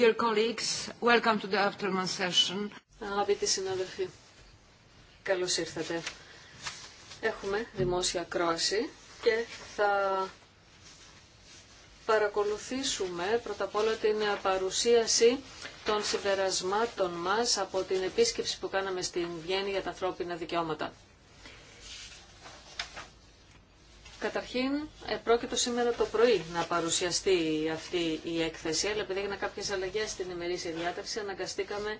Dear colleagues, welcome to the afternoon session. Αγαπητοί συνάδελφοι, καλώς ήρθατε. Έχουμε δημόσια κρόση και θα παρακολουθήσουμε πρώτα απ' όλα την παρουσίαση των συμπερασμάτων μας από την επίσκεψη που κάναμε στην Βιέννη για τα ανθρώπινα δικαιώματα. Καταρχήν, πρόκειτο σήμερα το πρωί να παρουσιαστεί αυτή η έκθεση, αλλά επειδή έγιναν κάποιες αλλαγές στην ημερήσια διάταξη, αναγκαστήκαμε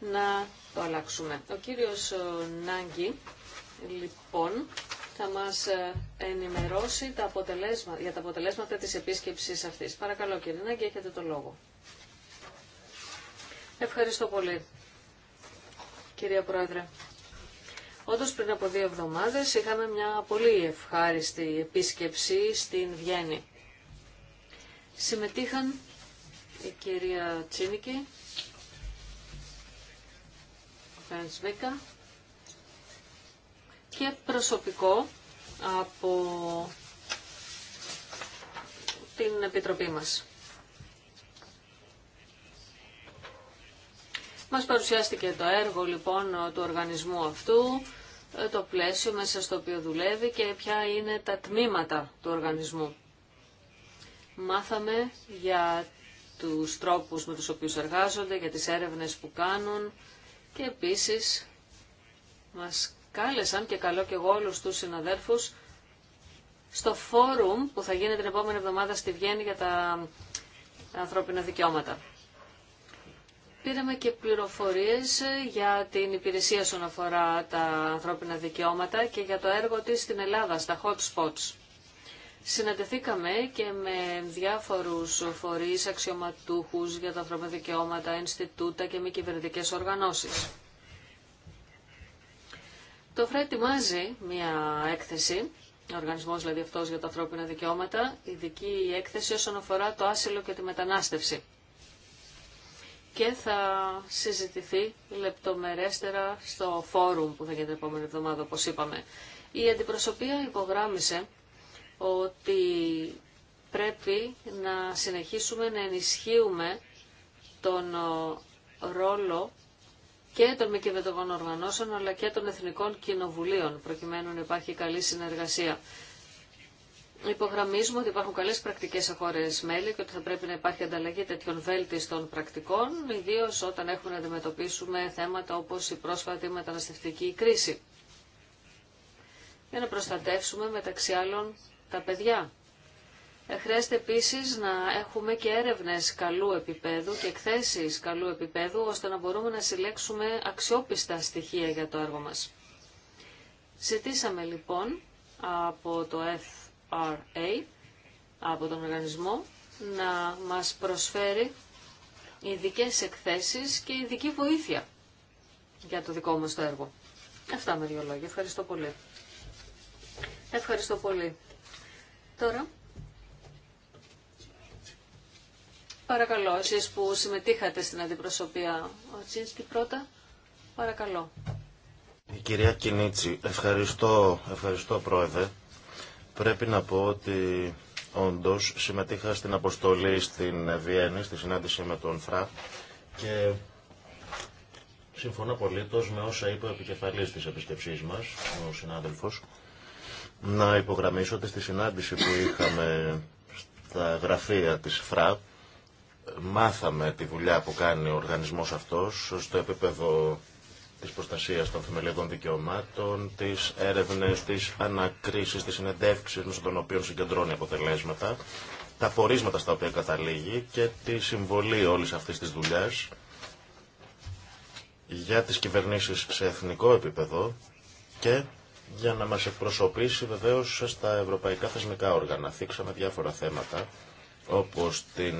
να το αλλάξουμε. Ο κύριος ε, Νάγκη, λοιπόν, θα μας ε, ενημερώσει τα αποτελέσματα, για τα αποτελέσματα της επίσκεψης αυτής. Παρακαλώ κύριε Νάγκη, έχετε το λόγο. Ευχαριστώ πολύ, κυρία Πρόεδρε. Όντω πριν από δύο εβδομάδες είχαμε μια πολύ ευχάριστη επίσκεψη στην Βιέννη. Συμμετείχαν η κυρία Τσίνικη, ο Φρανς Βέκα και προσωπικό από την Επιτροπή μας. Μας παρουσιάστηκε το έργο λοιπόν του οργανισμού αυτού, το πλαίσιο μέσα στο οποίο δουλεύει και ποια είναι τα τμήματα του οργανισμού. Μάθαμε για τους τρόπους με τους οποίους εργάζονται, για τις έρευνες που κάνουν και επίσης μας κάλεσαν και καλό και εγώ όλους τους συναδέρφους στο φόρουμ που θα γίνει την επόμενη εβδομάδα στη Βιέννη για τα ανθρώπινα δικαιώματα. Πήραμε και πληροφορίες για την υπηρεσία όσον αφορά τα ανθρώπινα δικαιώματα και για το έργο της στην Ελλάδα, στα hot spots. Συναντηθήκαμε και με διάφορους φορείς, αξιωματούχους για τα ανθρώπινα δικαιώματα, Ινστιτούτα και μη κυβερνητικές οργανώσεις. Το ΦΡΕ ετοιμάζει μια έκθεση, ο οργανισμός δηλαδή αυτός για τα ανθρώπινα δικαιώματα, ειδική έκθεση όσον αφορά το άσυλο και τη μετανάστευση και θα συζητηθεί λεπτομερέστερα στο φόρουμ που θα γίνει την επόμενη εβδομάδα, όπως είπαμε. Η αντιπροσωπεία υπογράμμισε ότι πρέπει να συνεχίσουμε να ενισχύουμε τον ρόλο και των μη οργανώσεων αλλά και των εθνικών κοινοβουλίων προκειμένου να υπάρχει καλή συνεργασία υπογραμμίζουμε ότι υπάρχουν καλές πρακτικές σε χώρες μέλη και ότι θα πρέπει να υπάρχει ανταλλαγή τέτοιων βέλτιστων πρακτικών, ιδίως όταν έχουμε να αντιμετωπίσουμε θέματα όπως η πρόσφατη μεταναστευτική κρίση. Για να προστατεύσουμε μεταξύ άλλων τα παιδιά. Ε, χρειάζεται επίσης να έχουμε και έρευνες καλού επίπεδου και εκθέσεις καλού επίπεδου, ώστε να μπορούμε να συλλέξουμε αξιόπιστα στοιχεία για το έργο μας. Ζητήσαμε λοιπόν από το ΕΦ από τον οργανισμό να μας προσφέρει ειδικέ εκθέσεις και ειδική βοήθεια για το δικό μας το έργο. Αυτά με δύο λόγια. Ευχαριστώ πολύ. Ευχαριστώ πολύ. Τώρα, παρακαλώ, εσείς που συμμετείχατε στην αντιπροσωπεία, ο Τσίνσκι πρώτα, παρακαλώ. Η κυρία Κινίτσι, ευχαριστώ, ευχαριστώ πρόεδρε. Πρέπει να πω ότι όντω συμμετείχα στην αποστολή στην Βιέννη, στη συνάντηση με τον Φρά και συμφωνώ πολύ με όσα είπε ο επικεφαλή τη επισκεψή μα, ο συνάδελφος, Να υπογραμμίσω ότι στη συνάντηση που είχαμε στα γραφεία της ΦΡΑ μάθαμε τη δουλειά που κάνει ο οργανισμός αυτός στο επίπεδο της προστασίας των θεμελιωδών δικαιωμάτων, τις έρευνες, τις ανακρίσεις, τις συνεντεύξεις μέσω των οποίων συγκεντρώνει αποτελέσματα, τα πορίσματα στα οποία καταλήγει και τη συμβολή όλης αυτής της δουλειάς για τις κυβερνήσεις σε εθνικό επίπεδο και για να μας εκπροσωπήσει βεβαίως στα ευρωπαϊκά θεσμικά όργανα. Θίξαμε διάφορα θέματα όπως την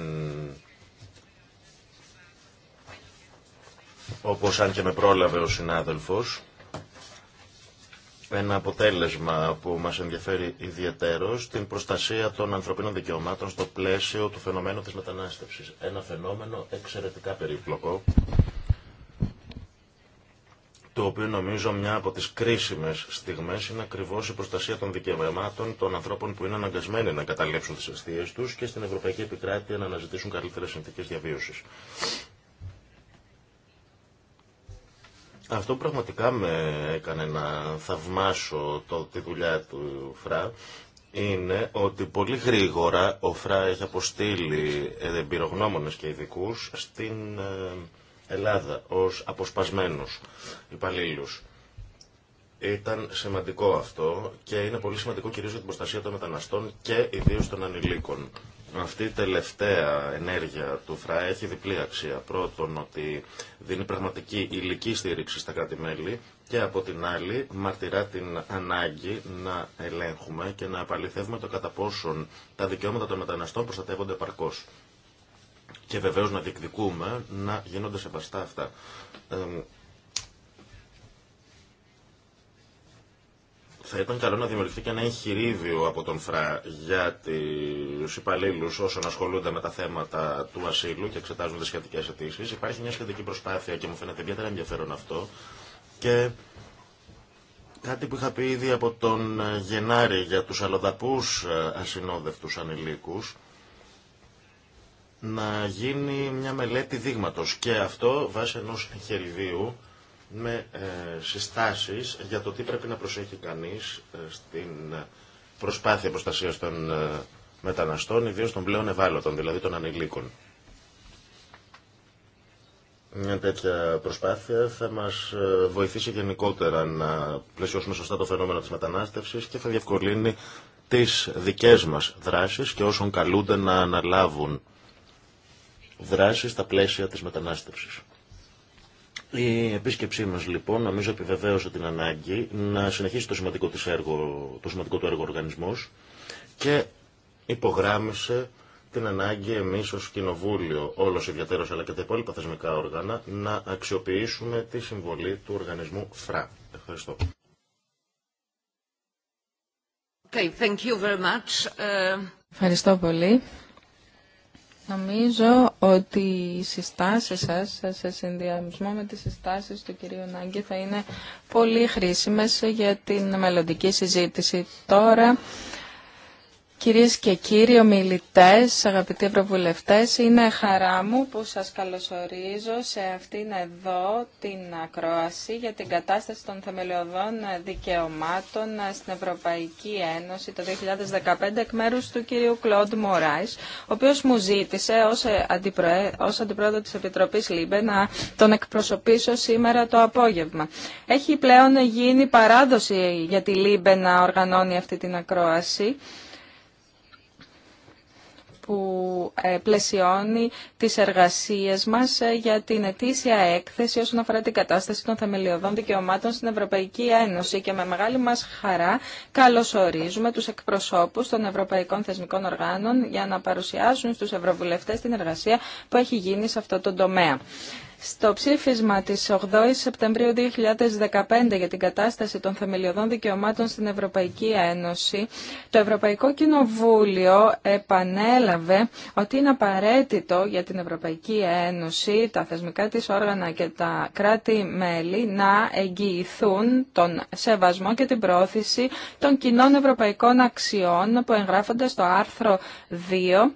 όπως αν και με πρόλαβε ο συνάδελφος, ένα αποτέλεσμα που μας ενδιαφέρει ιδιαίτερο την προστασία των ανθρωπίνων δικαιωμάτων στο πλαίσιο του φαινομένου της μετανάστευσης. Ένα φαινόμενο εξαιρετικά περίπλοκο, το οποίο νομίζω μια από τις κρίσιμες στιγμές είναι ακριβώς η προστασία των δικαιωμάτων των ανθρώπων που είναι αναγκασμένοι να καταλέψουν τις αιστείες τους και στην Ευρωπαϊκή Επικράτεια να αναζητήσουν καλύτερες συνθήκες διαβίωσης. Αυτό πραγματικά με έκανε να θαυμάσω το, τη δουλειά του Φρά είναι ότι πολύ γρήγορα ο Φρά έχει αποστείλει εμπειρογνώμονες και ειδικού στην ε, Ελλάδα ως αποσπασμένους υπαλλήλου. Ήταν σημαντικό αυτό και είναι πολύ σημαντικό κυρίως για την προστασία των μεταναστών και ιδίως των ανηλίκων. Αυτή η τελευταία ενέργεια του ΦΡΑ έχει διπλή αξία. Πρώτον, ότι δίνει πραγματική υλική στήριξη στα κράτη-μέλη και από την άλλη μαρτυρά την ανάγκη να ελέγχουμε και να απαλληθεύουμε το κατά πόσον τα δικαιώματα των μεταναστών προστατεύονται επαρκώς. Και βεβαίως να διεκδικούμε να γίνονται σεβαστά αυτά. θα ήταν καλό να δημιουργηθεί και ένα εγχειρίδιο από τον ΦΡΑ για του υπαλλήλου όσων ασχολούνται με τα θέματα του ασύλου και εξετάζουν τι σχετικέ αιτήσει. Υπάρχει μια σχετική προσπάθεια και μου φαίνεται ιδιαίτερα ενδιαφέρον αυτό. Και κάτι που είχα πει ήδη από τον Γενάρη για τους αλλοδαπού ε, ασυνόδευτού ανηλίκου να γίνει μια μελέτη δείγματος και αυτό βάσει ενός χεριδίου με ε, συστάσεις για το τι πρέπει να προσέχει κανείς ε, στην προσπάθεια προστασίας των ε, μεταναστών, ιδίως των πλέον ευάλωτων, δηλαδή των ανηλίκων. Μια τέτοια προσπάθεια θα μας βοηθήσει γενικότερα να πλαισιώσουμε σωστά το φαινόμενο της μετανάστευσης και θα διευκολύνει τις δικές μας δράσεις και όσων καλούνται να αναλάβουν δράσεις στα πλαίσια της μετανάστευσης. Η επίσκεψή μας λοιπόν νομίζω επιβεβαίωσε την ανάγκη να συνεχίσει το σημαντικό, της έργο, το σημαντικό του έργο οργανισμός και υπογράμμισε την ανάγκη εμείς ως Κοινοβούλιο, όλος ιδιαίτερος αλλά και τα υπόλοιπα θεσμικά όργανα, να αξιοποιήσουμε τη συμβολή του οργανισμού ΦΡΑ. Ευχαριστώ. Okay, thank you very much. Ε, Ευχαριστώ πολύ. Νομίζω ότι οι συστάσεις σας, σε συνδυασμό με τις συστάσεις του κυρίου Νάγκη, θα είναι πολύ χρήσιμες για την μελλοντική συζήτηση. Τώρα Κυρίες και κύριοι ομιλητές, αγαπητοί ευρωβουλευτές, είναι χαρά μου που σας καλωσορίζω σε αυτήν εδώ την ακρόαση για την κατάσταση των θεμελιωδών δικαιωμάτων στην Ευρωπαϊκή Ένωση το 2015 εκ μέρους του κυρίου Κλοντ Μωράης, ο οποίος μου ζήτησε ως, ε, αντιπροέ... ως αντιπρόεδρο της Επιτροπής Λίμπε να τον εκπροσωπήσω σήμερα το απόγευμα. Έχει πλέον γίνει παράδοση για τη Λίμπε να οργανώνει αυτή την ακρόαση που ε, πλαισιώνει τις εργασίες μας ε, για την ετήσια έκθεση όσον αφορά την κατάσταση των θεμελιωδών δικαιωμάτων στην Ευρωπαϊκή Ένωση και με μεγάλη μας χαρά καλωσορίζουμε τους εκπροσώπους των Ευρωπαϊκών Θεσμικών Οργάνων για να παρουσιάσουν στους Ευρωβουλευτές την εργασία που έχει γίνει σε αυτό το τομέα. Στο ψήφισμα της 8 η Σεπτεμβρίου 2015 για την κατάσταση των θεμελιωδών δικαιωμάτων στην Ευρωπαϊκή Ένωση, το Ευρωπαϊκό Κοινοβούλιο επανέλαβε ότι είναι απαραίτητο για την Ευρωπαϊκή Ένωση, τα θεσμικά της όργανα και τα κράτη-μέλη να εγγυηθούν τον σεβασμό και την πρόθεση των κοινών ευρωπαϊκών αξιών που εγγράφονται στο άρθρο 2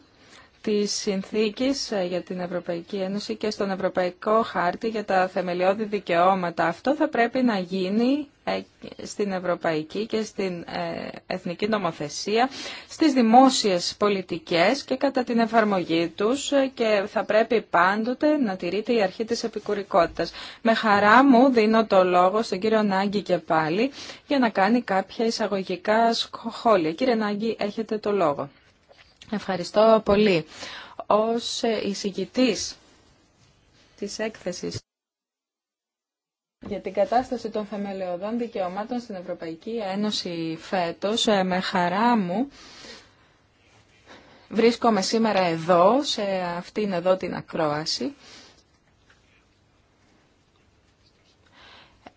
της Συνθήκης ε, για την Ευρωπαϊκή Ένωση και στον Ευρωπαϊκό Χάρτη για τα θεμελιώδη δικαιώματα. Αυτό θα πρέπει να γίνει ε, στην ευρωπαϊκή και στην ε, εθνική νομοθεσία, στις δημόσιες πολιτικές και κατά την εφαρμογή τους και θα πρέπει πάντοτε να τηρείται η αρχή της επικουρικότητας. Με χαρά μου δίνω το λόγο στον κύριο Νάγκη και πάλι για να κάνει κάποια εισαγωγικά σχόλια. Κύριε Νάγκη, έχετε το λόγο. Ευχαριστώ πολύ. Ως ε, εισηγητής της έκθεσης για την κατάσταση των θεμελιωδών δικαιωμάτων στην Ευρωπαϊκή Ένωση φέτος, ε, με χαρά μου βρίσκομαι σήμερα εδώ, σε αυτήν εδώ την ακρόαση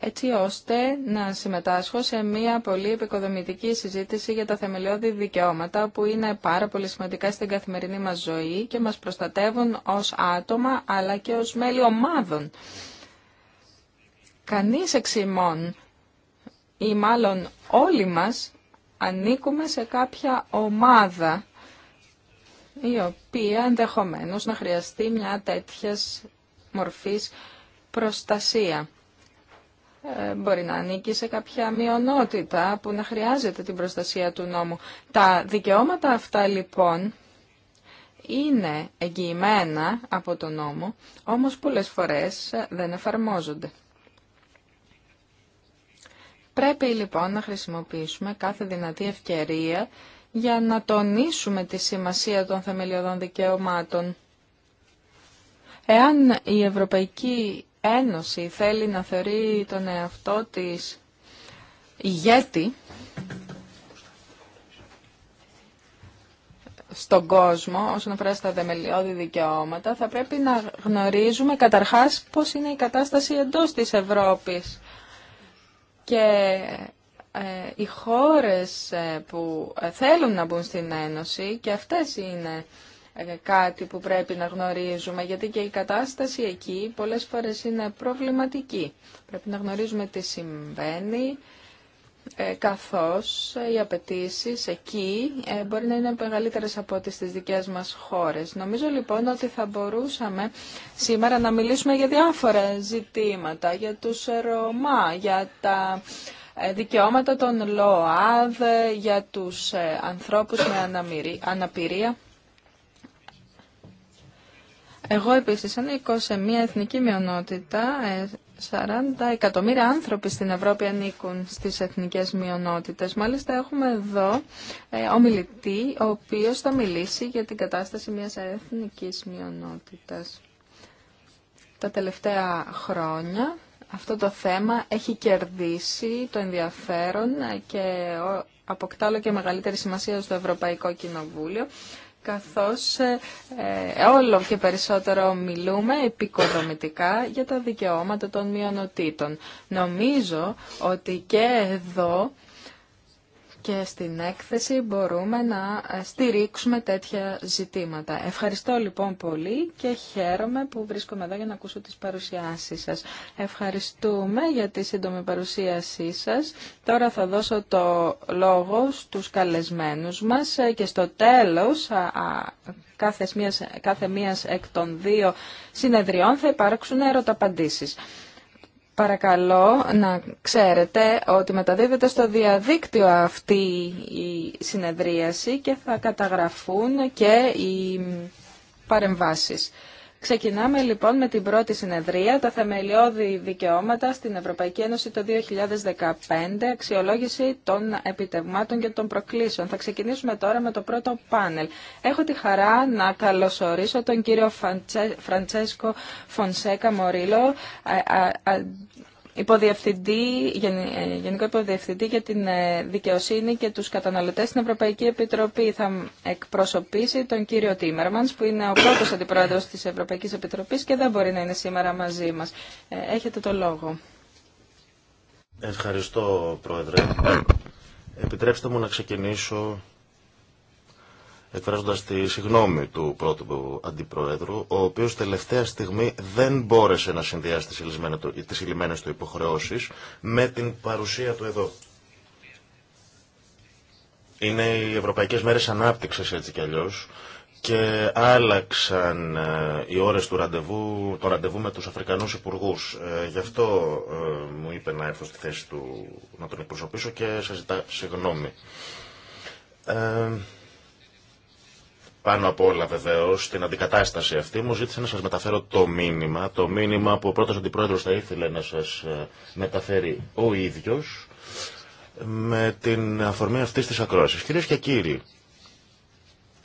έτσι ώστε να συμμετάσχω σε μια πολύ επικοδομητική συζήτηση για τα θεμελιώδη δικαιώματα που είναι πάρα πολύ σημαντικά στην καθημερινή μας ζωή και μας προστατεύουν ως άτομα αλλά και ως μέλη ομάδων. Κανείς εξ η οποία ενδεχομένως να χρειαστεί μια τέτοια μορφής προστασία. Ε, μπορεί να ανήκει σε κάποια μειονότητα που να χρειάζεται την προστασία του νόμου. Τα δικαιώματα αυτά λοιπόν είναι εγγυημένα από τον νόμο, όμως πολλές φορές δεν εφαρμόζονται. Πρέπει λοιπόν να χρησιμοποιήσουμε κάθε δυνατή ευκαιρία για να τονίσουμε τη σημασία των θεμελιωδών δικαιωμάτων. Εάν η Ευρωπαϊκή Ένωση θέλει να θεωρεί τον εαυτό της ηγέτη στον κόσμο όσον αφορά στα δεμελιώδη δικαιώματα, θα πρέπει να γνωρίζουμε καταρχάς πώς είναι η κατάσταση εντός της Ευρώπης. Και ε, οι χώρες ε, που ε, θέλουν να μπουν στην Ένωση, και αυτές είναι ε, κάτι που πρέπει να γνωρίζουμε, γιατί και η κατάσταση εκεί πολλές φορές είναι προβληματική. Πρέπει να γνωρίζουμε τι συμβαίνει, ε, καθώς οι απαιτήσει εκεί ε, μπορεί να είναι μεγαλύτερες από ό,τι στις δικές μας χώρες. Νομίζω λοιπόν ότι θα μπορούσαμε σήμερα να μιλήσουμε για διάφορα ζητήματα, για τους Ρωμά, για τα δικαιώματα των ΛΟΑΔ, για τους ανθρώπους με αναπηρία. Εγώ επίσης ανήκω σε μια εθνική μειονότητα. 40 ε, εκατομμύρια άνθρωποι στην Ευρώπη ανήκουν στις εθνικές μειονότητες. Μάλιστα έχουμε εδώ ε, ομιλητή, ο οποίος θα μιλήσει για την κατάσταση μιας εθνικής μειονότητας. Τα τελευταία χρόνια αυτό το θέμα έχει κερδίσει το ενδιαφέρον και αποκτά και μεγαλύτερη σημασία στο Ευρωπαϊκό Κοινοβούλιο καθώς ε, ε, όλο και περισσότερο μιλούμε επικοδομητικά για τα δικαιώματα των μειονοτήτων. Νομίζω ότι και εδώ και στην έκθεση μπορούμε να ε, στηρίξουμε τέτοια ζητήματα. Ευχαριστώ λοιπόν πολύ και χαίρομαι που βρίσκομαι εδώ για να ακούσω τις παρουσιάσεις σας. Ευχαριστούμε για τη σύντομη παρουσίασή σας. Τώρα θα δώσω το λόγο στους καλεσμένους μας ε, και στο τέλος κάθε μίας εκ των δύο συνεδριών θα υπάρξουν ερωταπαντήσεις. Παρακαλώ να ξέρετε ότι μεταδίδεται στο διαδίκτυο αυτή η συνεδρίαση και θα καταγραφούν και οι παρεμβάσεις. Ξεκινάμε λοιπόν με την πρώτη συνεδρία, τα θεμελιώδη δικαιώματα στην Ευρωπαϊκή Ένωση το 2015, αξιολόγηση των επιτευγμάτων και των προκλήσεων. Θα ξεκινήσουμε τώρα με το πρώτο πάνελ. Έχω τη χαρά να καλωσορίσω τον κύριο Φραντσέσκο Φωνσέκα Μορίλο, ε, υποδιευθυντή, ε, γενικό υποδιευθυντή για την ε, δικαιοσύνη και τους καταναλωτές στην Ευρωπαϊκή Επιτροπή. Θα εκπροσωπήσει τον κύριο Τίμερμανς που είναι ο πρώτος αντιπρόεδρος της Ευρωπαϊκής Επιτροπής και δεν μπορεί να είναι σήμερα μαζί μας. Ε, έχετε το λόγο. Ευχαριστώ Πρόεδρε. Επιτρέψτε μου να ξεκινήσω εκφράζοντα τη συγνώμη του πρώτου αντιπροέδρου, ο οποίο τελευταία στιγμή δεν μπόρεσε να συνδυάσει τι ηλυμένε του υποχρεώσει με την παρουσία του εδώ. Είναι οι Ευρωπαϊκέ Μέρε Ανάπτυξη έτσι κι αλλιώ και άλλαξαν ε, οι ώρες του ραντεβού, το ραντεβού με τους Αφρικανούς Υπουργούς. Ε, γι' αυτό ε, μου είπε να έρθω στη θέση του να τον εκπροσωπήσω και σας ζητά συγγνώμη πάνω από όλα βεβαίω την αντικατάσταση αυτή μου ζήτησε να σα μεταφέρω το μήνυμα, το μήνυμα που ο πρώτο αντιπρόεδρο θα ήθελε να σας ε, μεταφέρει ο ίδιος με την αφορμή αυτή τη ακρόαση. Κυρίε και κύριοι,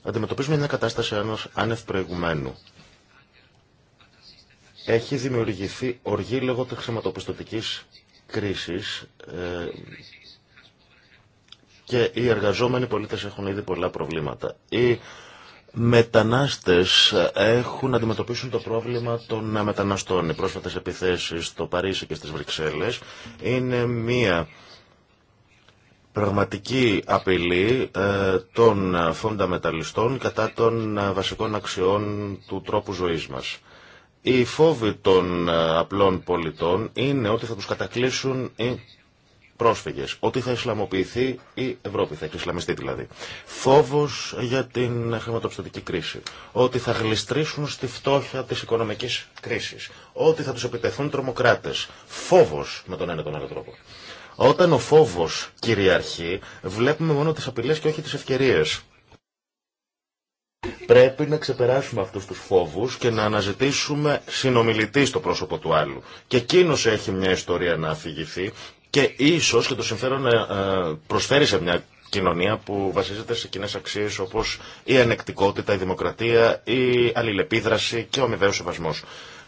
αντιμετωπίζουμε μια κατάσταση άνευ προηγουμένου. Έχει δημιουργηθεί οργή λόγω της χρηματοπιστωτική κρίσης ε, και οι εργαζόμενοι πολίτες έχουν ήδη πολλά προβλήματα. Η μετανάστες έχουν να αντιμετωπίσουν το πρόβλημα των μεταναστών. Οι πρόσφατες επιθέσεις στο Παρίσι και στις Βρυξέλλες είναι μία πραγματική απειλή ε, των φόντα μεταλλιστών κατά των βασικών αξιών του τρόπου ζωής μας. Οι φόβοι των απλών πολιτών είναι ότι θα τους κατακλείσουν πρόσφυγες, ότι θα ισλαμοποιηθεί η Ευρώπη, θα εξισλαμιστεί δηλαδή. Φόβος για την χρηματοπιστωτική κρίση, ότι θα γλιστρήσουν στη φτώχεια της οικονομικής κρίσης, ότι θα τους επιτεθούν τρομοκράτες. Φόβος με τον ένα τον άλλο τρόπο. Όταν ο φόβος κυριαρχεί, βλέπουμε μόνο τις απειλές και όχι τις ευκαιρίες. Πρέπει να ξεπεράσουμε αυτού του φόβου και να αναζητήσουμε συνομιλητή στο πρόσωπο του άλλου. Και εκείνο έχει μια ιστορία να αφηγηθεί και ίσως και το συμφέρον ε, ε, προσφέρει σε μια κοινωνία που βασίζεται σε κοινέ αξίε όπω η ανεκτικότητα, η δημοκρατία, η αλληλεπίδραση και ο αμοιβαίο σεβασμό.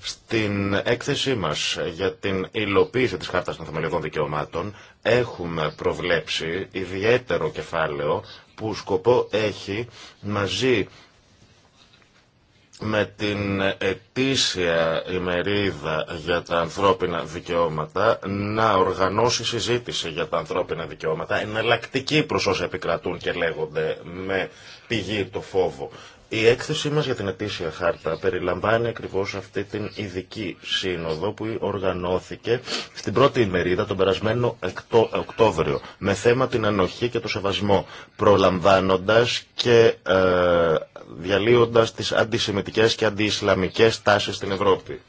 Στην έκθεσή μα για την υλοποίηση τη Χάρτα των Θεμελιωδών Δικαιωμάτων έχουμε προβλέψει ιδιαίτερο κεφάλαιο που σκοπό έχει μαζί με την ετήσια ημερίδα για τα ανθρώπινα δικαιώματα να οργανώσει συζήτηση για τα ανθρώπινα δικαιώματα εναλλακτική προς όσα επικρατούν και λέγονται με πηγή το φόβο. Η έκθεσή μας για την ετήσια χάρτα περιλαμβάνει ακριβώς αυτή την ειδική σύνοδο που οργανώθηκε στην πρώτη ημερίδα τον περασμένο Οκτώβριο με θέμα την ανοχή και το σεβασμό προλαμβάνοντας και ε, διαλύοντας τις αντισημιτικές και αντιισλαμικές τάσεις στην Ευρώπη.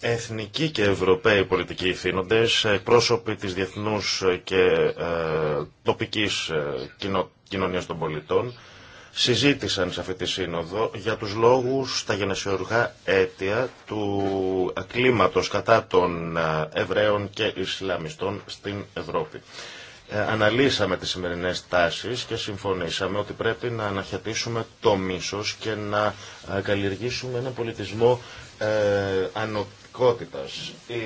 Εθνικοί και Ευρωπαίοι πολιτικοί ηθήνοντες, πρόσωποι της διεθνούς και ε, τοπικής ε, κοινωνίας των πολιτών, συζήτησαν σε αυτή τη σύνοδο για τους λόγους τα γενεσιουργά αίτια του κλίματος κατά των ε, Εβραίων και Ισλαμιστών στην Ευρώπη. Ε, αναλύσαμε τις σημερινές τάσεις και συμφωνήσαμε ότι πρέπει να αναχαιτήσουμε το μίσος και να ε, καλλιεργήσουμε ένα πολιτισμό ανοπτικότητας. Η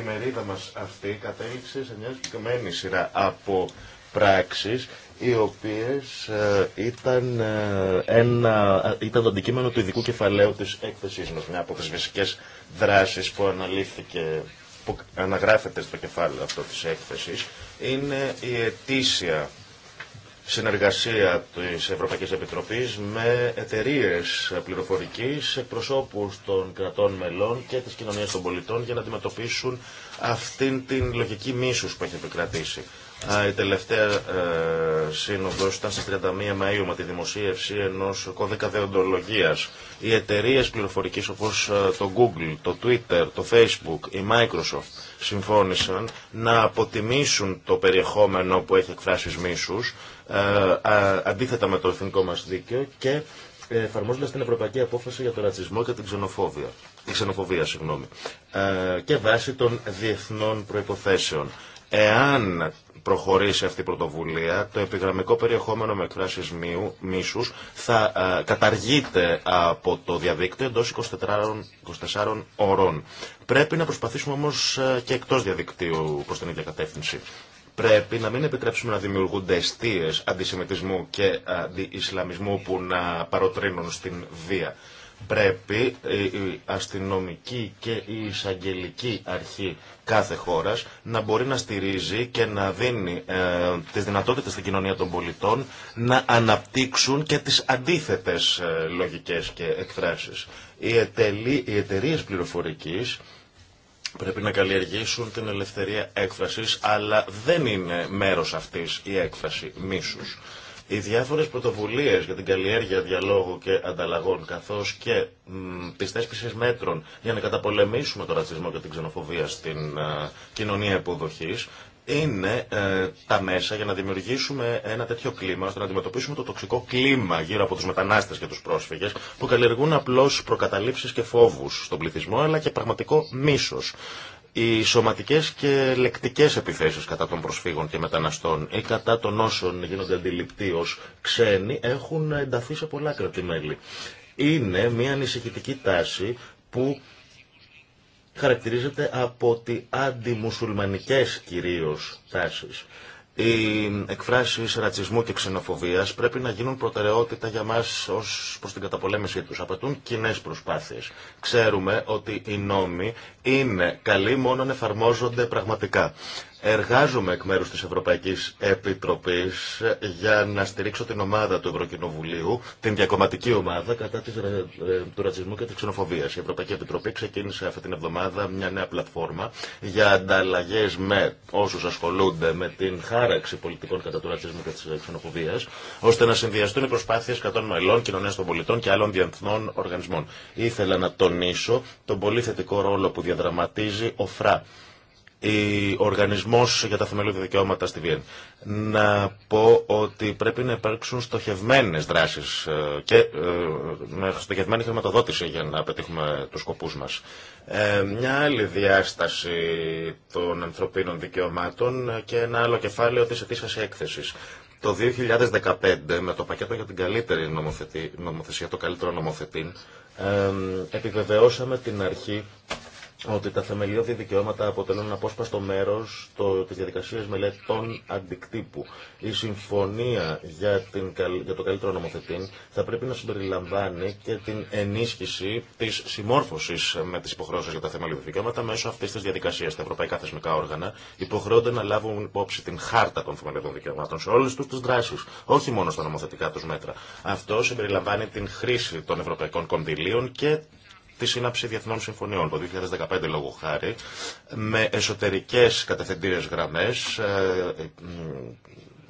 ημερίδα μας αυτή κατέληξε σε μια συγκεκριμένη σειρά από πράξεις οι οποίες ε, ήταν, ε, ένα, ε, ήταν το αντικείμενο του ειδικού κεφαλαίου της έκθεσής μας, μια από τις βασικές δράσεις που αναλύθηκε που αναγράφεται στο κεφάλαιο αυτό της έκθεσης είναι η αιτήσια συνεργασία της Ευρωπαϊκής Επιτροπής με εταιρείες πληροφορικής, εκπροσώπους των κρατών μελών και της κοινωνίας των πολιτών για να αντιμετωπίσουν αυτήν την λογική μίσους που έχει επικρατήσει. Η τελευταία ε, σύνοδος ήταν στι 31 Μαΐου με τη δημοσίευση ενός κώδικα διοντολογία. Οι εταιρείες πληροφορικής όπως ε, το Google, το Twitter, το Facebook, η Microsoft συμφώνησαν να αποτιμήσουν το περιεχόμενο που έχει εκφράσει μίσου. Ε, αντίθετα με το εθνικό μας δίκαιο και ε, εφαρμόζοντα την Ευρωπαϊκή Απόφαση για τον Ρατσισμό και την Ξενοφόβια. και βάσει των διεθνών προποθέσεων. Εάν προχωρήσει αυτή η πρωτοβουλία, το επιγραμμικό περιεχόμενο με εκφράσει μίσου θα ε, καταργείται από το διαδίκτυο εντό 24, 24 ώρων. Πρέπει να προσπαθήσουμε όμω ε, και εκτό διαδικτύου προ την ίδια κατεύθυνση. Πρέπει να μην επιτρέψουμε να δημιουργούνται αιστείε αντισημιτισμού και αντιισλαμισμού που να παροτρύνουν στην βία. Πρέπει η αστυνομική και η εισαγγελική αρχή κάθε χώρας να μπορεί να στηρίζει και να δίνει ε, τις δυνατότητες στην κοινωνία των πολιτών να αναπτύξουν και τις αντίθετες ε, λογικές και εκφράσεις. Οι, εταιρείε πληροφορικής πρέπει να καλλιεργήσουν την ελευθερία έκφρασης αλλά δεν είναι μέρος αυτής η έκφραση μίσους. Οι διάφορες πρωτοβουλίες για την καλλιέργεια διαλόγου και ανταλλαγών καθώς και πιστές τις μέτρων για να καταπολεμήσουμε τον ρατσισμό και την ξενοφοβία στην ε, κοινωνία υποδοχής είναι ε, τα μέσα για να δημιουργήσουμε ένα τέτοιο κλίμα ώστε να αντιμετωπίσουμε το τοξικό κλίμα γύρω από τους μετανάστες και τους πρόσφυγες που καλλιεργούν απλώς προκαταλήψεις και φόβους στον πληθυσμό αλλά και πραγματικό μίσος οι σωματικές και λεκτικές επιθέσεις κατά των προσφύγων και μεταναστών ή κατά των όσων γίνονται αντιληπτοί ως ξένοι έχουν ενταθεί σε πολλά κρατημέλη. Είναι μια ανησυχητική τάση που χαρακτηρίζεται από τι αντιμουσουλμανικές κυρίως τάσεις. Οι εκφράσει ρατσισμού και ξενοφοβία πρέπει να γίνουν προτεραιότητα για μα ω προ την καταπολέμησή του. Απαιτούν κοινέ προσπάθειε. Ξέρουμε ότι οι νόμοι είναι καλοί μόνο αν εφαρμόζονται πραγματικά. Εργάζομαι εκ μέρους της Ευρωπαϊκής Επιτροπής για να στηρίξω την ομάδα του Ευρωκοινοβουλίου, την διακομματική ομάδα κατά της, ε, ε, του ρατσισμού και της ξενοφοβίας. Η Ευρωπαϊκή Επιτροπή ξεκίνησε αυτή την εβδομάδα μια νέα πλατφόρμα για ανταλλαγές με όσους ασχολούνται με την χάραξη πολιτικών κατά του ρατσισμού και της ε, ξενοφοβίας, ώστε να συνδυαστούν οι προσπάθειες κατών μελών, κοινωνίας των πολιτών και άλλων διεθνών οργανισμών. Ήθελα να τονίσω τον πολύ θετικό ρόλο που διαδραματίζει ο ΦΡΑ ο Οργανισμό για τα Θεμελιώδη Δικαιώματα στη Βιέννη. Να πω ότι πρέπει να υπάρξουν στοχευμένες δράσεις ε, και ε, με στοχευμένη χρηματοδότηση για να πετύχουμε τους σκοπούς μας. Ε, μια άλλη διάσταση των ανθρωπίνων δικαιωμάτων και ένα άλλο κεφάλαιο τη ετήσια έκθεσης. Το 2015 με το πακέτο για την καλύτερη νομοθεσία, το καλύτερο νομοθετήν, επιβεβαιώσαμε την αρχή ότι τα θεμελιώδη δικαιώματα αποτελούν ένα απόσπαστο μέρο τη διαδικασία μελετών αντικτύπου. Η συμφωνία για, την, για το καλύτερο νομοθετή θα πρέπει να συμπεριλαμβάνει και την ενίσχυση τη συμμόρφωση με τι υποχρεώσει για τα θεμελιώδη δικαιώματα μέσω αυτή τη διαδικασία. Τα ευρωπαϊκά θεσμικά όργανα υποχρεώνται να λάβουν υπόψη την χάρτα των θεμελιωδών δικαιωμάτων σε όλε του τι δράσει, όχι μόνο στα νομοθετικά του μέτρα. Αυτό συμπεριλαμβάνει την χρήση των ευρωπαϊκών κονδυλίων και τη σύναψη διεθνών συμφωνιών το 2015 λόγω χάρη με εσωτερικές κατευθυντήριες γραμμές ε, ε,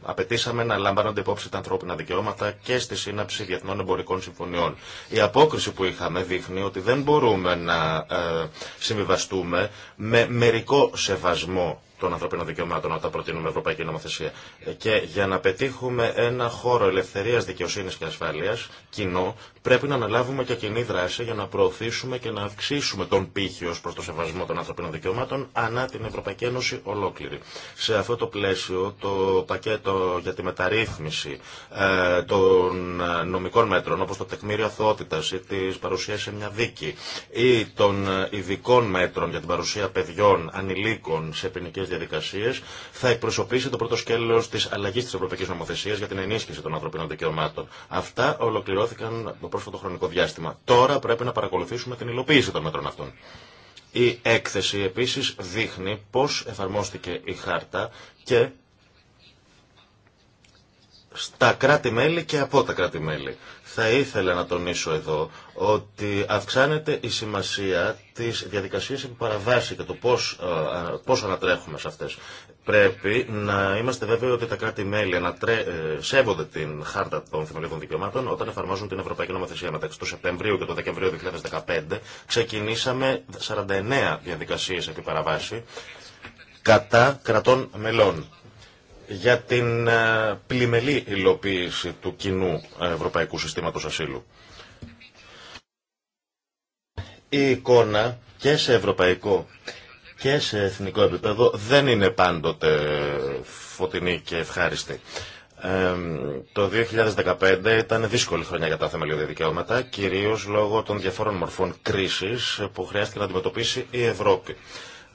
απαιτήσαμε να λαμβάνονται υπόψη τα ανθρώπινα δικαιώματα και στη σύναψη διεθνών εμπορικών συμφωνιών. Η απόκριση που είχαμε δείχνει ότι δεν μπορούμε να ε, συμβιβαστούμε με μερικό σεβασμό των ανθρωπίνων δικαιωμάτων όταν προτείνουμε ευρωπαϊκή νομοθεσία. Και για να πετύχουμε ένα χώρο ελευθερία, δικαιοσύνη και ασφάλεια κοινό, πρέπει να αναλάβουμε και κοινή δράση για να προωθήσουμε και να αυξήσουμε τον πύχη ω προ το σεβασμό των ανθρωπίνων δικαιωμάτων ανά την Ευρωπαϊκή Ένωση ολόκληρη. Σε αυτό το πλαίσιο, το πακέτο για τη μεταρρύθμιση ε, των ε, νομικών μέτρων, όπω το τεκμήριο αθωότητα ή τη παρουσία σε μια δίκη ή των ε, ειδικών μέτρων για την παρουσία παιδιών ανηλίκων σε ποινικέ διαδικασίε, θα εκπροσωπήσει το πρώτο σκέλο τη αλλαγή τη Ευρωπαϊκή Νομοθεσία για την ενίσχυση των ανθρωπίνων δικαιωμάτων. Αυτά ολοκληρώθηκαν πρόσφατο χρονικό διάστημα. Τώρα πρέπει να παρακολουθήσουμε την υλοποίηση των μέτρων αυτών. Η έκθεση επίσης δείχνει πώς εφαρμόστηκε η χάρτα και στα κράτη-μέλη και από τα κράτη-μέλη. Θα ήθελα να τονίσω εδώ ότι αυξάνεται η σημασία της διαδικασίας που παραβάσει και το πώς, ε, πώς ανατρέχουμε σε αυτές. Πρέπει να είμαστε βέβαιοι ότι τα κράτη-μέλη ανατρέ... Ε, σέβονται την χάρτα των θεμελιωδών δικαιωμάτων όταν εφαρμόζουν την Ευρωπαϊκή Νομοθεσία. Μεταξύ του Σεπτεμβρίου και του Δεκεμβρίου 2015 ξεκινήσαμε 49 διαδικασίες επί παραβάση κατά κρατών μελών για την ε, πλημελή υλοποίηση του κοινού ευρωπαϊκού συστήματος ασύλου. Η εικόνα και σε ευρωπαϊκό και σε εθνικό επίπεδο δεν είναι πάντοτε φωτεινή και ευχάριστη. Ε, το 2015 ήταν δύσκολη χρονιά για τα θεμελιώδη δικαιώματα, κυρίως λόγω των διαφόρων μορφών κρίσης που χρειάστηκε να αντιμετωπίσει η Ευρώπη.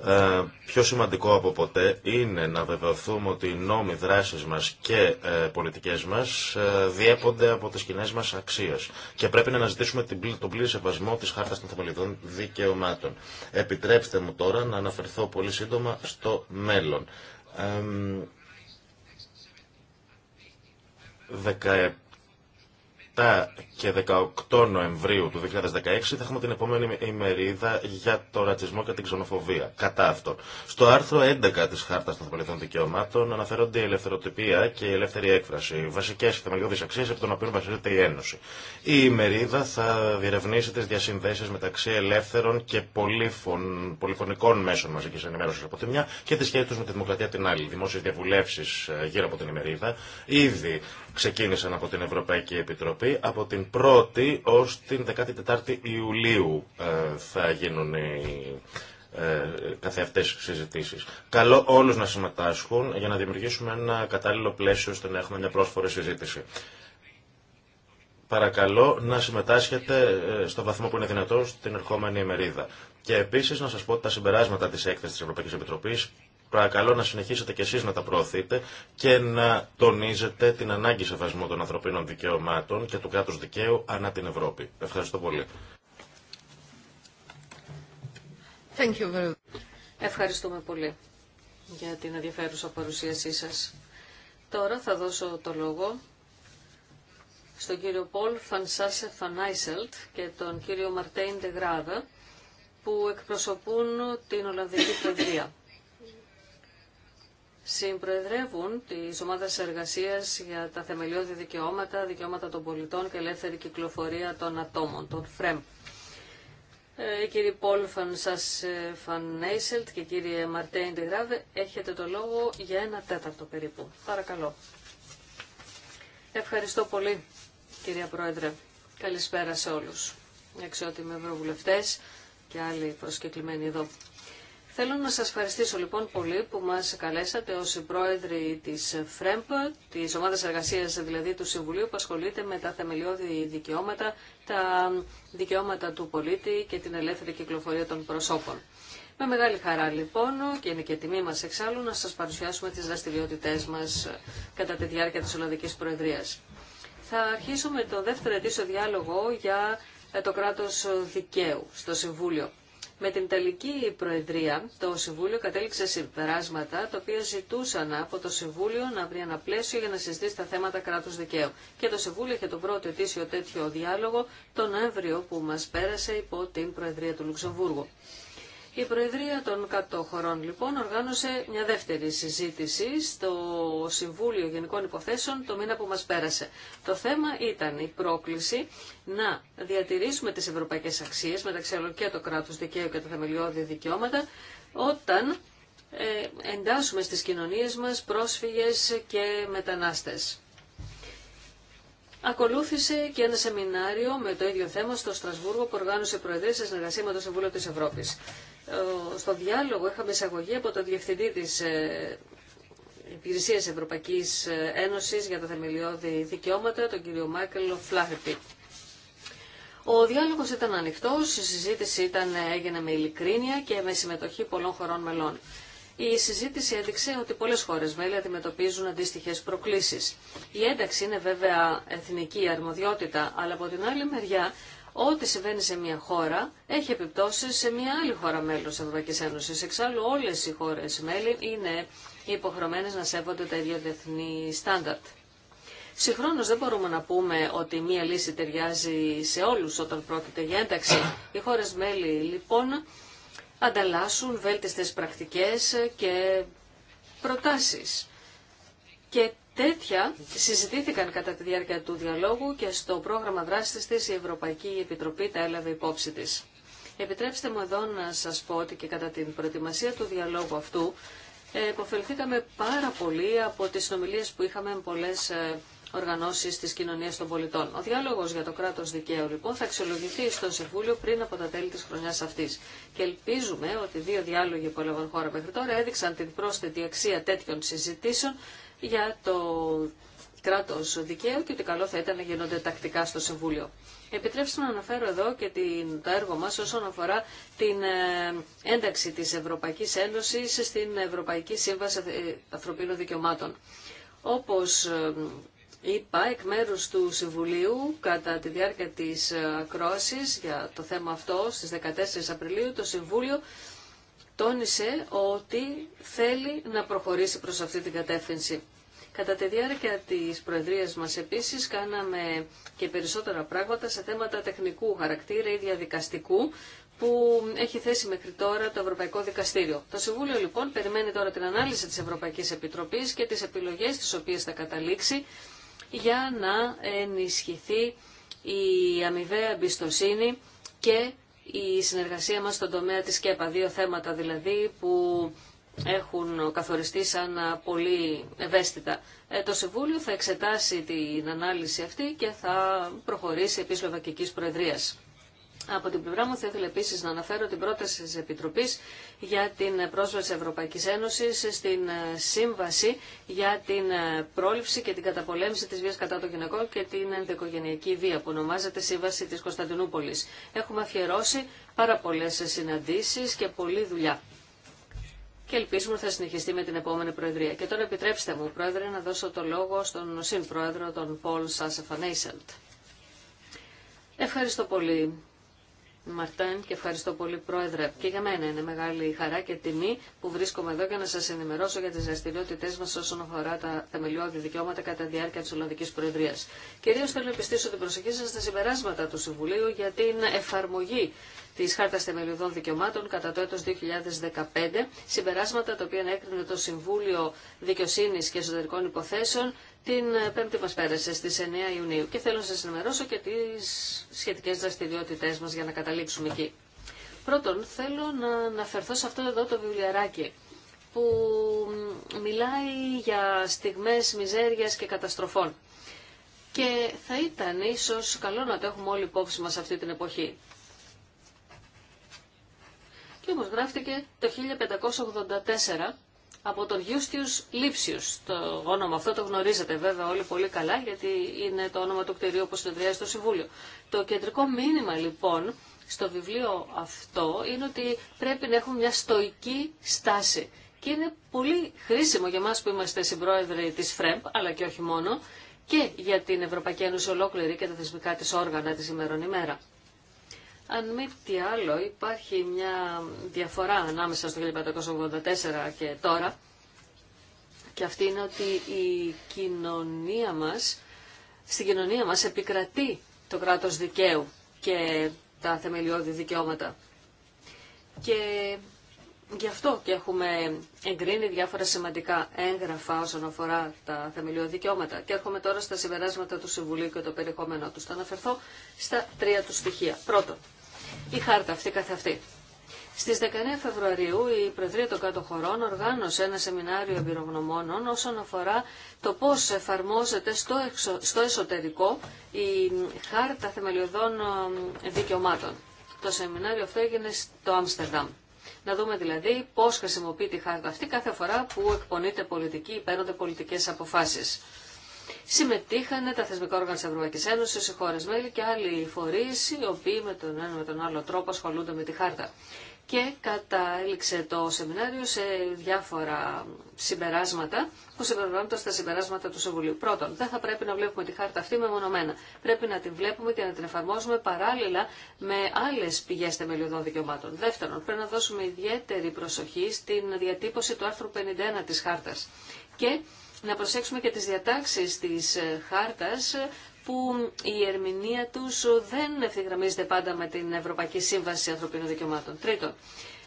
Ε, πιο σημαντικό από ποτέ είναι να βεβαιωθούμε ότι οι νόμοι δράσεις μας και ε, πολιτικές μας ε, διέπονται από τις κοινέ μας αξίες και πρέπει να αναζητήσουμε την, τον πλήρη σεβασμό της Χάρτας των Θεμελιδών Δικαιωμάτων. Επιτρέψτε μου τώρα να αναφερθώ πολύ σύντομα στο μέλλον. Ε, 17 και 18 Νοεμβρίου του 2016 θα έχουμε την επόμενη ημερίδα για το ρατσισμό και την ξενοφοβία. Κατά αυτόν. Στο άρθρο 11 της Χάρτας των Θεμελιωδών Δικαιωμάτων αναφέρονται η ελευθεροτυπία και η ελεύθερη έκφραση, βασικές θεμελιώδεις αξίες από τον οποίο βασίζεται η Ένωση. Η ημερίδα θα διερευνήσει τις διασυνδέσεις μεταξύ ελεύθερων και πολυφων, πολυφωνικών μέσων μαζικής ενημέρωσης από τη μια και τη σχέση τους με τη δημοκρατία την άλλη. Δημόσιες διαβουλεύσεις ε, γύρω από την ημερίδα ήδη ξεκίνησαν από την Ευρωπαϊκή Επιτροπή. Από την 1η ως την 14η Ιουλίου ε, θα γίνουν οι ε, καθεαυτές συζητήσεις. Καλό όλους να συμμετάσχουν για να δημιουργήσουμε ένα κατάλληλο πλαίσιο ώστε να έχουμε μια πρόσφορη συζήτηση. Παρακαλώ να συμμετάσχετε ε, στο βαθμό που είναι δυνατό στην ερχόμενη ημερίδα. Και επίση να σας πω ότι τα συμπεράσματα της έκθεσης της Ευρωπαϊκής Επιτροπής Παρακαλώ να συνεχίσετε κι εσείς να τα προωθείτε και να τονίζετε την ανάγκη σεβασμού των ανθρωπίνων δικαιωμάτων και του κράτους δικαίου ανά την Ευρώπη. Ευχαριστώ πολύ. Thank you very Ευχαριστούμε πολύ για την ενδιαφέρουσα παρουσίασή σας. Τώρα θα δώσω το λόγο στον κύριο Πολ Φανσάσε Φανάισελτ και τον κύριο Μαρτέιν Ντεγράδα που εκπροσωπούν την Ολλανδική Προεδρία συμπροεδρεύουν τη ομάδα εργασία για τα θεμελιώδη δικαιώματα, δικαιώματα των πολιτών και ελεύθερη κυκλοφορία των ατόμων, των ΦΡΕΜ. Ε, κύριε Πολ ε, Φανσάς Φανέισελτ και κύριε Μαρτέιν Τιγράβε έχετε το λόγο για ένα τέταρτο περίπου. Παρακαλώ. Ευχαριστώ πολύ, κυρία Πρόεδρε. Καλησπέρα σε όλους. Εξότιμοι ευρωβουλευτές και άλλοι προσκεκλημένοι εδώ. Θέλω να σας ευχαριστήσω λοιπόν πολύ που μας καλέσατε ως πρόεδροι της ΦΡΕΜΠ, της ομάδας εργασίας δηλαδή του Συμβουλίου που ασχολείται με τα θεμελιώδη δικαιώματα, τα δικαιώματα του πολίτη και την ελεύθερη κυκλοφορία των προσώπων. Με μεγάλη χαρά λοιπόν και είναι και τιμή μας εξάλλου να σας παρουσιάσουμε τις δραστηριότητές μας κατά τη διάρκεια της Ολλανδικής Προεδρίας. Θα αρχίσουμε το δεύτερο ετήσιο διάλογο για το κράτος δικαίου στο Συμβούλιο. Με την τελική Προεδρία το Συμβούλιο κατέληξε συμπεράσματα τα οποία ζητούσαν από το Συμβούλιο να βρει ένα πλαίσιο για να συζητήσει τα θέματα κράτου δικαίου. Και το Συμβούλιο είχε τον πρώτο ετήσιο τέτοιο διάλογο τον Νοέμβριο που μα πέρασε υπό την Προεδρία του Λουξεμβούργου. Η Προεδρία των Κατόχωρων λοιπόν οργάνωσε μια δεύτερη συζήτηση στο Συμβούλιο Γενικών Υποθέσεων το μήνα που μας πέρασε. Το θέμα ήταν η πρόκληση να διατηρήσουμε τις ευρωπαϊκές αξίες μεταξύ άλλων και το κράτος δικαίου και τα θεμελιώδη δικαιώματα όταν ε, εντάσσουμε στις κοινωνίες μας πρόσφυγες και μετανάστες. Ακολούθησε και ένα σεμινάριο με το ίδιο θέμα στο Στρασβούργο που οργάνωσε η Προεδρία σε συνεργασία με το Συμβούλιο τη Ευρώπη. Ε, στο διάλογο είχαμε εισαγωγή από τον Διευθυντή της ε, Υπηρεσία Ευρωπαϊκής ε, Ένωσης για τα θεμελιώδη δικαιώματα, τον κύριο Μάικλ Φλάχερτη. Ο διάλογος ήταν ανοιχτός, η συζήτηση ήταν, έγινε με ειλικρίνεια και με συμμετοχή πολλών χωρών μελών. Η συζήτηση έδειξε ότι πολλές χώρες μέλη αντιμετωπίζουν αντίστοιχες προκλήσεις. Η ένταξη είναι βέβαια εθνική αρμοδιότητα, αλλά από την άλλη μεριά Ό,τι συμβαίνει σε μια χώρα έχει επιπτώσει σε μια άλλη χώρα μέλο τη Ευρωπαϊκή Ένωση. Εξάλλου, όλε οι χώρε μέλη είναι υποχρεωμένε να σέβονται τα ίδια διεθνή στάνταρτ. Συγχρόνω δεν μπορούμε να πούμε ότι μία λύση ταιριάζει σε όλου όταν πρόκειται για ένταξη. Οι χώρε μέλη λοιπόν ανταλλάσσουν βέλτιστες πρακτικέ και προτάσει. Και Τέτοια συζητήθηκαν κατά τη διάρκεια του διαλόγου και στο πρόγραμμα δράση της η Ευρωπαϊκή Επιτροπή τα έλαβε υπόψη τη. Επιτρέψτε μου εδώ να σα πω ότι και κατά την προετοιμασία του διαλόγου αυτού ε, υποφελθήκαμε πάρα πολύ από τι συνομιλίε που είχαμε με πολλές ε, οργανώσεις τη κοινωνία των πολιτών. Ο διάλογο για το Κράτο δικαίου λοιπόν θα αξιολογηθεί στο Συμβούλιο πριν από τα τέλη τη χρονιά αυτή. Και ελπίζουμε ότι δύο διάλογοι που έλαβαν χώρα μέχρι τώρα έδειξαν την πρόσθετη αξία τέτοιων συζητήσεων για το κράτος δικαίου και ότι καλό θα ήταν να γίνονται τακτικά στο Συμβούλιο. Επιτρέψτε να αναφέρω εδώ και την, το έργο μας όσον αφορά την ε, ένταξη της Ευρωπαϊκής Ένωσης στην Ευρωπαϊκή Σύμβαση ε, Ανθρωπίνων Δικαιωμάτων. Όπως ε, είπα, εκ μέρους του Συμβουλίου, κατά τη διάρκεια της ακρόασης για το θέμα αυτό, στις 14 Απριλίου, το Συμβούλιο τόνισε ότι θέλει να προχωρήσει προς αυτή την κατεύθυνση. Κατά τη διάρκεια της Προεδρίας μας επίσης κάναμε και περισσότερα πράγματα σε θέματα τεχνικού χαρακτήρα ή διαδικαστικού που έχει θέσει μέχρι τώρα το Ευρωπαϊκό Δικαστήριο. Το Συμβούλιο λοιπόν περιμένει τώρα την ανάλυση της Ευρωπαϊκής Επιτροπής και τις επιλογές τις οποίες θα καταλήξει για να ενισχυθεί η αμοιβαία εμπιστοσύνη και η συνεργασία μας στον τομέα της ΚΕΠΑ. Δύο θέματα δηλαδή που έχουν καθοριστεί σαν πολύ ευαίσθητα. Ε, το Συμβούλιο θα εξετάσει την ανάλυση αυτή και θα προχωρήσει επί Σλοβακικής Προεδρίας. Από την πλευρά μου θα ήθελα επίσης να αναφέρω την πρόταση της Επιτροπής για την πρόσβαση Ευρωπαϊκής Ένωσης στην ε, Σύμβαση για την ε, πρόληψη και την καταπολέμηση της βίας κατά των γυναικών και την ενδοικογενειακή βία που ονομάζεται Σύμβαση της Κωνσταντινούπολης. Έχουμε αφιερώσει πάρα πολλές συναντήσεις και πολλή δουλειά και ελπίζουμε θα συνεχιστεί με την επόμενη Προεδρία. Και τώρα επιτρέψτε μου, Πρόεδρε, να δώσω το λόγο στον Συνπρόεδρο, τον Πολ Σάσεφανέισελτ. Ευχαριστώ πολύ, Μαρτέν, και ευχαριστώ πολύ, Πρόεδρε. Και για μένα είναι μεγάλη χαρά και τιμή που βρίσκομαι εδώ για να σα ενημερώσω για τι δραστηριότητέ μα όσον αφορά τα θεμελιώδη δικαιώματα κατά τη διάρκεια τη Ολλανδική Προεδρία. Κυρίω θέλω να επιστήσω την προσοχή σα στα συμπεράσματα του Συμβουλίου για την εφαρμογή της Χάρτας Θεμελιωδών Δικαιωμάτων κατά το έτος 2015, συμπεράσματα τα οποία έκρινε το Συμβούλιο Δικαιοσύνης και Εσωτερικών Υποθέσεων την Πέμπτη μας πέρασε στις 9 Ιουνίου και θέλω να σας ενημερώσω και τις σχετικές δραστηριότητε μας για να καταλήξουμε εκεί. Πρώτον, θέλω να αναφερθώ σε αυτό εδώ το βιβλιαράκι που μιλάει για στιγμές μιζέριας και καταστροφών. Και θα ήταν ίσως καλό να το έχουμε όλοι υπόψη μας αυτή την εποχή και γράφτηκε το 1584 από τον Γιούστιους Λίψιους. Το όνομα αυτό το γνωρίζετε βέβαια όλοι πολύ καλά γιατί είναι το όνομα του κτηρίου που συνεδριάζει το Συμβούλιο. Το κεντρικό μήνυμα λοιπόν στο βιβλίο αυτό είναι ότι πρέπει να έχουμε μια στοική στάση. Και είναι πολύ χρήσιμο για μας που είμαστε συμπρόεδροι της ΦΡΕΜΠ, αλλά και όχι μόνο, και για την Ευρωπαϊκή Ένωση ολόκληρη και τα θεσμικά της όργανα της ημερών ημέρα. Αν μη τι άλλο, υπάρχει μια διαφορά ανάμεσα στο 1584 και τώρα. Και αυτή είναι ότι η κοινωνία μας, στην κοινωνία μας επικρατεί το κράτος δικαίου και τα θεμελιώδη δικαιώματα. Και γι' αυτό και έχουμε εγκρίνει διάφορα σημαντικά έγγραφα όσον αφορά τα θεμελιώδη δικαιώματα. Και έρχομαι τώρα στα συμπεράσματα του Συμβουλίου και το περιεχόμενό του. Θα αναφερθώ στα τρία του στοιχεία. Πρώτον, η χάρτα αυτή καθ' αυτή. Στις 19 Φεβρουαρίου η Προεδρία των Κάτω Χωρών οργάνωσε ένα σεμινάριο εμπειρογνωμόνων όσον αφορά το πώς εφαρμόζεται στο, στο εσωτερικό η χάρτα θεμελιωδών ε, δικαιωμάτων. Το σεμινάριο αυτό έγινε στο Άμστερνταμ. Να δούμε δηλαδή πώς χρησιμοποιείται τη χάρτα αυτή κάθε φορά που εκπονείται πολιτική ή παίρνονται πολιτικές αποφάσεις συμμετείχαν τα θεσμικά όργανα της Ευρωπαϊκής Ένωσης, οι χώρες μέλη και άλλοι φορείς οι οποίοι με τον ένα με τον άλλο τρόπο ασχολούνται με τη χάρτα. Και κατάληξε το σεμινάριο σε διάφορα συμπεράσματα που συμπεριλαμβάνονται στα συμπεράσματα του Συμβουλίου. Πρώτον, δεν θα πρέπει να βλέπουμε τη χάρτα αυτή μεμονωμένα. Πρέπει να την βλέπουμε και να την εφαρμόζουμε παράλληλα με άλλε πηγέ θεμελιωδών δικαιωμάτων. Δεύτερον, πρέπει να δώσουμε ιδιαίτερη προσοχή στην διατύπωση του άρθρου 51 τη χάρτα. Και να προσέξουμε και τις διατάξεις της ε, χάρτας ε, που η ερμηνεία τους ε, δεν ευθυγραμμίζεται πάντα με την Ευρωπαϊκή Σύμβαση Ανθρωπίνων Δικαιωμάτων. Τρίτον,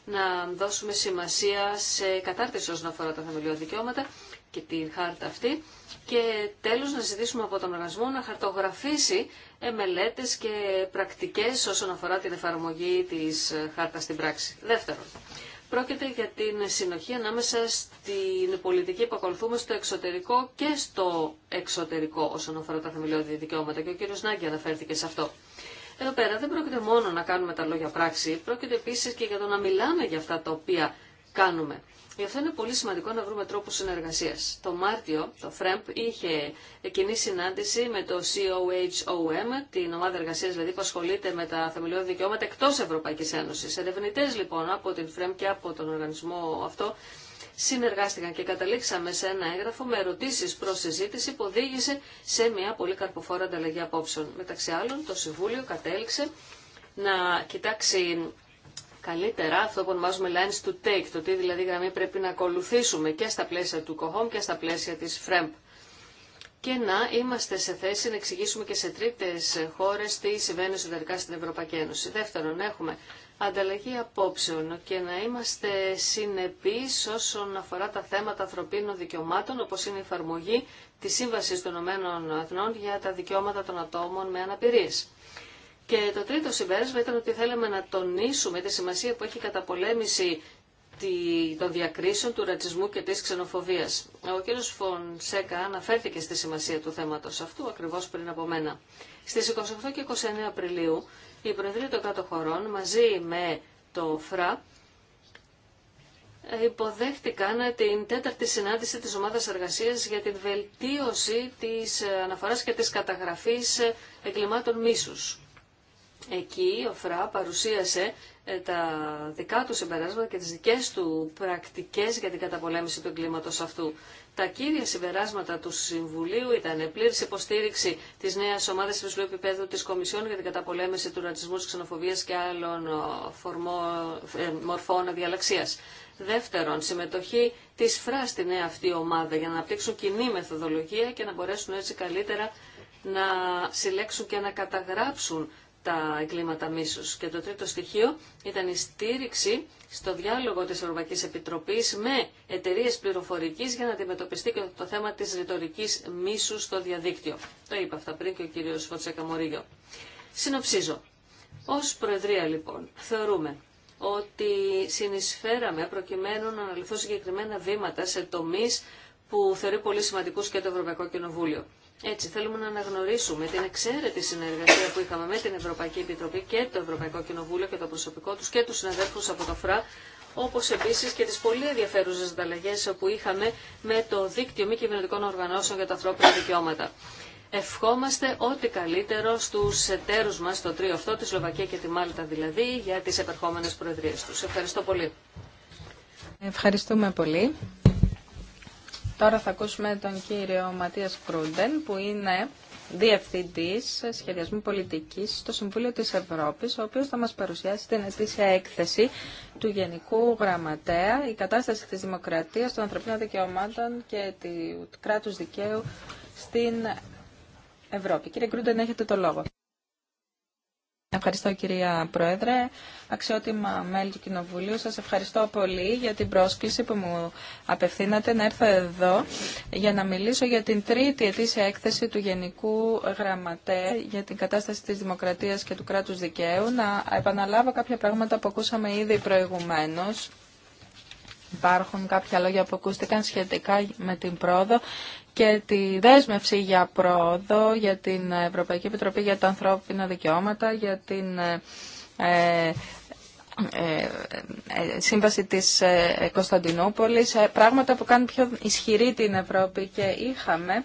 να δώσουμε σημασία σε κατάρτιση όσον αφορά τα θεμελιώδη δικαιώματα και τη χάρτα αυτή και τέλος να ζητήσουμε από τον οργανισμό να χαρτογραφήσει μελέτες και πρακτικές όσον αφορά την εφαρμογή της χάρτας στην πράξη. Δεύτερον, Πρόκειται για την συνοχή ανάμεσα στην πολιτική που ακολουθούμε στο εξωτερικό και στο εξωτερικό όσον αφορά τα θεμελιώδη δικαιώματα και ο κύριος Νάγκη αναφέρθηκε σε αυτό. Εδώ πέρα δεν πρόκειται μόνο να κάνουμε τα λόγια πράξη, πρόκειται επίσης και για το να μιλάμε για αυτά τα οποία κάνουμε. Γι' αυτό είναι πολύ σημαντικό να βρούμε τρόπους συνεργασίας. Το Μάρτιο το ΦΡΕΜΠ είχε κοινή συνάντηση με το COHOM, την ομάδα εργασίας δηλαδή που ασχολείται με τα θεμελιώδη δικαιώματα εκτός Ευρωπαϊκής Ένωσης. Ερευνητές λοιπόν από την ΦΡΕΜΠ και από τον οργανισμό αυτό συνεργάστηκαν και καταλήξαμε σε ένα έγγραφο με ερωτήσεις προς συζήτηση που οδήγησε σε μια πολύ καρποφόρα ανταλλαγή απόψεων. Μεταξύ άλλων το Συμβούλιο κατέληξε να κοιτάξει καλύτερα αυτό που ονομάζουμε lines to take, το τι δηλαδή γραμμή πρέπει να ακολουθήσουμε και στα πλαίσια του COHOM και στα πλαίσια της FREMP και να είμαστε σε θέση να εξηγήσουμε και σε τρίτες χώρες τι συμβαίνει εσωτερικά στην Ευρωπαϊκή Ένωση. Δεύτερον, έχουμε ανταλλαγή απόψεων και να είμαστε συνεπείς όσον αφορά τα θέματα ανθρωπίνων δικαιωμάτων, όπως είναι η εφαρμογή της Σύμβασης των Ηνωμένων Εθνών για τα δικαιώματα των ατόμων με αναπηρίες. Και το τρίτο συμπέρασμα ήταν ότι θέλαμε να τονίσουμε τη σημασία που έχει η καταπολέμηση των διακρίσεων, του ρατσισμού και της ξενοφοβίας. Ο κ. Φονσέκα αναφέρθηκε στη σημασία του θέματος αυτού ακριβώς πριν από μένα. Στις 28 και 29 Απριλίου η Προεδρία των Κάτω Χωρών μαζί με το ΦΡΑ υποδέχτηκαν την τέταρτη συνάντηση της Ομάδας Εργασίας για την βελτίωση της αναφοράς και της καταγραφής εγκλημάτων μίσους. Εκεί ο ΦΡΑ παρουσίασε ε, τα δικά του συμπεράσματα και τις δικές του πρακτικές για την καταπολέμηση του εγκλήματος αυτού. Τα κύρια συμπεράσματα του Συμβουλίου ήταν πλήρη υποστήριξη τη νέα ομάδα υψηλού επίπεδου τη Κομισιόν για την καταπολέμηση του ρατσισμού, της ξενοφοβία και άλλων ε, φορμό, ε, μορφών αδιαλαξία. Δεύτερον, συμμετοχή τη ΦΡΑ στη νέα αυτή ομάδα για να αναπτύξουν κοινή μεθοδολογία και να μπορέσουν έτσι καλύτερα να συλλέξουν και να καταγράψουν τα εγκλήματα μίσου. Και το τρίτο στοιχείο ήταν η στήριξη στο διάλογο τη Ευρωπαϊκή Επιτροπή με εταιρείε πληροφορική για να αντιμετωπιστεί και το θέμα τη ρητορική μίσου στο διαδίκτυο. Το είπα αυτά πριν και ο κύριο Φωτσέκα Μωρίγιο. Συνοψίζω. ω Προεδρία λοιπόν θεωρούμε ότι συνεισφέραμε προκειμένου να αναλυθούν συγκεκριμένα βήματα σε τομεί που θεωρεί πολύ σημαντικού και το Ευρωπαϊκό Κοινοβούλιο. Έτσι θέλουμε να αναγνωρίσουμε την εξαίρετη συνεργασία που είχαμε με την Ευρωπαϊκή Επιτροπή και το Ευρωπαϊκό Κοινοβούλιο και το προσωπικό του και του συναδέλφου από το ΦΡΑ, όπω επίση και τι πολύ ενδιαφέρουσε ανταλλαγές που είχαμε με το Δίκτυο Μη Κυβερνητικών Οργανώσεων για τα Ανθρώπινα Δικαιώματα. Ευχόμαστε ό,τι καλύτερο στου εταίρου μα το τρίο αυτό, τη Σλοβακία και τη Μάλτα δηλαδή, για τι επερχόμενε προεδρίες του. Ευχαριστώ Ευχαριστούμε πολύ. Τώρα θα ακούσουμε τον κύριο Ματίας Κρούντεν, που είναι Διευθυντής Σχεδιασμού Πολιτικής στο Συμβούλιο της Ευρώπης, ο οποίος θα μας παρουσιάσει την ετήσια έκθεση του Γενικού Γραμματέα, η κατάσταση της δημοκρατίας, των ανθρωπίνων δικαιωμάτων και του κράτους δικαίου στην Ευρώπη. Κύριε Κρούντεν, έχετε το λόγο. Ευχαριστώ κυρία Πρόεδρε. Αξιότιμα μέλη του Κοινοβουλίου, σας ευχαριστώ πολύ για την πρόσκληση που μου απευθύνατε να έρθω εδώ για να μιλήσω για την τρίτη ετήσια έκθεση του Γενικού Γραμματέα για την κατάσταση της δημοκρατίας και του κράτους δικαίου. Να επαναλάβω κάποια πράγματα που ακούσαμε ήδη προηγουμένως. Υπάρχουν κάποια λόγια που ακούστηκαν σχετικά με την πρόοδο και τη δέσμευση για πρόοδο για την Ευρωπαϊκή Επιτροπή για τα ανθρώπινα δικαιώματα, για την ε, ε, ε, ε σύμβαση της Κωνσταντινούπολης, πράγματα που κάνουν πιο ισχυρή την Ευρώπη και είχαμε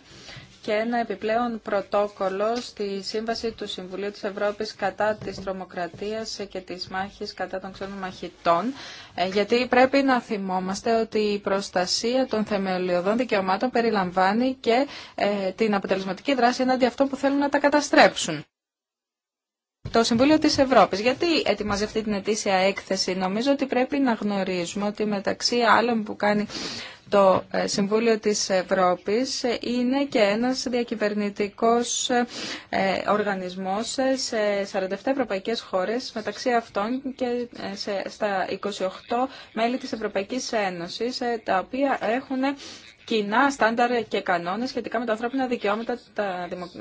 και ένα επιπλέον πρωτόκολλο στη Σύμβαση του Συμβουλίου της Ευρώπης κατά της τρομοκρατίας και της μάχης κατά των ξένων μαχητών, ε, γιατί πρέπει να θυμόμαστε ότι η προστασία των θεμελιωδών δικαιωμάτων περιλαμβάνει και ε, την αποτελεσματική δράση εναντί αυτών που θέλουν να τα καταστρέψουν. Το Συμβούλιο της Ευρώπης. Γιατί ετοιμάζει αυτή την ετήσια έκθεση. Νομίζω ότι πρέπει να γνωρίζουμε ότι μεταξύ άλλων που κάνει το ε, Συμβούλιο της Ευρώπης είναι και ένας διακυβερνητικός ε, οργανισμός σε 47 ευρωπαϊκές χώρες, μεταξύ αυτών και ε, στα 28 μέλη της Ευρωπαϊκής Ένωσης, τα οποία έχουν κοινά στάνταρ και κανόνες σχετικά με τα ανθρώπινα δικαιώματα,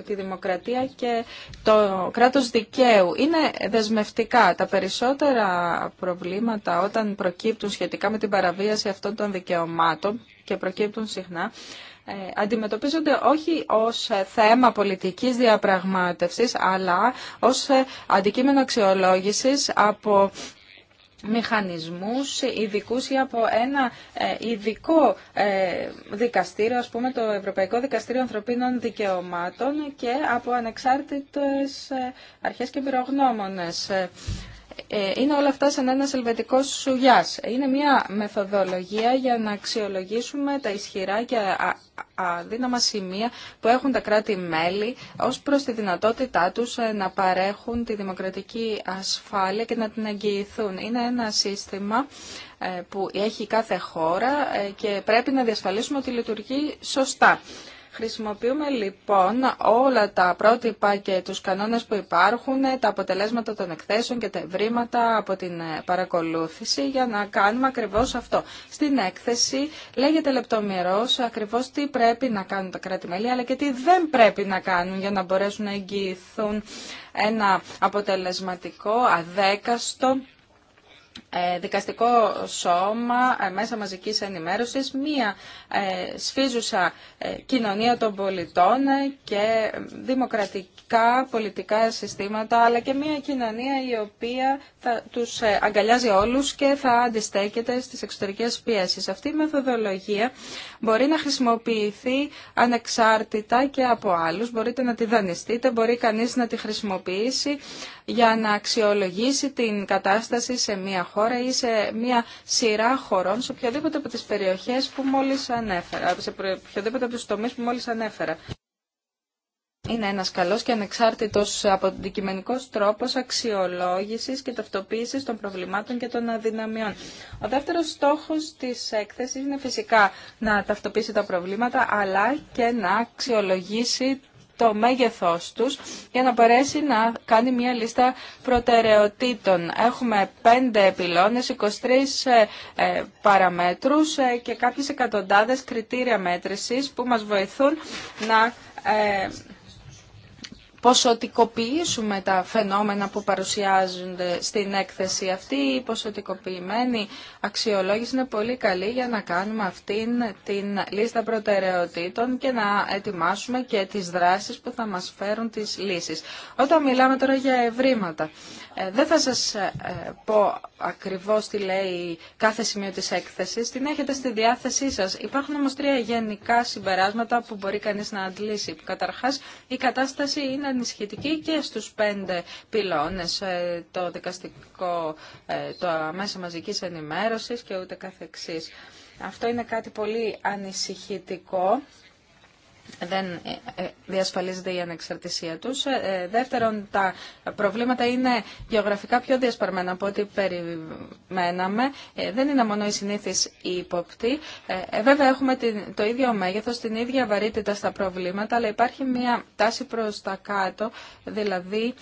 τη δημοκρατία και το κράτος δικαίου. Είναι δεσμευτικά τα περισσότερα προβλήματα όταν προκύπτουν σχετικά με την παραβίαση αυτών των δικαιωμάτων και προκύπτουν συχνά, ε, αντιμετωπίζονται όχι ως θέμα πολιτικής διαπραγμάτευσης αλλά ως ε, αντικείμενο αξιολόγησης από μηχανισμούς ειδικού ή από ένα ε, ειδικό ε, δικαστήριο, ας πούμε το Ευρωπαϊκό Δικαστήριο Ανθρωπίνων Δικαιωμάτων και από ανεξάρτητες ε, αρχές και πυρογνώμονες. Ε, είναι όλα αυτά σαν ένα ελβετικό σουγιάς. Είναι μια μεθοδολογία για να αξιολογήσουμε τα ισχυρά και αδύναμα σημεία που έχουν τα κράτη-μέλη ω προ τη δυνατότητά τους ε, να παρέχουν τη δημοκρατική ασφάλεια και να την εγγυηθούν. Είναι ένα σύστημα ε, που έχει κάθε χώρα και πρέπει να διασφαλίσουμε ότι λειτουργεί σωστά. Χρησιμοποιούμε λοιπόν όλα τα πρότυπα και τους κανόνες που υπάρχουν, τα αποτελέσματα των εκθέσεων και τα ευρήματα από την ε, παρακολούθηση για να κάνουμε ακριβώς αυτό. Στην έκθεση λέγεται λεπτομερώς ακριβώς τι πρέπει να κάνουν τα κράτη-μέλη αλλά και τι δεν πρέπει να κάνουν για να μπορέσουν να εγγυηθούν ένα αποτελεσματικό, αδέκαστο ε, δικαστικό σώμα, ε, μέσα μαζικής ενημέρωσης, μία ε, σφίζουσα κοινωνία των πολιτών και δημοκρατικά πολιτικά συστήματα, αλλά και μία κοινωνία η οποία θα τους αγκαλιάζει όλους και θα αντιστέκεται στις εξωτερικές πιέσεις. Αυτή η μεθοδολογία μπορεί να χρησιμοποιηθεί ανεξάρτητα και από άλλους. Μπορείτε να τη δανειστείτε, μπορεί κανείς να τη χρησιμοποιήσει για να αξιολογήσει την κατάσταση σε μια χώρα ή σε μια σειρά χωρών σε οποιαδήποτε από τις περιοχές που μόλις ανέφερα, σε οποιοδήποτε από τους τομείς που μόλις ανέφερα είναι ένας καλός και ανεξάρτητος αποδικημενικός τρόπος αξιολόγησης και ταυτοποίησης των προβλημάτων και των αδυναμιών. Ο δεύτερος στόχος της έκθεσης είναι φυσικά να ταυτοποιήσει τα προβλήματα αλλά και να αξιολογήσει το μέγεθός τους για να μπορέσει να κάνει μια λίστα προτεραιοτήτων. Έχουμε πέντε επιλώνες, 23 ε, ε, παραμέτρους ε, και κάποιες εκατοντάδες κριτήρια μέτρησης που μας βοηθούν να ποσοτικοποιήσουμε τα φαινόμενα που παρουσιάζονται στην έκθεση αυτή. Η ποσοτικοποιημένη αξιολόγηση είναι πολύ καλή για να κάνουμε αυτήν την λίστα προτεραιοτήτων και να ετοιμάσουμε και τις δράσεις που θα μας φέρουν τις λύσεις. Όταν μιλάμε τώρα για ευρήματα, ε, δεν θα σας ε, πω ακριβώς τι λέει κάθε σημείο της έκθεσης, την έχετε στη διάθεσή σας. Υπάρχουν όμως τρία γενικά συμπεράσματα που μπορεί κανείς να αντλήσει. Καταρχάς, η κατάσταση είναι και στους πέντε πυλώνες, ε, το δικαστικό, ε, το μέσα μαζικής ενημέρωσης και ούτε καθεξής. Αυτό είναι κάτι πολύ ανησυχητικό δεν ε, ε, διασφαλίζεται η ανεξαρτησία τους. Ε, δεύτερον, τα προβλήματα είναι γεωγραφικά πιο διασπαρμένα από ό,τι περιμέναμε. Δεν είναι μόνο οι συνήθεις οι υποπτοί. Βέβαια, έχουμε το ίδιο μέγεθος, την ίδια βαρύτητα στα προβλήματα, αλλά υπάρχει μια τάση προς τα κάτω, δηλαδή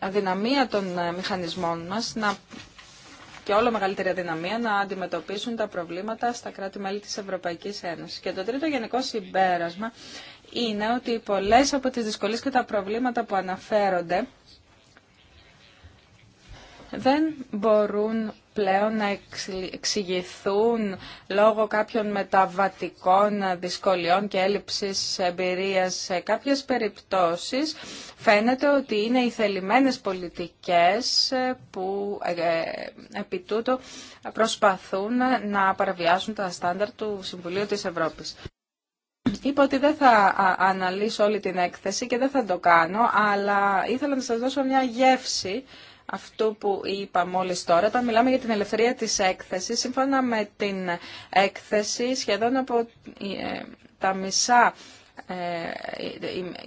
αδυναμία των μηχανισμών μας να και όλο μεγαλύτερη αδυναμία να αντιμετωπίσουν τα προβλήματα στα κράτη-μέλη της Ευρωπαϊκής Ένωσης. Και το τρίτο γενικό συμπέρασμα είναι ότι πολλές από τις δυσκολίες και τα προβλήματα που αναφέρονται δεν μπορούν πλέον να εξηγηθούν λόγω κάποιων μεταβατικών δυσκολιών και έλλειψης εμπειρίας σε κάποιες περιπτώσεις. Φαίνεται ότι είναι οι θελημένες πολιτικές ε, που ε, ε, επί τούτο προσπαθούν να παραβιάσουν τα στάνταρ του Συμβουλίου της Ευρώπης. Είπα ότι δεν θα αναλύσω όλη την έκθεση και δεν θα το κάνω, αλλά ήθελα να σας δώσω μια γεύση αυτό που είπα μόλις τώρα, όταν μιλάμε για την ελευθερία της έκθεσης, σύμφωνα με την έκθεση σχεδόν από ε, τα μισά ε,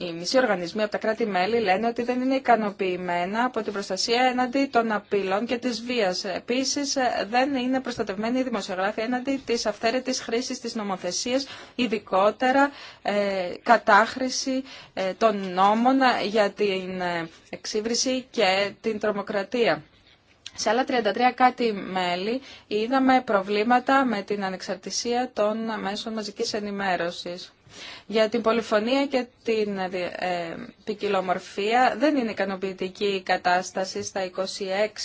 οι μισοί οργανισμοί από τα κράτη-μέλη λένε ότι δεν είναι ικανοποιημένα από την προστασία έναντι των απειλών και της βίας. Επίσης, ε, δεν είναι προστατευμένοι οι δημοσιογράφοι έναντι της αυθαίρετης χρήσης της νομοθεσίας, ειδικότερα ε, κατάχρηση των νόμων για την εξύβριση και την τρομοκρατία. Σε άλλα 33 κάτι μέλη είδαμε προβλήματα με την ανεξαρτησία των μέσων μαζικής ενημέρωσης για την πολυφωνία και την ε, ποικιλομορφία. Δεν είναι ικανοποιητική η κατάσταση στα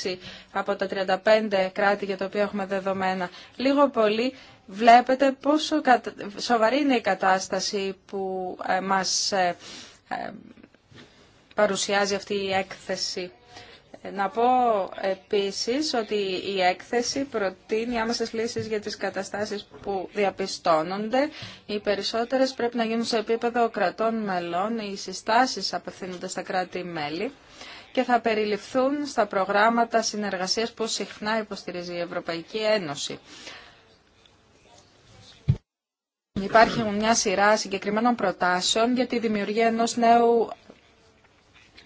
26 από τα 35 κράτη για τα οποία έχουμε δεδομένα. Λίγο πολύ βλέπετε πόσο σοβαρή είναι η κατάσταση που ε, μας ε, παρουσιάζει αυτή η έκθεση. Να πω επίσης ότι η έκθεση προτείνει άμεσες λύσεις για τις καταστάσεις που διαπιστώνονται. Οι περισσότερες πρέπει να γίνουν σε επίπεδο κρατών μελών. Οι συστάσεις απευθύνονται στα κράτη-μέλη και θα περιληφθούν στα προγράμματα συνεργασίας που συχνά υποστηρίζει η Ευρωπαϊκή Ένωση. Υπάρχει μια σειρά συγκεκριμένων προτάσεων για τη δημιουργία ενός νέου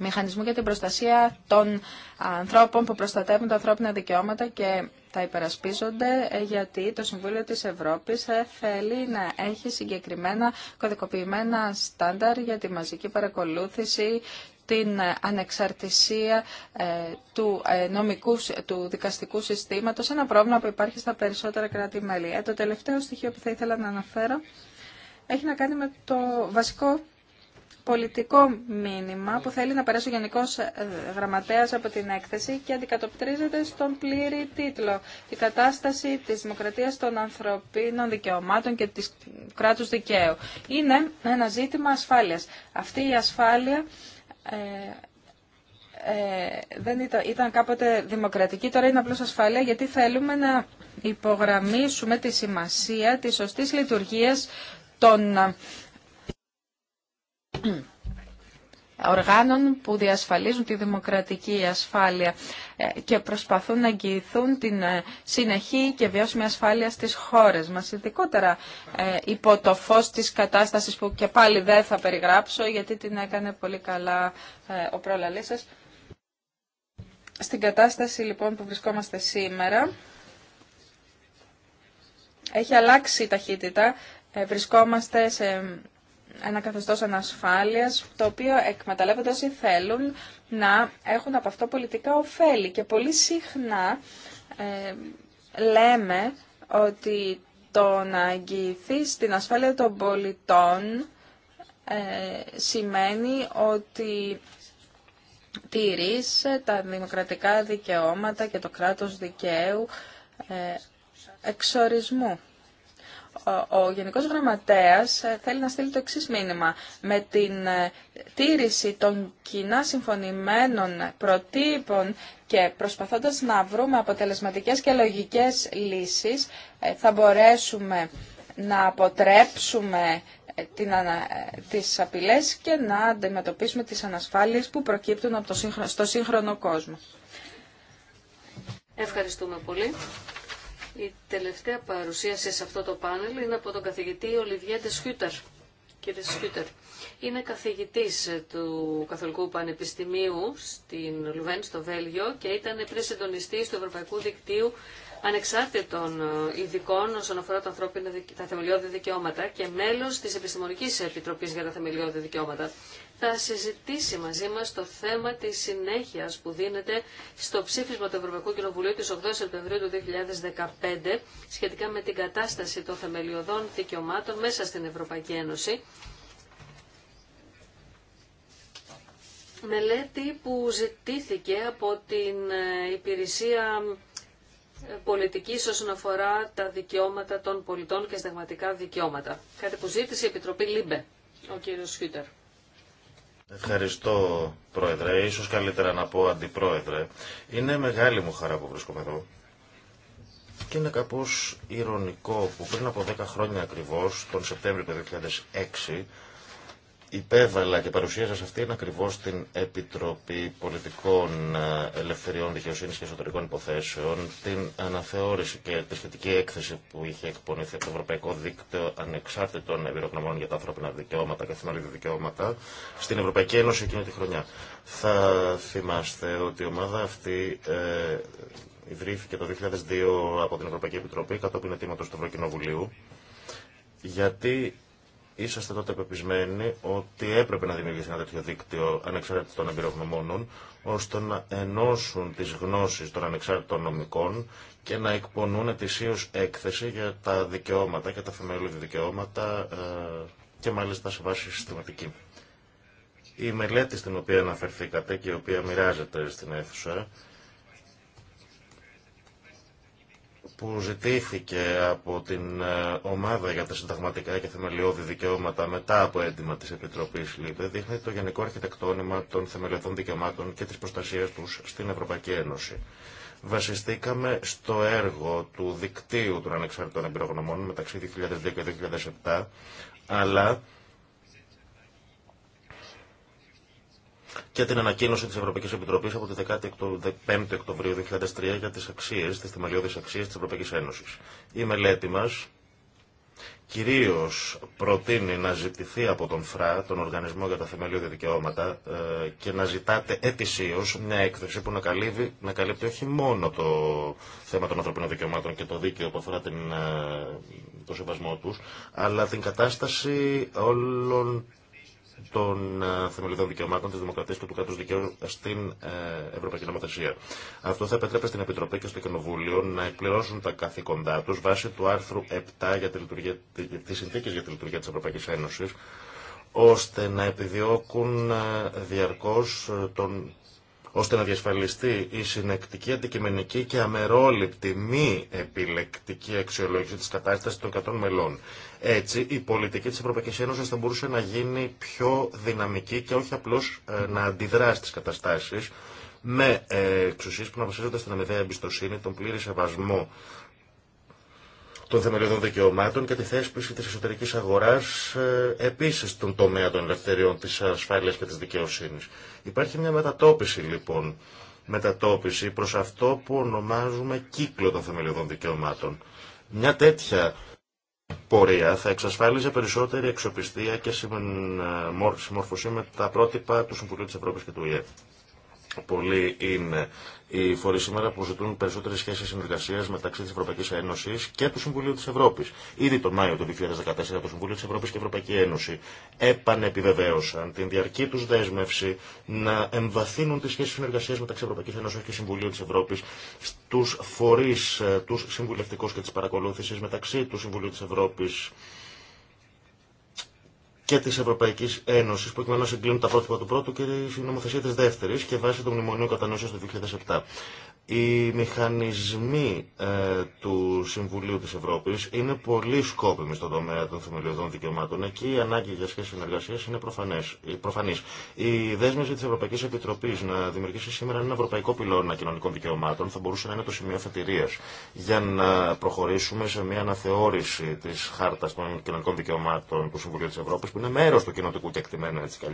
Μηχανισμού για την προστασία των ανθρώπων που προστατεύουν τα ανθρώπινα δικαιώματα και τα υπερασπίζονται ε, γιατί το Συμβούλιο της Ευρώπης ε, θέλει να έχει συγκεκριμένα κωδικοποιημένα στάνταρ για τη μαζική παρακολούθηση την ανεξαρτησία ε, του νομικού, του δικαστικού συστήματος, ένα πρόβλημα που υπάρχει στα περισσότερα κράτη-μέλη. το τελευταίο στοιχείο που θα ήθελα να αναφέρω έχει να κάνει με το βασικό πολιτικό μήνυμα που θέλει να περάσει ο Γενικό Γραμματέα από την έκθεση και αντικατοπτρίζεται στον πλήρη τίτλο. Η κατάσταση τη δημοκρατία των ανθρωπίνων δικαιωμάτων και τη κράτου δικαίου. Είναι ένα ζήτημα ασφάλεια. Αυτή η ασφάλεια. Ε, ε, δεν ήταν, ήταν κάποτε δημοκρατική, τώρα είναι απλώς ασφαλεία γιατί θέλουμε να υπογραμμίσουμε τη σημασία της σωστής λειτουργίας των οργάνων που διασφαλίζουν τη δημοκρατική ασφάλεια ε, και προσπαθούν να εγγυηθούν την ε, συνεχή και βιώσιμη ασφάλεια στις χώρες μας. Ειδικότερα ε, υπό το φως της κατάστασης που και πάλι δεν θα περιγράψω γιατί την έκανε πολύ καλά ο προλαλής σας. Στην κατάσταση λοιπόν που βρισκόμαστε σήμερα έχει αλλάξει η ταχύτητα. Βρισκόμαστε σε ένα καθεστώς ανασφάλειας, το οποίο εκμεταλλεύονται όσοι θέλουν να έχουν από αυτό πολιτικά ωφέλη. Και πολύ συχνά ε, λέμε ότι το να αγγιηθεί την ασφάλεια των πολιτών ε, σημαίνει ότι τηρείς τα δημοκρατικά δικαιώματα και το κράτος δικαίου ε, εξορισμού ο Γενικός Γραμματέας ε, θέλει να στείλει το εξής μήνυμα. Με την ε, τήρηση των κοινά συμφωνημένων προτύπων και προσπαθώντας να βρούμε αποτελεσματικές και λογικές λύσεις, ε, θα μπορέσουμε να αποτρέψουμε τις απειλές και να αντιμετωπίσουμε τις ανασφάλειες που προκύπτουν από το στο σύγχρονο κόσμο. Ευχαριστούμε πολύ. Η τελευταία παρουσίαση σε αυτό το πάνελ είναι από τον καθηγητή Ολιβιέντε Σιούτερ. Κύριε είναι καθηγητής του Καθολικού Πανεπιστημίου στην Λουβέν, στο Βέλγιο και ήταν πριν συντονιστής του Ευρωπαϊκού Δικτύου ανεξάρτητων ε, ειδικών όσον αφορά τα, τα θεμελιώδη δικαιώματα και μέλος της Επιστημονικής Επιτροπής για τα θεμελιώδη δικαιώματα. Θα συζητήσει μαζί μας το θέμα της συνέχειας που δίνεται στο ψήφισμα του Ευρωπαϊκού Κοινοβουλίου της 8 Σεπτεμβρίου του 2015 σχετικά με την κατάσταση των θεμελιωδών δικαιωμάτων μέσα στην Ευρωπαϊκή Ένωση. Μελέτη που ζητήθηκε από την ε, υπηρεσία Πολιτική όσον αφορά τα δικαιώματα των πολιτών και στεγματικά δικαιώματα. Κάτι που ζήτησε η Επιτροπή ΛΥΜΠΕ, ο κύριος Σιούτερ. Ευχαριστώ, Πρόεδρε. Ίσως καλύτερα να πω Αντιπρόεδρε. Είναι μεγάλη μου χαρά που βρίσκομαι εδώ. Και είναι κάπως ηρωνικό που πριν από 10 χρόνια ακριβώς, τον Σεπτέμβριο του 2006, υπέβαλα και παρουσίασα σε αυτήν ακριβώ την Επιτροπή Πολιτικών ε, Ελευθεριών, Δικαιοσύνη και Εσωτερικών Υποθέσεων την αναθεώρηση και τη σχετική έκθεση που είχε εκπονηθεί από το Ευρωπαϊκό Δίκτυο Ανεξάρτητων Εμπειρογνωμών για τα Ανθρώπινα Δικαιώματα και Θεμελιώδη Δικαιώματα στην Ευρωπαϊκή Ένωση εκείνη τη χρονιά. Θα θυμάστε ότι η ομάδα αυτή ε, ιδρύθηκε το 2002 από την Ευρωπαϊκή Επιτροπή κατόπιν ετοίματο του Ευρωκοινοβουλίου γιατί Είσαστε τότε πεπισμένοι ότι έπρεπε να δημιουργήσει ένα τέτοιο δίκτυο ανεξάρτητων εμπειρογνωμόνων, ώστε να ενώσουν τις γνώσεις των ανεξάρτητων νομικών και να εκπονούν ετησίω έκθεση για τα δικαιώματα και τα θεμελιώδη δικαιώματα ε, και μάλιστα σε βάση συστηματική. Η μελέτη στην οποία αναφερθήκατε και η οποία μοιράζεται στην αίθουσα που ζητήθηκε από την ε, Ομάδα για τα Συνταγματικά και Θεμελιώδη Δικαιώματα μετά από έντοιμα της Επιτροπής ΛΥΠΕ δείχνει το γενικό αρχιτεκτόνημα των θεμελιωδών δικαιωμάτων και της προστασίας τους στην Ευρωπαϊκή Ένωση. Βασιστήκαμε στο έργο του δικτύου των ανεξάρτητων εμπειρογνωμών μεταξύ 2002 και 2007, αλλά και την ανακοίνωση τη Ευρωπαϊκή Επιτροπή από τη 15 Οκτωβρίου 2003 για τι αξίε, τι θεμελιώδει αξίε τη Ευρωπαϊκή Ένωση. Η μελέτη μα κυρίω προτείνει να ζητηθεί από τον ΦΡΑ, τον Οργανισμό για τα Θεμελιώδη Δικαιώματα, ε, και να ζητάτε ετησίω μια έκθεση που να καλύπτει, να καλύπτει όχι μόνο το θέμα των ανθρωπίνων δικαιωμάτων και το δίκαιο που αφορά την, ε, το σεβασμό του, αλλά την κατάσταση όλων των ε, θεμελιωδών δικαιωμάτων, τη δημοκρατία και του κράτου δικαίου στην ε, Ευρωπαϊκή Νομοθεσία. Αυτό θα επέτρεπε στην Επιτροπή και στο Κοινοβούλιο να εκπληρώσουν τα καθήκοντά του βάσει του άρθρου 7 για τη, λειτουργία, τη συνθήκη για τη λειτουργία τη Ευρωπαϊκή Ένωση, ώστε να επιδιώκουν ε, διαρκώ τον ώστε να διασφαλιστεί η συνεκτική, αντικειμενική και αμερόληπτη μη επιλεκτική αξιολόγηση της κατάστασης των 100 μελών. Έτσι, η πολιτική τη Ευρωπαϊκή Ένωση θα μπορούσε να γίνει πιο δυναμική και όχι απλώ ε, να αντιδρά στι καταστάσει με ε, εξουσίε που να βασίζονται στην αμοιβαία εμπιστοσύνη, τον πλήρη σεβασμό των θεμελιωδών δικαιωμάτων και τη θέσπιση τη εσωτερική αγορά ε, επίση στον τομέα των ελευθεριών, τη ασφάλεια και τη δικαιοσύνη. Υπάρχει μια μετατόπιση λοιπόν, μετατόπιση προ αυτό που ονομάζουμε κύκλο των θεμελιωδών δικαιωμάτων. Μια τέτοια πορεία θα εξασφάλιζε περισσότερη εξοπιστία και συμμόρφωση με τα πρότυπα του Συμβουλίου της Ευρώπης και του ΙΕ. Πολλοί είναι οι φορεί σήμερα που ζητούν περισσότερε σχέσει συνεργασία μεταξύ τη Ευρωπαϊκή Ένωση και του Συμβουλίου τη Ευρώπη. Ήδη τον Μάιο του 2014 το Συμβούλιο τη Ευρώπη και η Ευρωπαϊκή Ένωση επανεπιβεβαίωσαν την διαρκή του δέσμευση να εμβαθύνουν τι σχέσει συνεργασία μεταξύ Ευρωπαϊκή Ένωση και Συμβουλίου τη Ευρώπη στου φορεί ε, του συμβουλευτικού και τη παρακολούθηση μεταξύ του Συμβουλίου τη Ευρώπη και τη Ευρωπαϊκή Ένωση, προκειμένου να συγκλίνουν τα πρότυπα του πρώτου και τη νομοθεσία τη δεύτερη και βάσει του Μνημονίου Κατανόηση του 2007. Οι μηχανισμοί ε, του Συμβουλίου της Ευρώπης είναι πολύ σκόπιμοι στον τομέα των θεμελιωδών δικαιωμάτων. Εκεί η ανάγκη για σχέση συνεργασία είναι προφανές, ε, προφανής. Η δέσμευση της Ευρωπαϊκής Επιτροπής να δημιουργήσει σήμερα ένα ευρωπαϊκό πυλώνα κοινωνικών δικαιωμάτων θα μπορούσε να είναι το σημείο αφετηρίας για να προχωρήσουμε σε μια αναθεώρηση της χάρτας των κοινωνικών δικαιωμάτων του Συμβουλίου της Ευρώπης που είναι μέρος του κοινοτικού κεκτημένου έτσι κι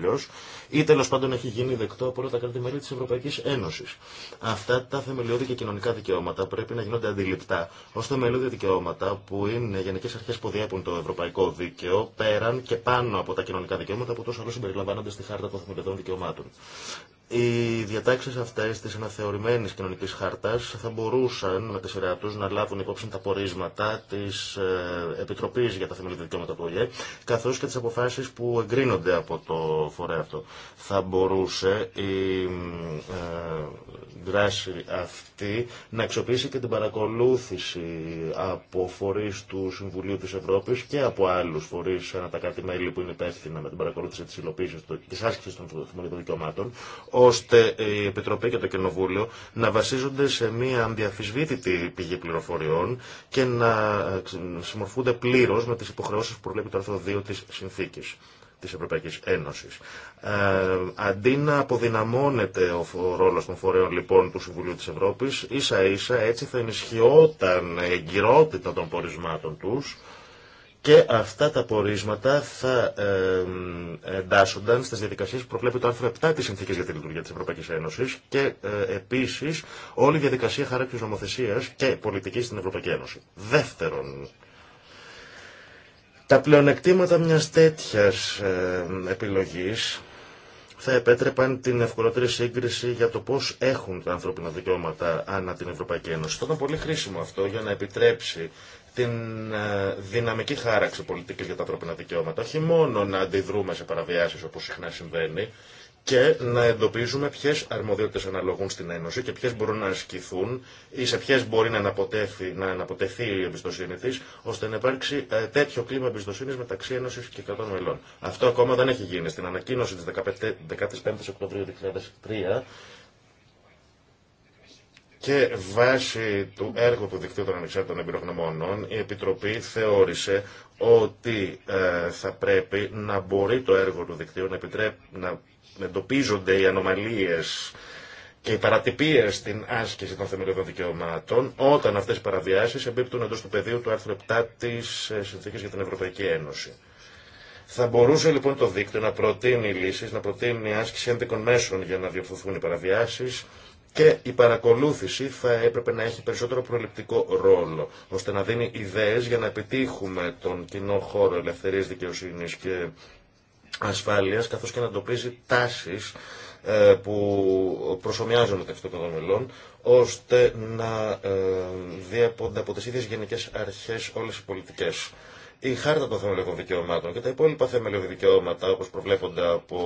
ή πάντων έχει γίνει δεκτό από όλα τα κράτη-μέλη της Ευρωπαϊκής Ένωσης. Αυτά τα θεμελιώδη και κοινωνικά δικαιώματα πρέπει να γίνονται αντιληπτά ω θεμελιώδη δικαιώματα που είναι γενικέ αρχέ που διέπουν το ευρωπαϊκό δίκαιο πέραν και πάνω από τα κοινωνικά δικαιώματα που τόσο άλλο συμπεριλαμβάνονται στη Χάρτα των Θεμελιωδών Δικαιωμάτων. Οι διατάξει αυτέ τη αναθεωρημένη κοινωνική χάρτα θα μπορούσαν με τη σειρά του να λάβουν υπόψη τα πορίσματα τη ε, Επιτροπή για τα Θεμελιώδη Δικαιώματα του ΟΗΕ, καθώ και τι αποφάσει που εγκρίνονται από το φορέα αυτό. Θα μπορούσε η ε, δράση αυτή να αξιοποιήσει και την παρακολούθηση από φορεί του Συμβουλίου τη Ευρώπη και από άλλου φορεί ανά τα κάτι μελη που είναι υπεύθυνα με την παρακολούθηση τη υλοποίηση τη άσκηση των Θεμελιώδη δικαιωμάτων, ώστε η Επιτροπή και το Κοινοβούλιο να βασίζονται σε μια ανδιαφυσβήτητη πηγή πληροφοριών και να ε, συμμορφούνται πλήρως με τις υποχρεώσεις που προβλέπει το άρθρο 2 τη συνθήκη της Ευρωπαϊκής Ένωσης. Ε, αντί να αποδυναμώνεται ο ρόλος των φορέων λοιπόν του Συμβουλίου της Ευρώπης, ίσα ίσα έτσι θα ενισχυόταν η εγκυρότητα των πορισμάτων τους, και αυτά τα πορίσματα θα εντάσσονταν στις διαδικασίες που προβλέπει το άρθρο 7 της Συνθήκης για τη Λειτουργία της Ευρωπαϊκής Ένωσης και ε, επίσης όλη η διαδικασία χαράξης νομοθεσίας και πολιτικής στην Ευρωπαϊκή Ένωση. Δεύτερον, τα πλεονεκτήματα μιας τέτοιας επιλογής θα επέτρεπαν την ευκολότερη σύγκριση για το πώ έχουν τα ανθρώπινα δικαιώματα ανά την Ευρωπαϊκή Ένωση. Θα ήταν πολύ χρήσιμο αυτό για να επιτρέψει την ε, δυναμική χάραξη πολιτική για τα ανθρώπινα δικαιώματα. Όχι μόνο να αντιδρούμε σε παραβιάσει όπω συχνά συμβαίνει και να εντοπίζουμε ποιε αρμοδιότητε αναλογούν στην Ένωση και ποιε μπορούν να ασκηθούν ή σε ποιε μπορεί να αναποτεθεί, να αναποτεθεί η εμπιστοσύνη τη, ώστε να υπάρξει ε, τέτοιο κλίμα εμπιστοσύνη μεταξύ Ένωση και κρατών μελών. Αυτό ακόμα δεν έχει γίνει. Στην ανακοίνωση τη 15η Οκτωβρίου 2003 και βάσει του έργου του Δικτύου των Ανεξάρτητων Εμπειρογνωμόνων, η Επιτροπή θεώρησε ότι ε, θα πρέπει να μπορεί το έργο του Δικτύου να, να εντοπίζονται οι ανομαλίες και οι παρατυπίε στην άσκηση των θεμελιωδών δικαιωμάτων, όταν αυτές οι παραβιάσεις εμπίπτουν εντός του πεδίου του άρθρου 7 τη ε, Συνθήκης για την Ευρωπαϊκή Ένωση. Θα μπορούσε λοιπόν το δίκτυο να προτείνει λύσεις, να προτείνει άσκηση ένδικων μέσων για να διορθωθούν οι παραβιάσεις, και η παρακολούθηση θα έπρεπε να έχει περισσότερο προληπτικό ρόλο, ώστε να δίνει ιδέες για να επιτύχουμε τον κοινό χώρο ελευθερίας δικαιοσύνης και ασφάλειας, καθώς και να εντοπίζει τάσεις ε, που προσωμιάζουν μεταξύ των μελών, ώστε να ε, διέπονται από τις ίδιες γενικές αρχές όλες οι πολιτικές η χάρτα των θεμελιωδών δικαιωμάτων και τα υπόλοιπα θεμελιώδη δικαιώματα όπως προβλέπονται από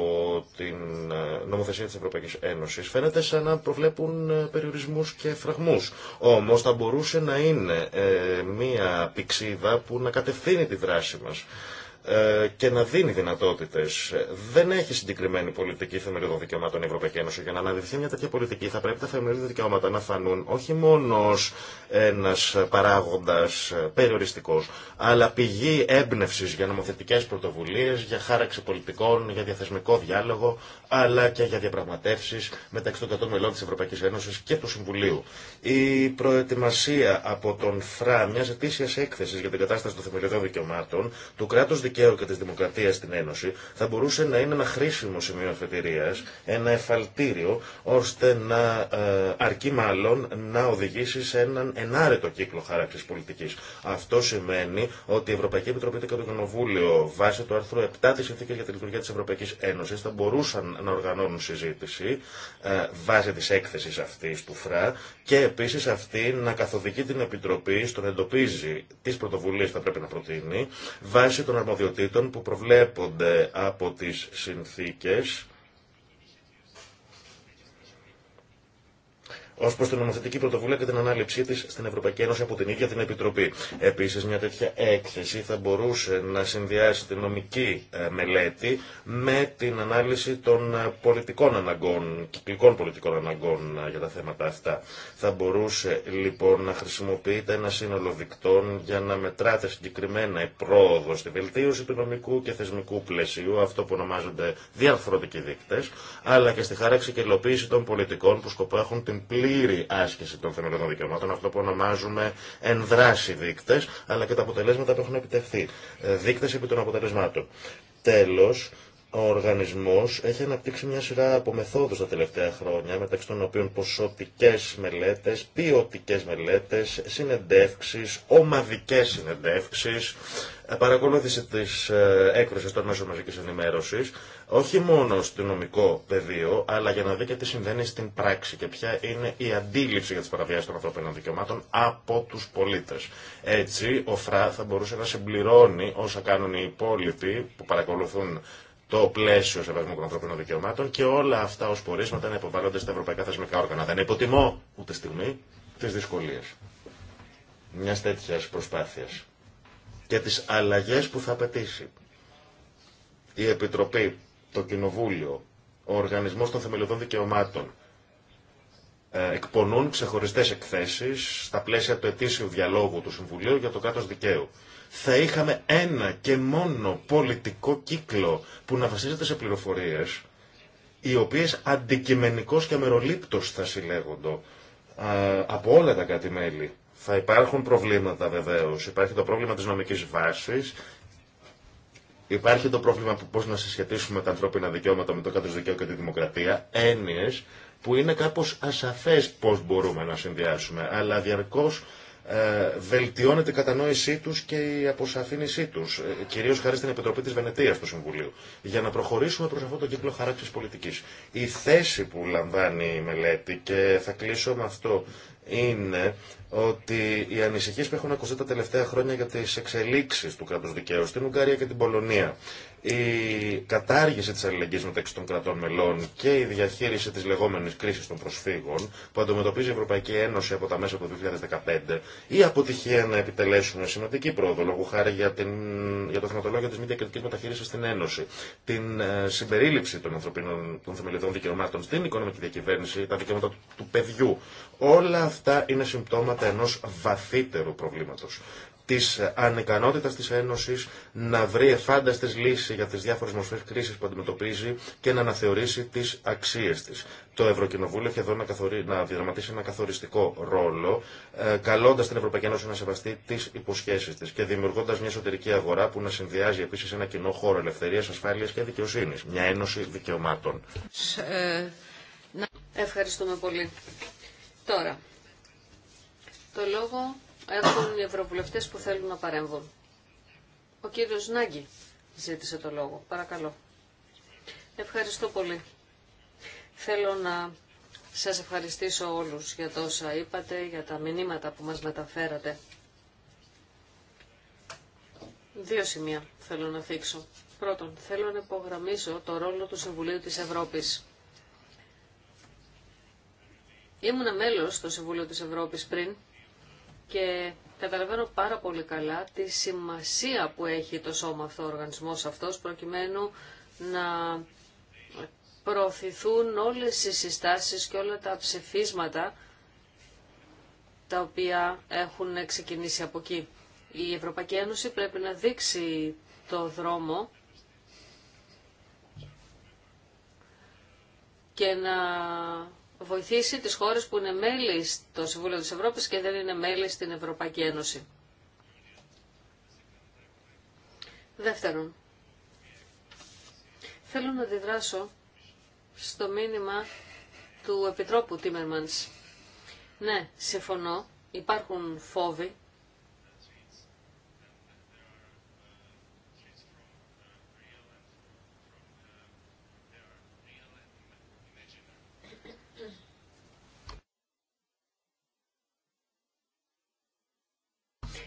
την ε, νομοθεσία της Ευρωπαϊκής Ένωσης φαίνεται σαν να προβλέπουν ε, περιορισμούς και φραγμούς. Όμως θα μπορούσε να είναι ε, μία πηξίδα που να κατευθύνει τη δράση μας ε, και να δίνει δυνατότητε. Δεν έχει συγκεκριμένη πολιτική θεμελιωδών δικαιωμάτων η Ευρωπαϊκή Ένωση. Για να αναδειχθεί μια τέτοια πολιτική θα πρέπει τα θεμελιώδη δικαιώματα να φανούν όχι μόνο ένα παράγοντα περιοριστικό, αλλά πηγή έμπνευση για νομοθετικέ πρωτοβουλίε, για χάραξη πολιτικών, για διαθεσμικό διάλογο, αλλά και για διαπραγματεύσει μεταξύ των 100 μελών τη Ευρωπαϊκή Ένωση και του Συμβουλίου. Η προετοιμασία από τον ΦΡΑ μια ετήσια έκθεση για την κατάσταση των θεμελιωδών δικαιωμάτων του κράτου Δικαίου και τη Δημοκρατία στην Ένωση θα μπορούσε να είναι ένα χρήσιμο σημείο αφετηρία, ένα εφαλτήριο, ώστε να ε, αρκεί μάλλον να οδηγήσει σε έναν ενάρετο κύκλο χάραξη πολιτική. Αυτό σημαίνει ότι η Ευρωπαϊκή Επιτροπή και το Κοινοβούλιο, βάσει του άρθρου 7 τη Συνθήκη για τη Λειτουργία τη Ευρωπαϊκή Ένωση, θα μπορούσαν να οργανώνουν συζήτηση ε, βάσει τη έκθεση αυτή του ΦΡΑ και επίσης αυτή να καθοδηγεί την Επιτροπή στον να εντοπίζει τις πρωτοβουλίε που θα πρέπει να προτείνει βάσει των αρμοδιοτήτων που προβλέπονται από τις συνθήκες ω προ την νομοθετική πρωτοβουλία και την ανάληψή τη στην Ευρωπαϊκή Ένωση από την ίδια την Επιτροπή. Επίση, μια τέτοια έκθεση θα μπορούσε να συνδυάσει την νομική ε, μελέτη με την ανάλυση των ε, πολιτικών αναγκών, κυκλικών πολιτικών αναγκών ε, για τα θέματα αυτά. Θα μπορούσε λοιπόν να χρησιμοποιείται ένα σύνολο δικτών για να μετράτε συγκεκριμένα η πρόοδο στη βελτίωση του νομικού και θεσμικού πλαισίου, αυτό που ονομάζονται διαρθρωτικοί δείκτε, αλλά και στη χάραξη και υλοποίηση των πολιτικών που σκοπό την πλήρη πλήρη άσκηση των θεμελιωδών δικαιωμάτων, αυτό που ονομάζουμε ενδράση δείκτε, αλλά και τα αποτελέσματα που έχουν επιτευχθεί. Ε, δείκτε επί των αποτελεσμάτων. Τέλο, ο οργανισμό έχει αναπτύξει μια σειρά από μεθόδου τα τελευταία χρόνια, μεταξύ των οποίων ποσοτικέ μελέτε, ποιοτικέ μελέτε, συνεντεύξει, ομαδικέ συνεντεύξει, ε, παρακολούθηση τη ε, έκφραση των μέσων μαζική ενημέρωση, όχι μόνο στο νομικό πεδίο, αλλά για να δει και τι συμβαίνει στην πράξη και ποια είναι η αντίληψη για τι παραβιάσει των ανθρωπίνων δικαιωμάτων από του πολίτε. Έτσι, ο ΦΡΑ θα μπορούσε να συμπληρώνει όσα κάνουν οι υπόλοιποι που παρακολουθούν το πλαίσιο σεβασμού των ανθρωπίνων δικαιωμάτων και όλα αυτά ω πορίσματα να υποβάλλονται στα ευρωπαϊκά θεσμικά όργανα. Δεν υποτιμώ ούτε στιγμή τι δυσκολίε μια τέτοια προσπάθεια και τι αλλαγέ που θα απαιτήσει. Η Επιτροπή το Κοινοβούλιο, ο Οργανισμό των Θεμελιωδών Δικαιωμάτων ε, εκπονούν ξεχωριστές εκθέσεις στα πλαίσια του ετήσιου διαλόγου του Συμβουλίου για το κάτω δικαίου. Θα είχαμε ένα και μόνο πολιτικό κύκλο που να βασίζεται σε πληροφορίε, οι οποίες αντικειμενικώ και αμεροληπτω θα συλλέγονται ε, από όλα τα κάτι μέλη. Θα υπάρχουν προβλήματα βεβαίω. Υπάρχει το πρόβλημα τη νομική βάση Υπάρχει το πρόβλημα που πώς να συσχετίσουμε τα ανθρώπινα δικαιώματα με το κράτος δικαίου και τη δημοκρατία, έννοιες που είναι κάπως ασαφές πώς μπορούμε να συνδυάσουμε, αλλά διαρκώς ε, βελτιώνεται η κατανόησή τους και η αποσαφήνισή τους, ε, κυρίως χάρη στην Επιτροπή της Βενετίας του Συμβουλίου, για να προχωρήσουμε προς αυτό το κύκλο χαράξης πολιτικής. Η θέση που λαμβάνει η μελέτη, και θα κλείσω με αυτό, είναι ότι οι ανησυχίε που έχουν ακουστεί τα τελευταία χρόνια για τι εξελίξει του κράτου δικαίου στην Ουγγαρία και την Πολωνία, η κατάργηση τη αλληλεγγύη μεταξύ των κρατών μελών και η διαχείριση τη λεγόμενη κρίση των προσφύγων που αντιμετωπίζει η Ευρωπαϊκή Ένωση από τα μέσα του 2015, η αποτυχία να επιτελέσουν σημαντική πρόοδο λόγω χάρη για, την, για το θεματολόγιο τη μη διακριτική μεταχείριση στην Ένωση, την ε, συμπερίληψη των, ανθρωπίνων, των θεμελιωδών δικαιωμάτων στην οικονομική διακυβέρνηση, τα δικαιώματα του παιδιού, Όλα αυτά είναι συμπτώματα ενός βαθύτερου προβλήματος της ανικανότητας της Ένωσης να βρει εφάνταστες λύσεις για τις διάφορες μορφές κρίσης που αντιμετωπίζει και να αναθεωρήσει τις αξίες της. Το Ευρωκοινοβούλιο έχει εδώ να, καθορι... ένα καθοριστικό ρόλο, ε, καλώντας την Ευρωπαϊκή Ένωση να σεβαστεί τις υποσχέσεις της και δημιουργώντας μια εσωτερική αγορά που να συνδυάζει επίσης ένα κοινό χώρο ελευθερίας, ασφάλειας και δικαιοσύνης. Μια ένωση δικαιωμάτων. Ε, Ευχαριστούμε πολύ. Τώρα, το λόγο έχουν οι ευρωβουλευτές που θέλουν να παρέμβουν. Ο κύριος Νάγκη ζήτησε το λόγο. Παρακαλώ. Ευχαριστώ πολύ. Θέλω να σας ευχαριστήσω όλους για τόσα είπατε, για τα μηνύματα που μας μεταφέρατε. Δύο σημεία θέλω να θίξω. Πρώτον, θέλω να υπογραμμίσω το ρόλο του Συμβουλίου της Ευρώπης. Ήμουν μέλο στο Συμβούλιο της Ευρώπης πριν και καταλαβαίνω πάρα πολύ καλά τη σημασία που έχει το σώμα αυτό, ο οργανισμός αυτός, προκειμένου να προωθηθούν όλες οι συστάσεις και όλα τα ψηφίσματα τα οποία έχουν ξεκινήσει από εκεί. Η Ευρωπαϊκή Ένωση πρέπει να δείξει το δρόμο και να βοηθήσει τις χώρες που είναι μέλη στο Συμβούλιο της Ευρώπης και δεν είναι μέλη στην Ευρωπαϊκή Ένωση. Δεύτερον, θέλω να αντιδράσω στο μήνυμα του Επιτρόπου Τίμερμανς. Ναι, συμφωνώ, υπάρχουν φόβοι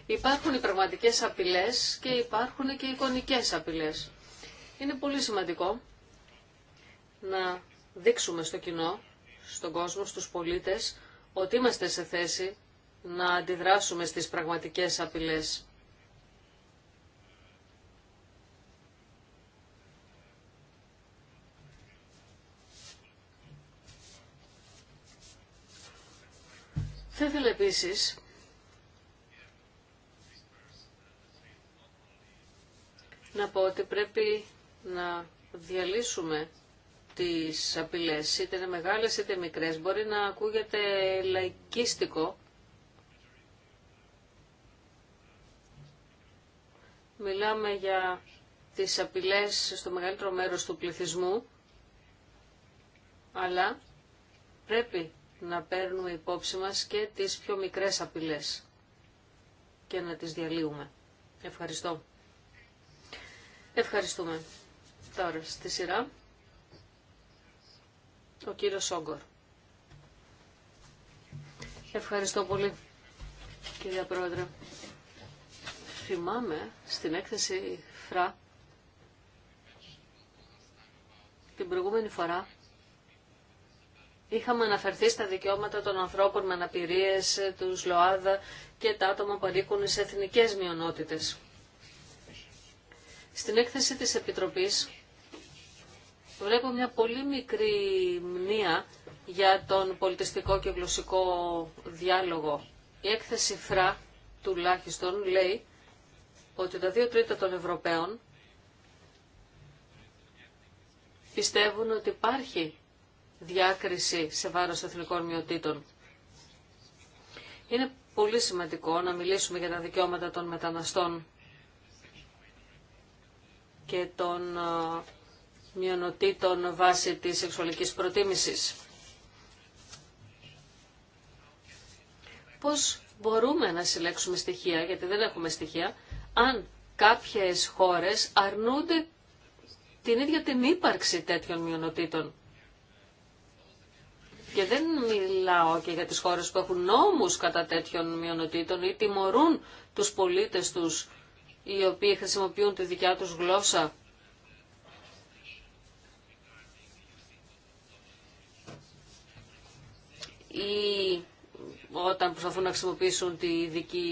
Υπάρχουν οι πραγματικές απειλές και υπάρχουν και οι εικονικές απειλές. Είναι πολύ σημαντικό να δείξουμε στο κοινό, στον κόσμο, στους πολίτες, ότι είμαστε σε θέση να αντιδράσουμε στις πραγματικές απειλές. Θα ήθελα επίσης να πω ότι πρέπει να διαλύσουμε τις απειλές, είτε είναι μεγάλες είτε μικρές. Μπορεί να ακούγεται λαϊκίστικο. Μιλάμε για τις απειλές στο μεγαλύτερο μέρος του πληθυσμού, αλλά πρέπει να παίρνουμε υπόψη μας και τις πιο μικρές απειλές και να τις διαλύουμε. Ευχαριστώ. Ευχαριστούμε. Τώρα στη σειρά ο κύριος Σόγκορ. Ευχαριστώ πολύ κυρία Πρόεδρε. Θυμάμαι στην έκθεση ΦΡΑ την προηγούμενη φορά είχαμε αναφερθεί στα δικαιώματα των ανθρώπων με αναπηρίες, τους ΛΟΑΔΑ και τα άτομα που ανήκουν σε εθνικές μειονότητες. Στην έκθεση της Επιτροπής βλέπω μια πολύ μικρή μνήα για τον πολιτιστικό και γλωσσικό διάλογο. Η έκθεση ΦΡΑ τουλάχιστον λέει ότι τα δύο τρίτα των Ευρωπαίων πιστεύουν ότι υπάρχει διάκριση σε βάρος εθνικών μειοτήτων. Είναι πολύ σημαντικό να μιλήσουμε για τα δικαιώματα των μεταναστών και των ε, μειονοτήτων βάσει της σεξουαλικής προτίμησης. Πώς μπορούμε να συλλέξουμε στοιχεία, γιατί δεν έχουμε στοιχεία, αν κάποιες χώρες αρνούνται την ίδια την ύπαρξη τέτοιων μειονοτήτων. Και δεν μιλάω και για τις χώρες που έχουν νόμους κατά τέτοιων μειονοτήτων ή τιμωρούν τους πολίτες τους οι οποίοι χρησιμοποιούν τη δικιά τους γλώσσα. Ή όταν προσπαθούν να χρησιμοποιήσουν τη, δική,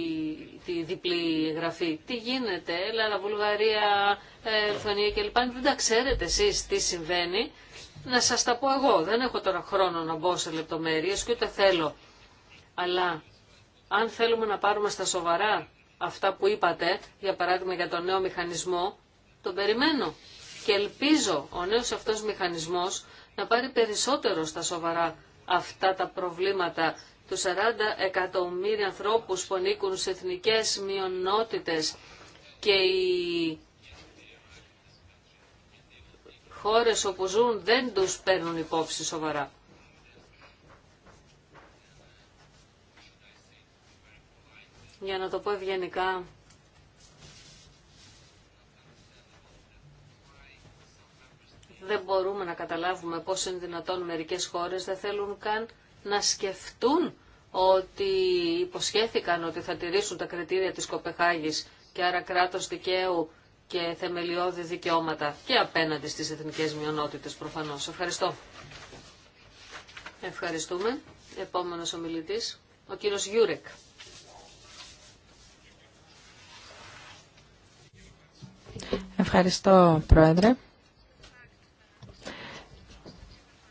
τη διπλή γραφή. Τι γίνεται, Ελλάδα, Βουλγαρία, Ελφανία κλπ. Δεν τα ξέρετε εσείς τι συμβαίνει. Να σας τα πω εγώ. Δεν έχω τώρα χρόνο να μπω σε λεπτομέρειες και ούτε θέλω. Αλλά αν θέλουμε να πάρουμε στα σοβαρά αυτά που είπατε, για παράδειγμα για τον νέο μηχανισμό, τον περιμένω. Και ελπίζω ο νέος αυτός μηχανισμός να πάρει περισσότερο στα σοβαρά αυτά τα προβλήματα του 40 εκατομμύρια ανθρώπους που ανήκουν σε εθνικές μειονότητες και οι χώρες όπου ζουν δεν τους παίρνουν υπόψη σοβαρά. για να το πω ευγενικά, δεν μπορούμε να καταλάβουμε πώς είναι δυνατόν μερικές χώρες δεν θέλουν καν να σκεφτούν ότι υποσχέθηκαν ότι θα τηρήσουν τα κριτήρια της Κοπεχάγης και άρα κράτος δικαίου και θεμελιώδη δικαιώματα και απέναντι στις εθνικές μειονότητες προφανώς. Ευχαριστώ. Ευχαριστούμε. Επόμενος ομιλητής, ο κύριος Γιούρεκ. Ευχαριστώ, Πρόεδρε.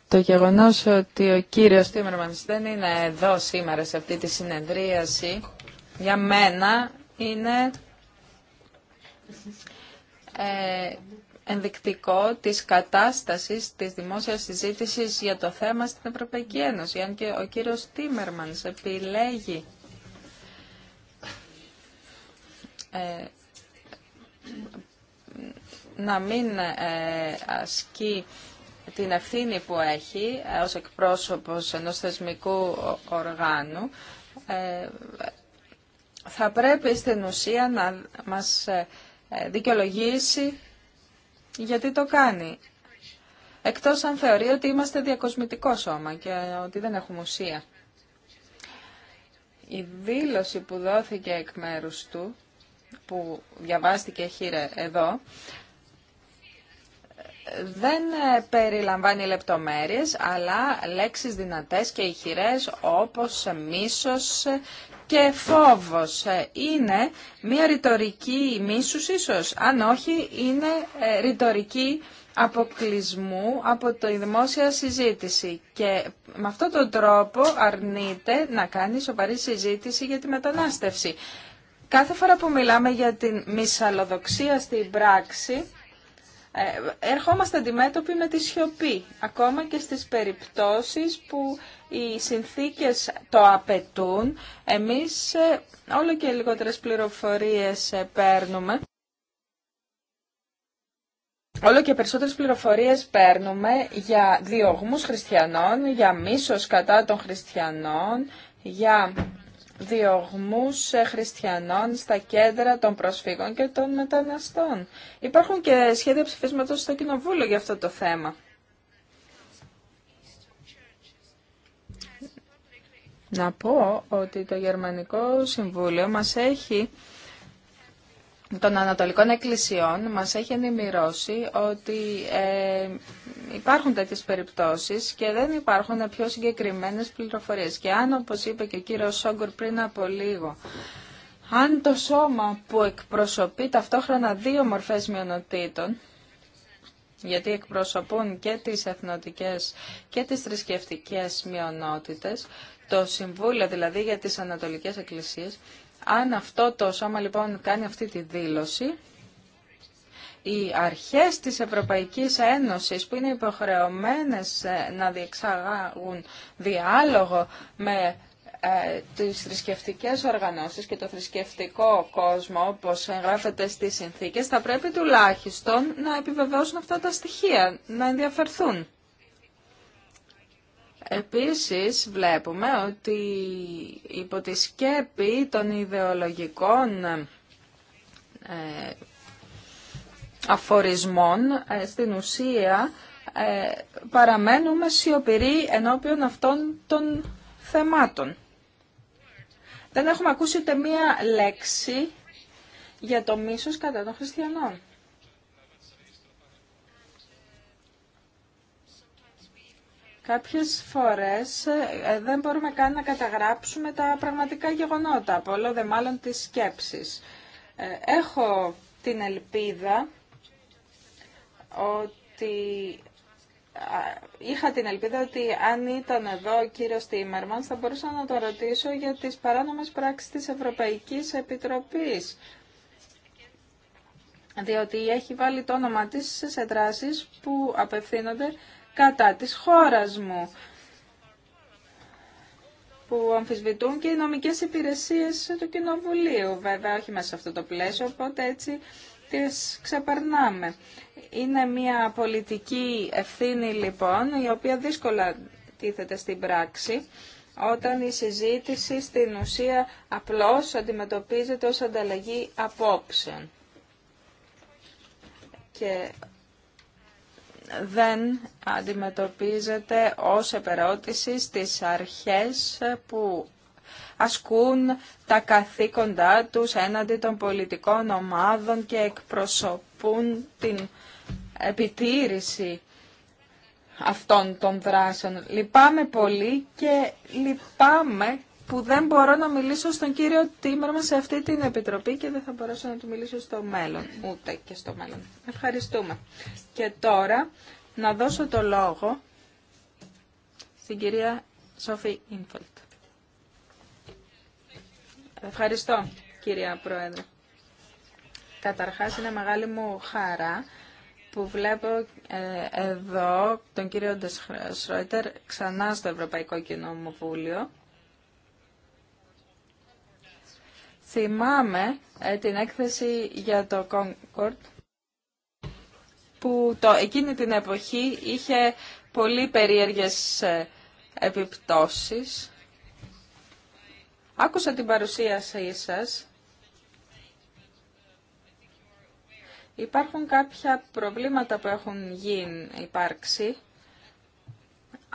Το γεγονός ότι ο κύριος Τίμερμανς δεν είναι εδώ σήμερα σε αυτή τη συνεδρίαση, για μένα είναι ε, ενδεικτικό της κατάστασης της δημόσιας συζήτησης για το θέμα στην Ευρωπαϊκή Ένωση. Αν και ο κύριος Τίμερμανς επιλέγει ε, να μην ε, ασκεί την ευθύνη που έχει ε, ως εκπρόσωπος ενός θεσμικού οργάνου, ε, θα πρέπει στην ουσία να μας δικαιολογήσει γιατί το κάνει. Εκτός αν θεωρεί ότι είμαστε διακοσμητικό σώμα και ότι δεν έχουμε ουσία. Η δήλωση που δόθηκε εκ μέρους του, που διαβάστηκε χείρε εδώ, δεν ε, περιλαμβάνει λεπτομέρειες, αλλά λέξεις δυνατές και ηχηρές όπως ε, μίσος ε, και φόβος. Είναι μια ρητορική μίσους ίσως, αν όχι είναι ρητορική αποκλεισμού από τη δημόσια συζήτηση και με αυτόν τον τρόπο αρνείται να κάνει σοβαρή συζήτηση για τη μετανάστευση. Κάθε φορά που μιλάμε για την μυσαλλοδοξία στην πράξη, ερχόμαστε αντιμέτωποι με τη σιωπή, ακόμα και στις περιπτώσεις που οι συνθήκες το απαιτούν. Εμείς ε, όλο και λιγότερες πληροφορίες ε, παίρνουμε. Όλο και περισσότερες πληροφορίες παίρνουμε για διωγμούς χριστιανών, για μίσος κατά των χριστιανών, για διωγμούς ε, χριστιανών στα κέντρα των προσφύγων και των μεταναστών. Υπάρχουν και σχέδια ψηφίσματος στο Κοινοβούλιο για αυτό το θέμα. Να πω ότι το Γερμανικό Συμβούλιο μας έχει των Ανατολικών Εκκλησιών μας έχει ενημερώσει ότι ε, υπάρχουν τέτοιες περιπτώσεις και δεν υπάρχουν πιο συγκεκριμένες πληροφορίες. Και αν, όπως είπε και ο κύριος Σόγκορ πριν από λίγο, αν το σώμα που εκπροσωπεί ταυτόχρονα δύο μορφές μειονοτήτων, γιατί εκπροσωπούν και τις εθνοτικές και τις θρησκευτικές μειονότητες, το Συμβούλιο δηλαδή για τις Ανατολικές Εκκλησίες, αν αυτό το σώμα λοιπόν κάνει αυτή τη δήλωση, οι αρχές της Ευρωπαϊκής Ένωσης που είναι υποχρεωμένες ε, να διεξαγάγουν διάλογο με ε, τις θρησκευτικέ οργανώσεις και το θρησκευτικό κόσμο, όπως εγγράφεται στις συνθήκες, θα πρέπει τουλάχιστον να επιβεβαιώσουν αυτά τα στοιχεία, να ενδιαφερθούν. Επίσης βλέπουμε ότι υπό τη σκέπη των ιδεολογικών ε, αφορισμών ε, στην ουσία ε, παραμένουμε σιωπηροί ενώπιον αυτών των θεμάτων. Δεν έχουμε ακούσει ούτε μία λέξη για το μίσος κατά των χριστιανών. Κάποιες φορές ε, ε, δεν μπορούμε καν να καταγράψουμε τα πραγματικά γεγονότα, από όλο δε μάλλον τις σκέψεις. Ε, έχω την ελπίδα ότι είχα την ελπίδα ότι αν ήταν εδώ ο κύριος Τίμερμανς θα μπορούσα να το ρωτήσω για τις παράνομες πράξεις της Ευρωπαϊκής Επιτροπής. Διότι έχει βάλει το όνομα της σε δράσεις που απευθύνονται κατά της χώρας μου που αμφισβητούν και οι νομικές υπηρεσίες του Κοινοβουλίου. Βέβαια, όχι μέσα σε αυτό το πλαίσιο, οπότε έτσι τις ξεπερνάμε. Είναι μια πολιτική ευθύνη, λοιπόν, η οποία δύσκολα τίθεται στην πράξη, όταν η συζήτηση στην ουσία απλώς αντιμετωπίζεται ως ανταλλαγή απόψεων δεν αντιμετωπίζεται ως επερώτηση στις αρχές που ασκούν τα καθήκοντά τους έναντι των πολιτικών ομάδων και εκπροσωπούν την επιτήρηση αυτών των δράσεων. Λυπάμαι πολύ και λυπάμαι που δεν μπορώ να μιλήσω στον κύριο Τίμερμαν σε αυτή την επιτροπή και δεν θα μπορέσω να του μιλήσω στο μέλλον, ούτε και στο μέλλον. Ευχαριστούμε. Και τώρα να δώσω το λόγο στην κυρία Σόφη Ινφελτ. Ευχαριστώ, κυρία Πρόεδρε. Καταρχάς, είναι μεγάλη μου χαρά που βλέπω ε, εδώ τον κύριο Ντεσρόιτερ ξανά στο Ευρωπαϊκό Κοινοβούλιο Θυμάμαι ε, την έκθεση για το Concord που το, εκείνη την εποχή είχε πολύ περίεργες ε, επιπτώσεις. Άκουσα την παρουσίασή σας. Υπάρχουν κάποια προβλήματα που έχουν γίνει, υπάρξει,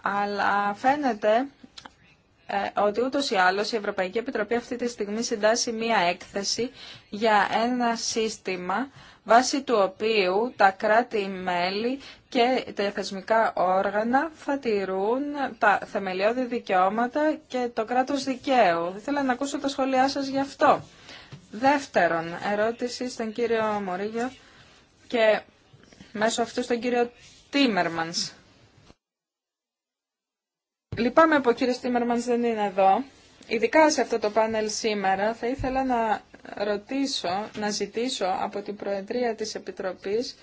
αλλά φαίνεται ε, ότι ούτως ή άλλω η αλλω η Επιτροπή αυτή τη στιγμή συντάσσει μία έκθεση για ένα σύστημα βάσει του οποίου τα κράτη-μέλη και τα θεσμικά όργανα θα τηρούν τα θεμελιώδη δικαιώματα και το κράτος δικαίου. Θέλω να ακούσω τα σχόλιά σας γι' αυτό. Δεύτερον, ερώτηση στον κύριο Μωρίγιο και μέσω αυτού στον κύριο Τίμερμανς. Λυπάμαι που ο κύριος Τίμερμανς δεν είναι εδώ. Ειδικά σε αυτό το πάνελ σήμερα θα ήθελα να ρωτήσω, να ζητήσω από την Προεδρία της Επιτροπής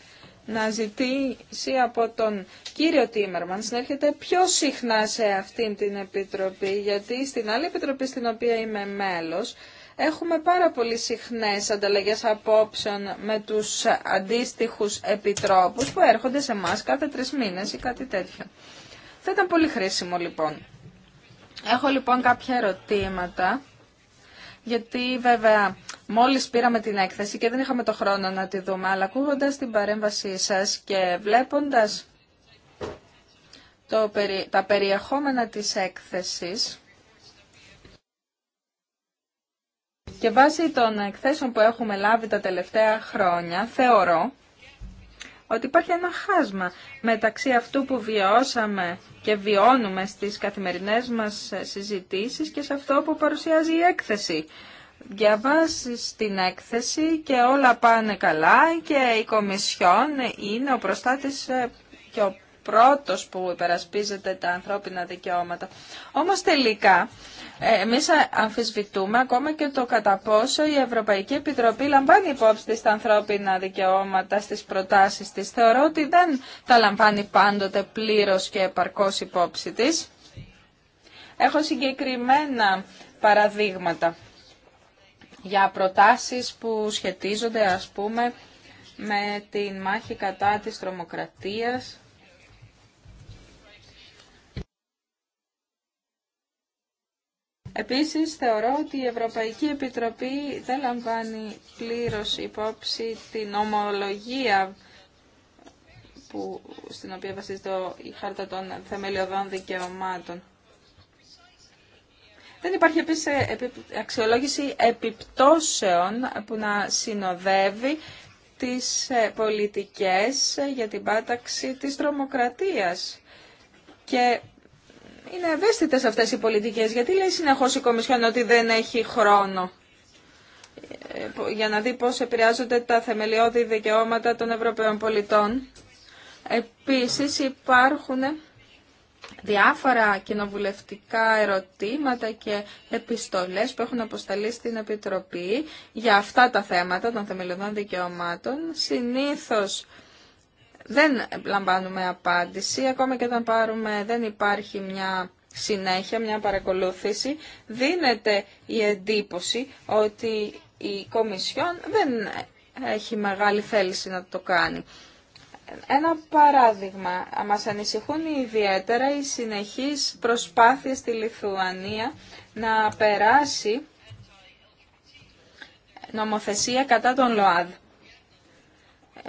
να ζητήσει από τον κύριο Τίμερμανς να έρχεται πιο συχνά σε αυτήν την Επιτροπή, γιατί στην άλλη Επιτροπή στην οποία είμαι μέλος έχουμε πάρα πολύ συχνές ανταλλαγές απόψεων με τους αντίστοιχους επιτρόπους που έρχονται σε μας κάθε τρεις μήνες ή κάτι τέτοιο. Θα ήταν πολύ χρήσιμο λοιπόν. Έχω λοιπόν κάποια ερωτήματα, γιατί βέβαια μόλις πήραμε την έκθεση και δεν είχαμε το χρόνο να τη δούμε, αλλά ακούγοντας την παρέμβασή σας και βλέποντας το, τα περιεχόμενα της έκθεσης, Και βάσει των εκθέσεων που έχουμε λάβει τα τελευταία χρόνια, θεωρώ ότι υπάρχει ένα χάσμα μεταξύ αυτού που βιώσαμε και βιώνουμε στις καθημερινές μας συζητήσεις και σε αυτό που παρουσιάζει η έκθεση. Διαβάζεις την έκθεση και όλα πάνε καλά και η Κομισιόν είναι ο προστάτης ε, και ο πρώτος που υπερασπίζεται τα ανθρώπινα δικαιώματα. Όμως τελικά εμείς αμφισβητούμε ακόμα και το κατά πόσο η Ευρωπαϊκή Επιτροπή λαμβάνει υπόψη της τα ανθρώπινα δικαιώματα στις προτάσεις της. Θεωρώ ότι δεν τα λαμβάνει πάντοτε πλήρως και επαρκώς υπόψη της. Έχω συγκεκριμένα παραδείγματα για προτάσεις που σχετίζονται ας πούμε με την μάχη κατά της τρομοκρατίας Επίσης θεωρώ ότι η Ευρωπαϊκή Επιτροπή δεν λαμβάνει πλήρως υπόψη την ομολογία που, στην οποία βασίζεται η Χάρτα των Θεμελιωδών Δικαιωμάτων. Δεν υπάρχει επίσης αξιολόγηση επιπτώσεων που να συνοδεύει τις ε, πολιτικές για την πάταξη της τρομοκρατίας. Και είναι ευαίσθητε αυτές οι πολιτικές. Γιατί λέει συνεχώς η Κομισιόν ότι δεν έχει χρόνο ε, για να δει πώς επηρεάζονται τα θεμελιώδη δικαιώματα των Ευρωπαίων πολιτών. Επίσης υπάρχουν διάφορα κοινοβουλευτικά ερωτήματα και επιστολές που έχουν αποσταλεί στην Επιτροπή για αυτά τα θέματα των θεμελιωδών δικαιωμάτων. Συνήθως δεν λαμβάνουμε απάντηση, ακόμα και όταν πάρουμε δεν υπάρχει μια συνέχεια, μια παρακολούθηση, δίνεται η εντύπωση ότι η Κομισιόν δεν έχει μεγάλη θέληση να το κάνει. Ένα παράδειγμα, μας ανησυχούν ιδιαίτερα οι συνεχείς προσπάθειες στη Λιθουανία να περάσει νομοθεσία κατά τον ΛΟΑΔ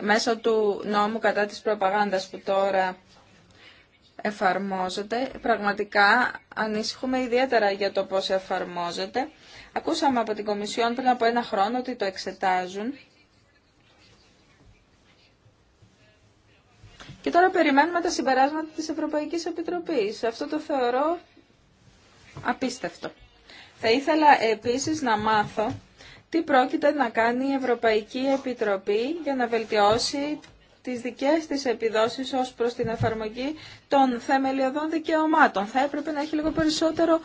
μέσω του νόμου κατά της προπαγάνδας που τώρα εφαρμόζεται. Πραγματικά ανησυχούμε ιδιαίτερα για το πώς εφαρμόζεται. Ακούσαμε από την Κομισιόν πριν από ένα χρόνο ότι το εξετάζουν. Και τώρα περιμένουμε τα συμπεράσματα της Ευρωπαϊκής Επιτροπής. Αυτό το θεωρώ απίστευτο. Θα ήθελα επίσης να μάθω τι πρόκειται να κάνει η Ευρωπαϊκή Επιτροπή για να βελτιώσει τις δικές της επιδόσεις ως προς την εφαρμογή των θεμελιωδών δικαιωμάτων. Θα έπρεπε να έχει λίγο περισσότερο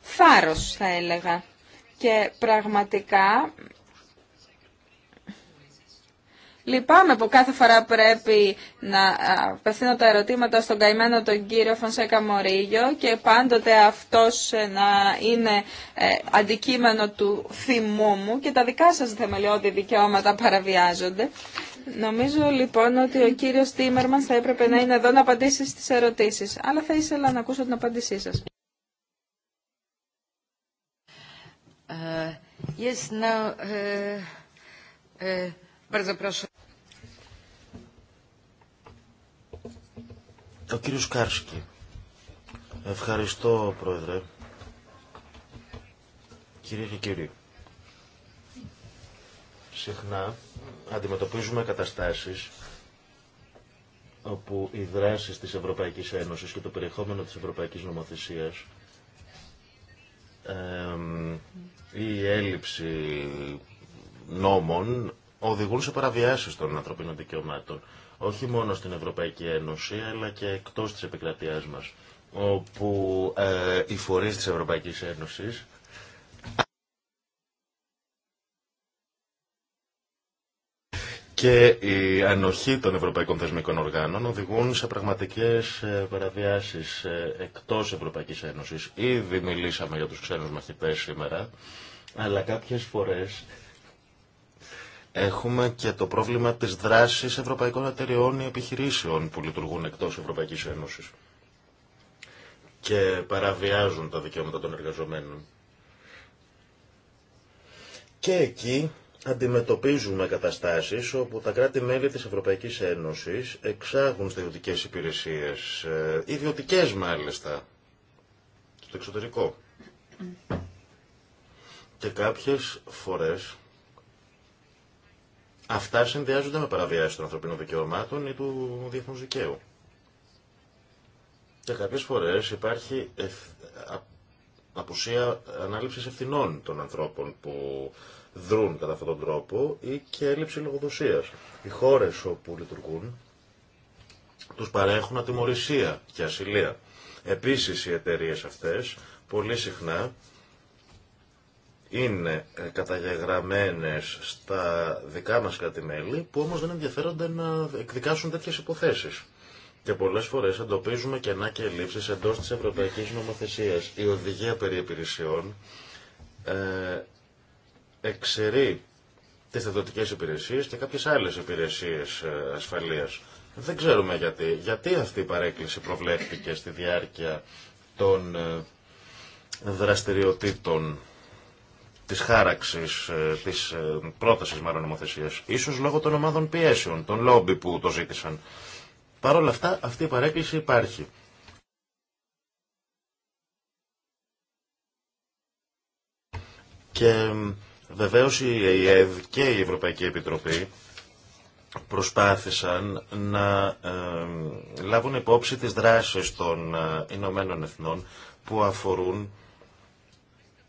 θάρρος, θα έλεγα. Και πραγματικά Λυπάμαι που κάθε φορά πρέπει να απευθύνω τα ερωτήματα στον καημένο τον κύριο Φωνσέκα Μωρίγιο και πάντοτε αυτός ε, να είναι ε, αντικείμενο του θυμού μου και τα δικά σας θεμελιώδη δικαιώματα παραβιάζονται. Νομίζω λοιπόν ότι ο κύριος Τίμερμαν θα έπρεπε να είναι εδώ να απαντήσει στις ερωτήσεις, αλλά θα ήθελα να ακούσω την απάντησή σας. Ε, Ο κύριος Κάρσκι. Ευχαριστώ, Πρόεδρε. Κυρίε και κύριοι, συχνά αντιμετωπίζουμε καταστάσεις όπου οι δράσεις της Ευρωπαϊκής Ένωσης και το περιεχόμενο της Ευρωπαϊκής Νομοθεσίας η έλλειψη νόμων οδηγούν σε παραβιάσεις των ανθρωπίνων δικαιωμάτων όχι μόνο στην Ευρωπαϊκή Ένωση, αλλά και εκτός της επικρατείας μας, όπου ε, οι φορείς της Ευρωπαϊκής Ένωσης και η ανοχή των ευρωπαϊκών θεσμικών οργάνων οδηγούν σε πραγματικές ε, παραβιάσεις ε, εκτός Ευρωπαϊκής Ένωσης. Ήδη μιλήσαμε για τους ξένους μαχητές σήμερα, αλλά κάποιες φορές Έχουμε και το πρόβλημα της δράσης ευρωπαϊκών εταιρεών ή επιχειρήσεων που λειτουργούν εκτός Ευρωπαϊκής Ένωσης και παραβιάζουν τα δικαιώματα των εργαζομένων. Και εκεί αντιμετωπίζουμε καταστάσεις όπου τα κράτη-μέλη της Ευρωπαϊκής Ένωσης εξάγουν στρατιωτικές υπηρεσίες, ε, ιδιωτικές μάλιστα, στο εξωτερικό. Και κάποιες φορές Αυτά συνδυάζονται με παραβιάσεις των ανθρωπίνων δικαιωμάτων ή του διεθνούς δικαίου. Και κάποιε φορές υπάρχει απουσία ανάληψης ευθυνών των ανθρώπων που δρούν κατά αυτόν τον τρόπο ή και έλλειψη λογοδοσία. Οι χώρες όπου λειτουργούν τους παρέχουν ατιμορρησία και ασυλία. Επίση οι εταιρείε αυτές πολύ συχνά είναι ε, καταγεγραμμένες στα δικά μας κράτη-μέλη που όμως δεν ενδιαφέρονται να εκδικάσουν τέτοιες υποθέσεις. Και πολλές φορές εντοπίζουμε κενά και ελλείψεις εντός της Ευρωπαϊκής Νομοθεσίας. Η οδηγία περί υπηρεσιών ε, εξαιρεί τις θετοτικές υπηρεσίες και κάποιες άλλες υπηρεσίες ε, ασφαλείας. Δεν ξέρουμε γιατί. Γιατί αυτή η παρέκκληση προβλέφθηκε στη διάρκεια των ε, δραστηριοτήτων Τη χάραξη ε, τη ε, πρότασης μάλλον νομοθεσίας, ίσως λόγω των ομάδων πιέσεων, των λόμπι που το ζήτησαν. Παρ' όλα αυτά, αυτή η παρέκκληση υπάρχει. Και βεβαίως η ΕΕΔ και η Ευρωπαϊκή Επιτροπή προσπάθησαν να ε, λάβουν υπόψη τις δράσεις των Ηνωμένων Εθνών που αφορούν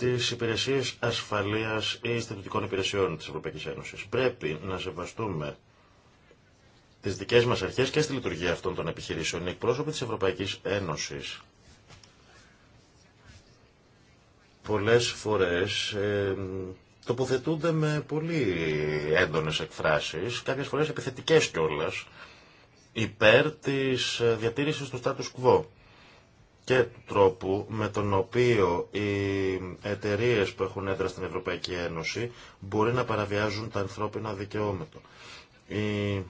τις υπηρεσίες ασφαλείας ή στρατιωτικών υπηρεσιών της Ευρωπαϊκής Ένωσης. Πρέπει να σεβαστούμε τις δικές μας αρχές και στη λειτουργία αυτών των επιχειρήσεων. Οι εκπρόσωποι της Ευρωπαϊκής Ένωσης πολλές φορές ε, τοποθετούνται με πολύ έντονες εκφράσεις, κάποιες φορές επιθετικές κιόλας, υπέρ της ε, διατήρησης του status quo και του τρόπου με τον οποίο οι εταιρείε που έχουν έδρα στην Ευρωπαϊκή Ένωση μπορεί να παραβιάζουν τα ανθρώπινα δικαιώματα. Η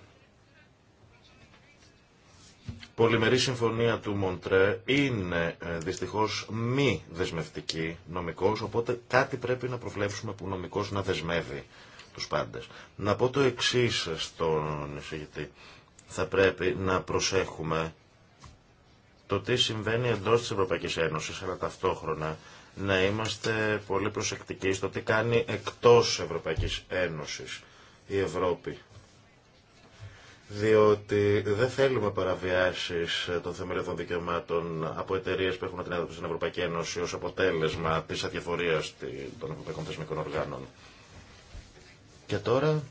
πολυμερή συμφωνία του Μοντρέ είναι ε, δυστυχώς μη δεσμευτική νομικός, οπότε κάτι πρέπει να προβλέψουμε που νομικός να δεσμεύει τους πάντες. Να πω το εξής στον εισηγητή. Θα πρέπει να προσέχουμε το τι συμβαίνει εντός της Ευρωπαϊκής Ένωσης, αλλά ταυτόχρονα να είμαστε πολύ προσεκτικοί στο τι κάνει εκτός Ευρωπαϊκής Ένωσης η Ευρώπη. Διότι δεν θέλουμε παραβιάσει των θεμελιωδών δικαιωμάτων από εταιρείε που έχουν την έδρα στην Ευρωπαϊκή Ένωση ω αποτέλεσμα τη αδιαφορία των ευρωπαϊκών θεσμικών οργάνων. Και τώρα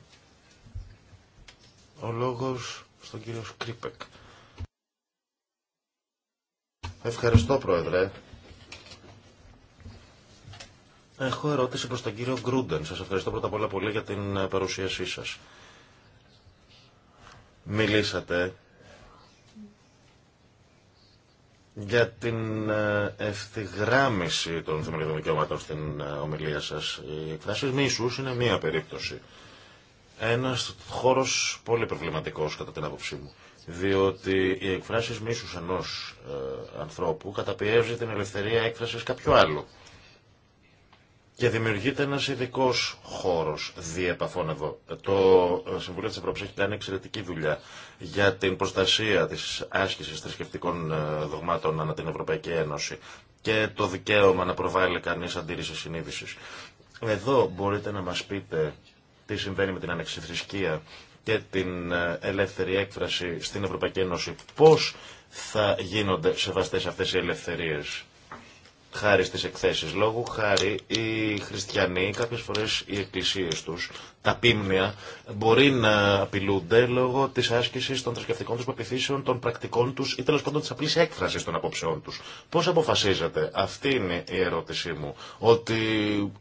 ο λόγος στον κύριο Σκρίπεκ. Ευχαριστώ, Πρόεδρε. Έχω ερώτηση προς τον κύριο Γκρούντεν. Σας ευχαριστώ πρώτα απ' όλα πολύ για την ε, παρουσίασή σας. Μιλήσατε για την ε, ευθυγράμμιση των θεμελιωδών δικαιωμάτων στην ε, ομιλία σας. Οι εκφράσεις μίσους είναι μία περίπτωση. Ένας χώρος πολύ προβληματικός κατά την άποψή μου διότι οι εκφράσει μίσου ενό ε, ανθρώπου καταπιέζει την ελευθερία έκφραση κάποιου άλλου. Και δημιουργείται ένα ειδικό χώρο διεπαφών εδώ. Το ε, Συμβουλίο τη Ευρώπη έχει κάνει εξαιρετική δουλειά για την προστασία τη άσκηση θρησκευτικών ε, δογμάτων ανά την Ευρωπαϊκή Ένωση και το δικαίωμα να προβάλλει κανεί αντίρρηση συνείδηση. Εδώ μπορείτε να μα πείτε τι συμβαίνει με την ανεξιθρησκεία και την ε, ελεύθερη έκφραση στην Ευρωπαϊκή Ένωση. Πώς θα γίνονται σεβαστές αυτές οι ελευθερίες χάρη στις εκθέσεις λόγου, χάρη οι χριστιανοί, κάποιες φορές οι εκκλησίες τους, τα πίμνια, μπορεί να απειλούνται λόγω της άσκησης των θρησκευτικών τους πεπιθήσεων, των πρακτικών τους ή τέλος πάντων της απλής έκφρασης των απόψεών τους. Πώς αποφασίζετε, αυτή είναι η ερώτησή μου, ότι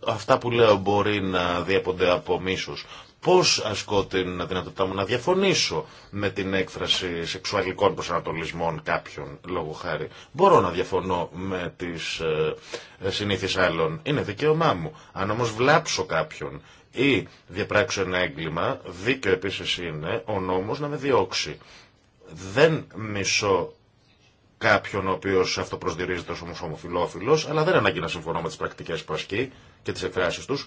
αυτά που λέω μπορεί να διέπονται από μίσους. Πώς ασκώ την δυνατότητά μου να διαφωνήσω με την έκφραση σεξουαλικών προσανατολισμών κάποιων, λόγω χάρη. Μπορώ να διαφωνώ με τις ε, συνήθεις άλλων. Είναι δικαίωμά μου. Αν όμως βλάψω κάποιον ή διαπράξω ένα έγκλημα, δίκαιο επίσης είναι ο νόμος να με διώξει. Δεν μισώ κάποιον ο οποίο αυτοπροσδιορίζεται ω ομοφυλόφιλο, αλλά δεν ανάγκη να συμφωνώ με τι πρακτικέ που ασκεί και τι εκφράσει του.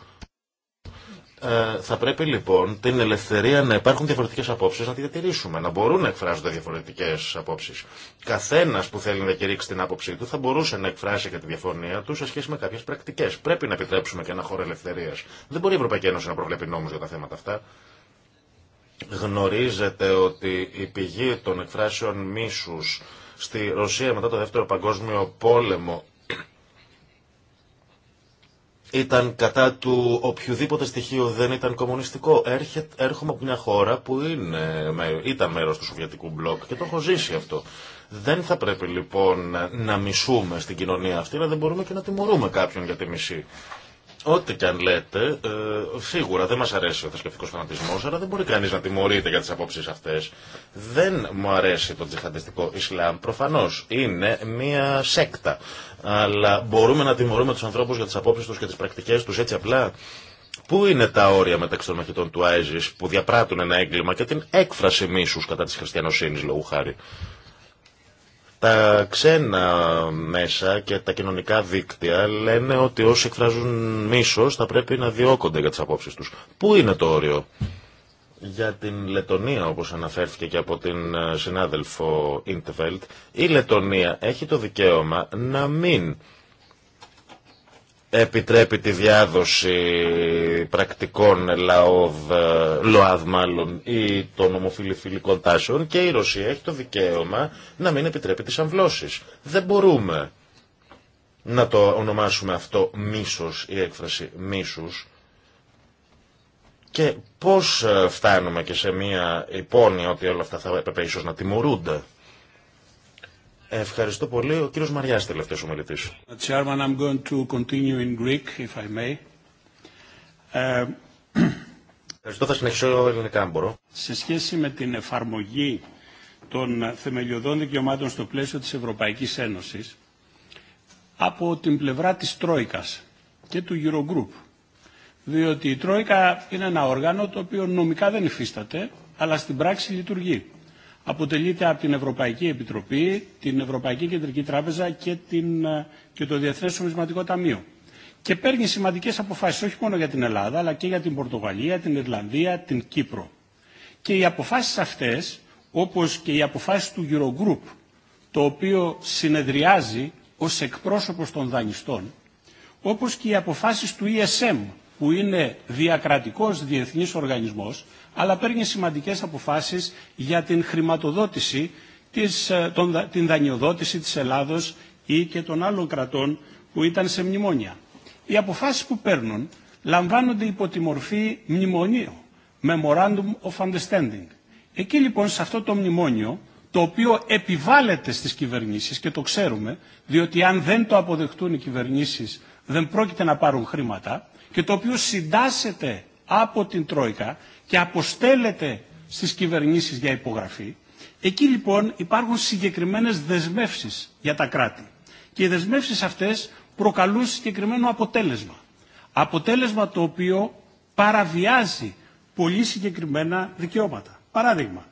Ε, θα πρέπει λοιπόν την ελευθερία να υπάρχουν διαφορετικές απόψεις να τη διατηρήσουμε, να μπορούν να εκφράζονται διαφορετικές απόψεις. Καθένας που θέλει να κηρύξει την άποψή του θα μπορούσε να εκφράσει και τη διαφωνία του σε σχέση με κάποιες πρακτικές. Πρέπει να επιτρέψουμε και ένα χώρο ελευθερίας. Δεν μπορεί η Ευρωπαϊκή Ένωση να προβλέπει νόμους για τα θέματα αυτά. Γνωρίζετε ότι η πηγή των εκφράσεων μίσους στη Ρωσία μετά το Δεύτερο Παγκόσμιο Πόλεμο ήταν κατά του οποιοδήποτε στοιχείο δεν ήταν κομμουνιστικό. Έρχε, έρχομαι από μια χώρα που είναι, ήταν μέρος του Σοβιετικού μπλοκ και το έχω ζήσει αυτό. Δεν θα πρέπει λοιπόν να μισούμε στην κοινωνία αυτή, να δεν μπορούμε και να τιμωρούμε κάποιον για τη μισή. Ό,τι και αν λέτε, ε, σίγουρα δεν μα αρέσει ο θρησκευτικό φανατισμό, αλλά δεν μπορεί κανεί να τιμωρείται για τι απόψει αυτέ. Δεν μου αρέσει το τζιχαντιστικό Ισλάμ. Προφανώ είναι μία σέκτα. Αλλά μπορούμε να τιμωρούμε του ανθρώπου για τι απόψει του και τι πρακτικέ του έτσι απλά. Πού είναι τα όρια μεταξύ των μαχητών του Άιζη που διαπράττουν ένα έγκλημα και την έκφραση μίσου κατά τη χριστιανοσύνη, λόγου χάρη. Τα ξένα μέσα και τα κοινωνικά δίκτυα λένε ότι όσοι εκφράζουν μίσος θα πρέπει να διώκονται για τις απόψεις τους. Πού είναι το όριο για την Λετωνία, όπως αναφέρθηκε και από την ε, συνάδελφο Ιντεβέλτ, η Λετωνία έχει το δικαίωμα να μην επιτρέπει τη διάδοση πρακτικών λαόδ, ΛΟΑΔ μάλλον ή των ομοφιλοφιλικών τάσεων και η Ρωσία έχει το δικαίωμα να μην επιτρέπει τις αμβλώσεις. Δεν μπορούμε να το ονομάσουμε αυτό μίσος ή έκφραση μίσους και πώς ε, φτάνουμε και σε μια υπόνοια ότι όλα αυτά θα έπρεπε ίσως να τιμωρούνται. Ευχαριστώ πολύ. Ο κύριος Μαριάς, τελευταίος ομιλητής. Uh, Chairman, I'm going to continue in Greek, if I may. Uh, Ευχαριστώ, θα συνεχίσω ελληνικά, αν μπορώ. Σε σχέση με την εφαρμογή των θεμελιωδών δικαιωμάτων στο πλαίσιο της Ευρωπαϊκής Ένωσης, από την πλευρά της Τρόικας και του Eurogroup, διότι η Τρόικα είναι ένα όργανο το οποίο νομικά δεν υφίσταται, αλλά στην πράξη λειτουργεί αποτελείται από την Ευρωπαϊκή Επιτροπή, την Ευρωπαϊκή Κεντρική Τράπεζα και, την, και το Διεθνέ Νομισματικό Ταμείο. Και παίρνει σημαντικές αποφάσεις όχι μόνο για την Ελλάδα, αλλά και για την Πορτογαλία, την Ιρλανδία, την Κύπρο. Και οι αποφάσεις αυτές, όπως και οι αποφάσεις του Eurogroup, το οποίο συνεδριάζει ω εκπρόσωπο των δανειστών, όπω και οι αποφάσει του ESM, που είναι διακρατικός διεθνής οργανισμός, αλλά παίρνει σημαντικές αποφάσεις για την χρηματοδότηση, της, ε, τον, την δανειοδότηση της Ελλάδος ή και των άλλων κρατών που ήταν σε μνημόνια. Οι αποφάσεις που παίρνουν λαμβάνονται υπό τη μορφή μνημονίου, Memorandum of Understanding. Εκεί λοιπόν σε αυτό το μνημόνιο, το οποίο επιβάλλεται στις κυβερνήσεις και το ξέρουμε, διότι αν δεν το αποδεχτούν οι κυβερνήσεις δεν πρόκειται να πάρουν χρήματα, και το οποίο συντάσσεται από την Τρόικα και αποστέλλεται στις κυβερνήσεις για υπογραφή, εκεί λοιπόν υπάρχουν συγκεκριμένες δεσμεύσεις για τα κράτη. Και οι δεσμεύσεις αυτές προκαλούν συγκεκριμένο αποτέλεσμα. Αποτέλεσμα το οποίο παραβιάζει πολύ συγκεκριμένα δικαιώματα. Παράδειγμα,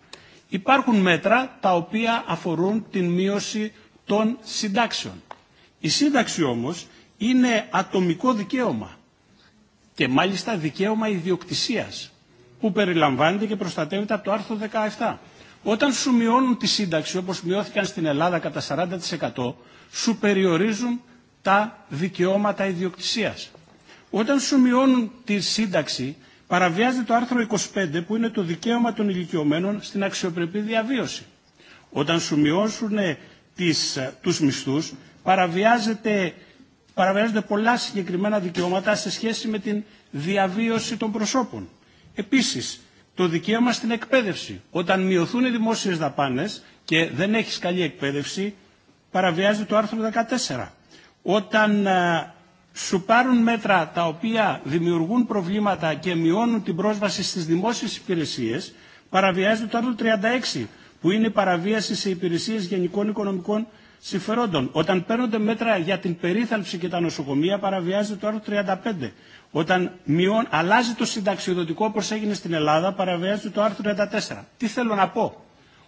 υπάρχουν μέτρα τα οποία αφορούν την μείωση των συντάξεων. Η σύνταξη όμως είναι ατομικό δικαίωμα και μάλιστα δικαίωμα ιδιοκτησίας που περιλαμβάνεται και προστατεύεται από το άρθρο 17. Όταν σου μειώνουν τη σύνταξη όπως μειώθηκαν στην Ελλάδα κατά 40% σου περιορίζουν τα δικαιώματα ιδιοκτησίας. Όταν σου μειώνουν τη σύνταξη παραβιάζεται το άρθρο 25 που είναι το δικαίωμα των ηλικιωμένων στην αξιοπρεπή διαβίωση. Όταν σου μειώσουν τις, ε, τους μισθούς παραβιάζεται παραβιάζονται πολλά συγκεκριμένα δικαιώματα σε σχέση με την διαβίωση των προσώπων. Επίσης, το δικαίωμα στην εκπαίδευση. Όταν μειωθούν οι δημόσιες δαπάνες και δεν έχεις καλή εκπαίδευση, παραβιάζει το άρθρο 14. Όταν α, ε, σου πάρουν μέτρα τα οποία δημιουργούν προβλήματα και μειώνουν την πρόσβαση στις δημόσιες υπηρεσίες, παραβιάζει το άρθρο 36, που είναι η παραβίαση σε υπηρεσίες γενικών οικονομικών συμφερόντων. Όταν παίρνονται μέτρα για την περίθαλψη και τα νοσοκομεία παραβιάζεται το άρθρο 35. Όταν μειών, αλλάζει το συνταξιοδοτικό όπως έγινε στην Ελλάδα παραβιάζεται το άρθρο 34. Τι θέλω να πω.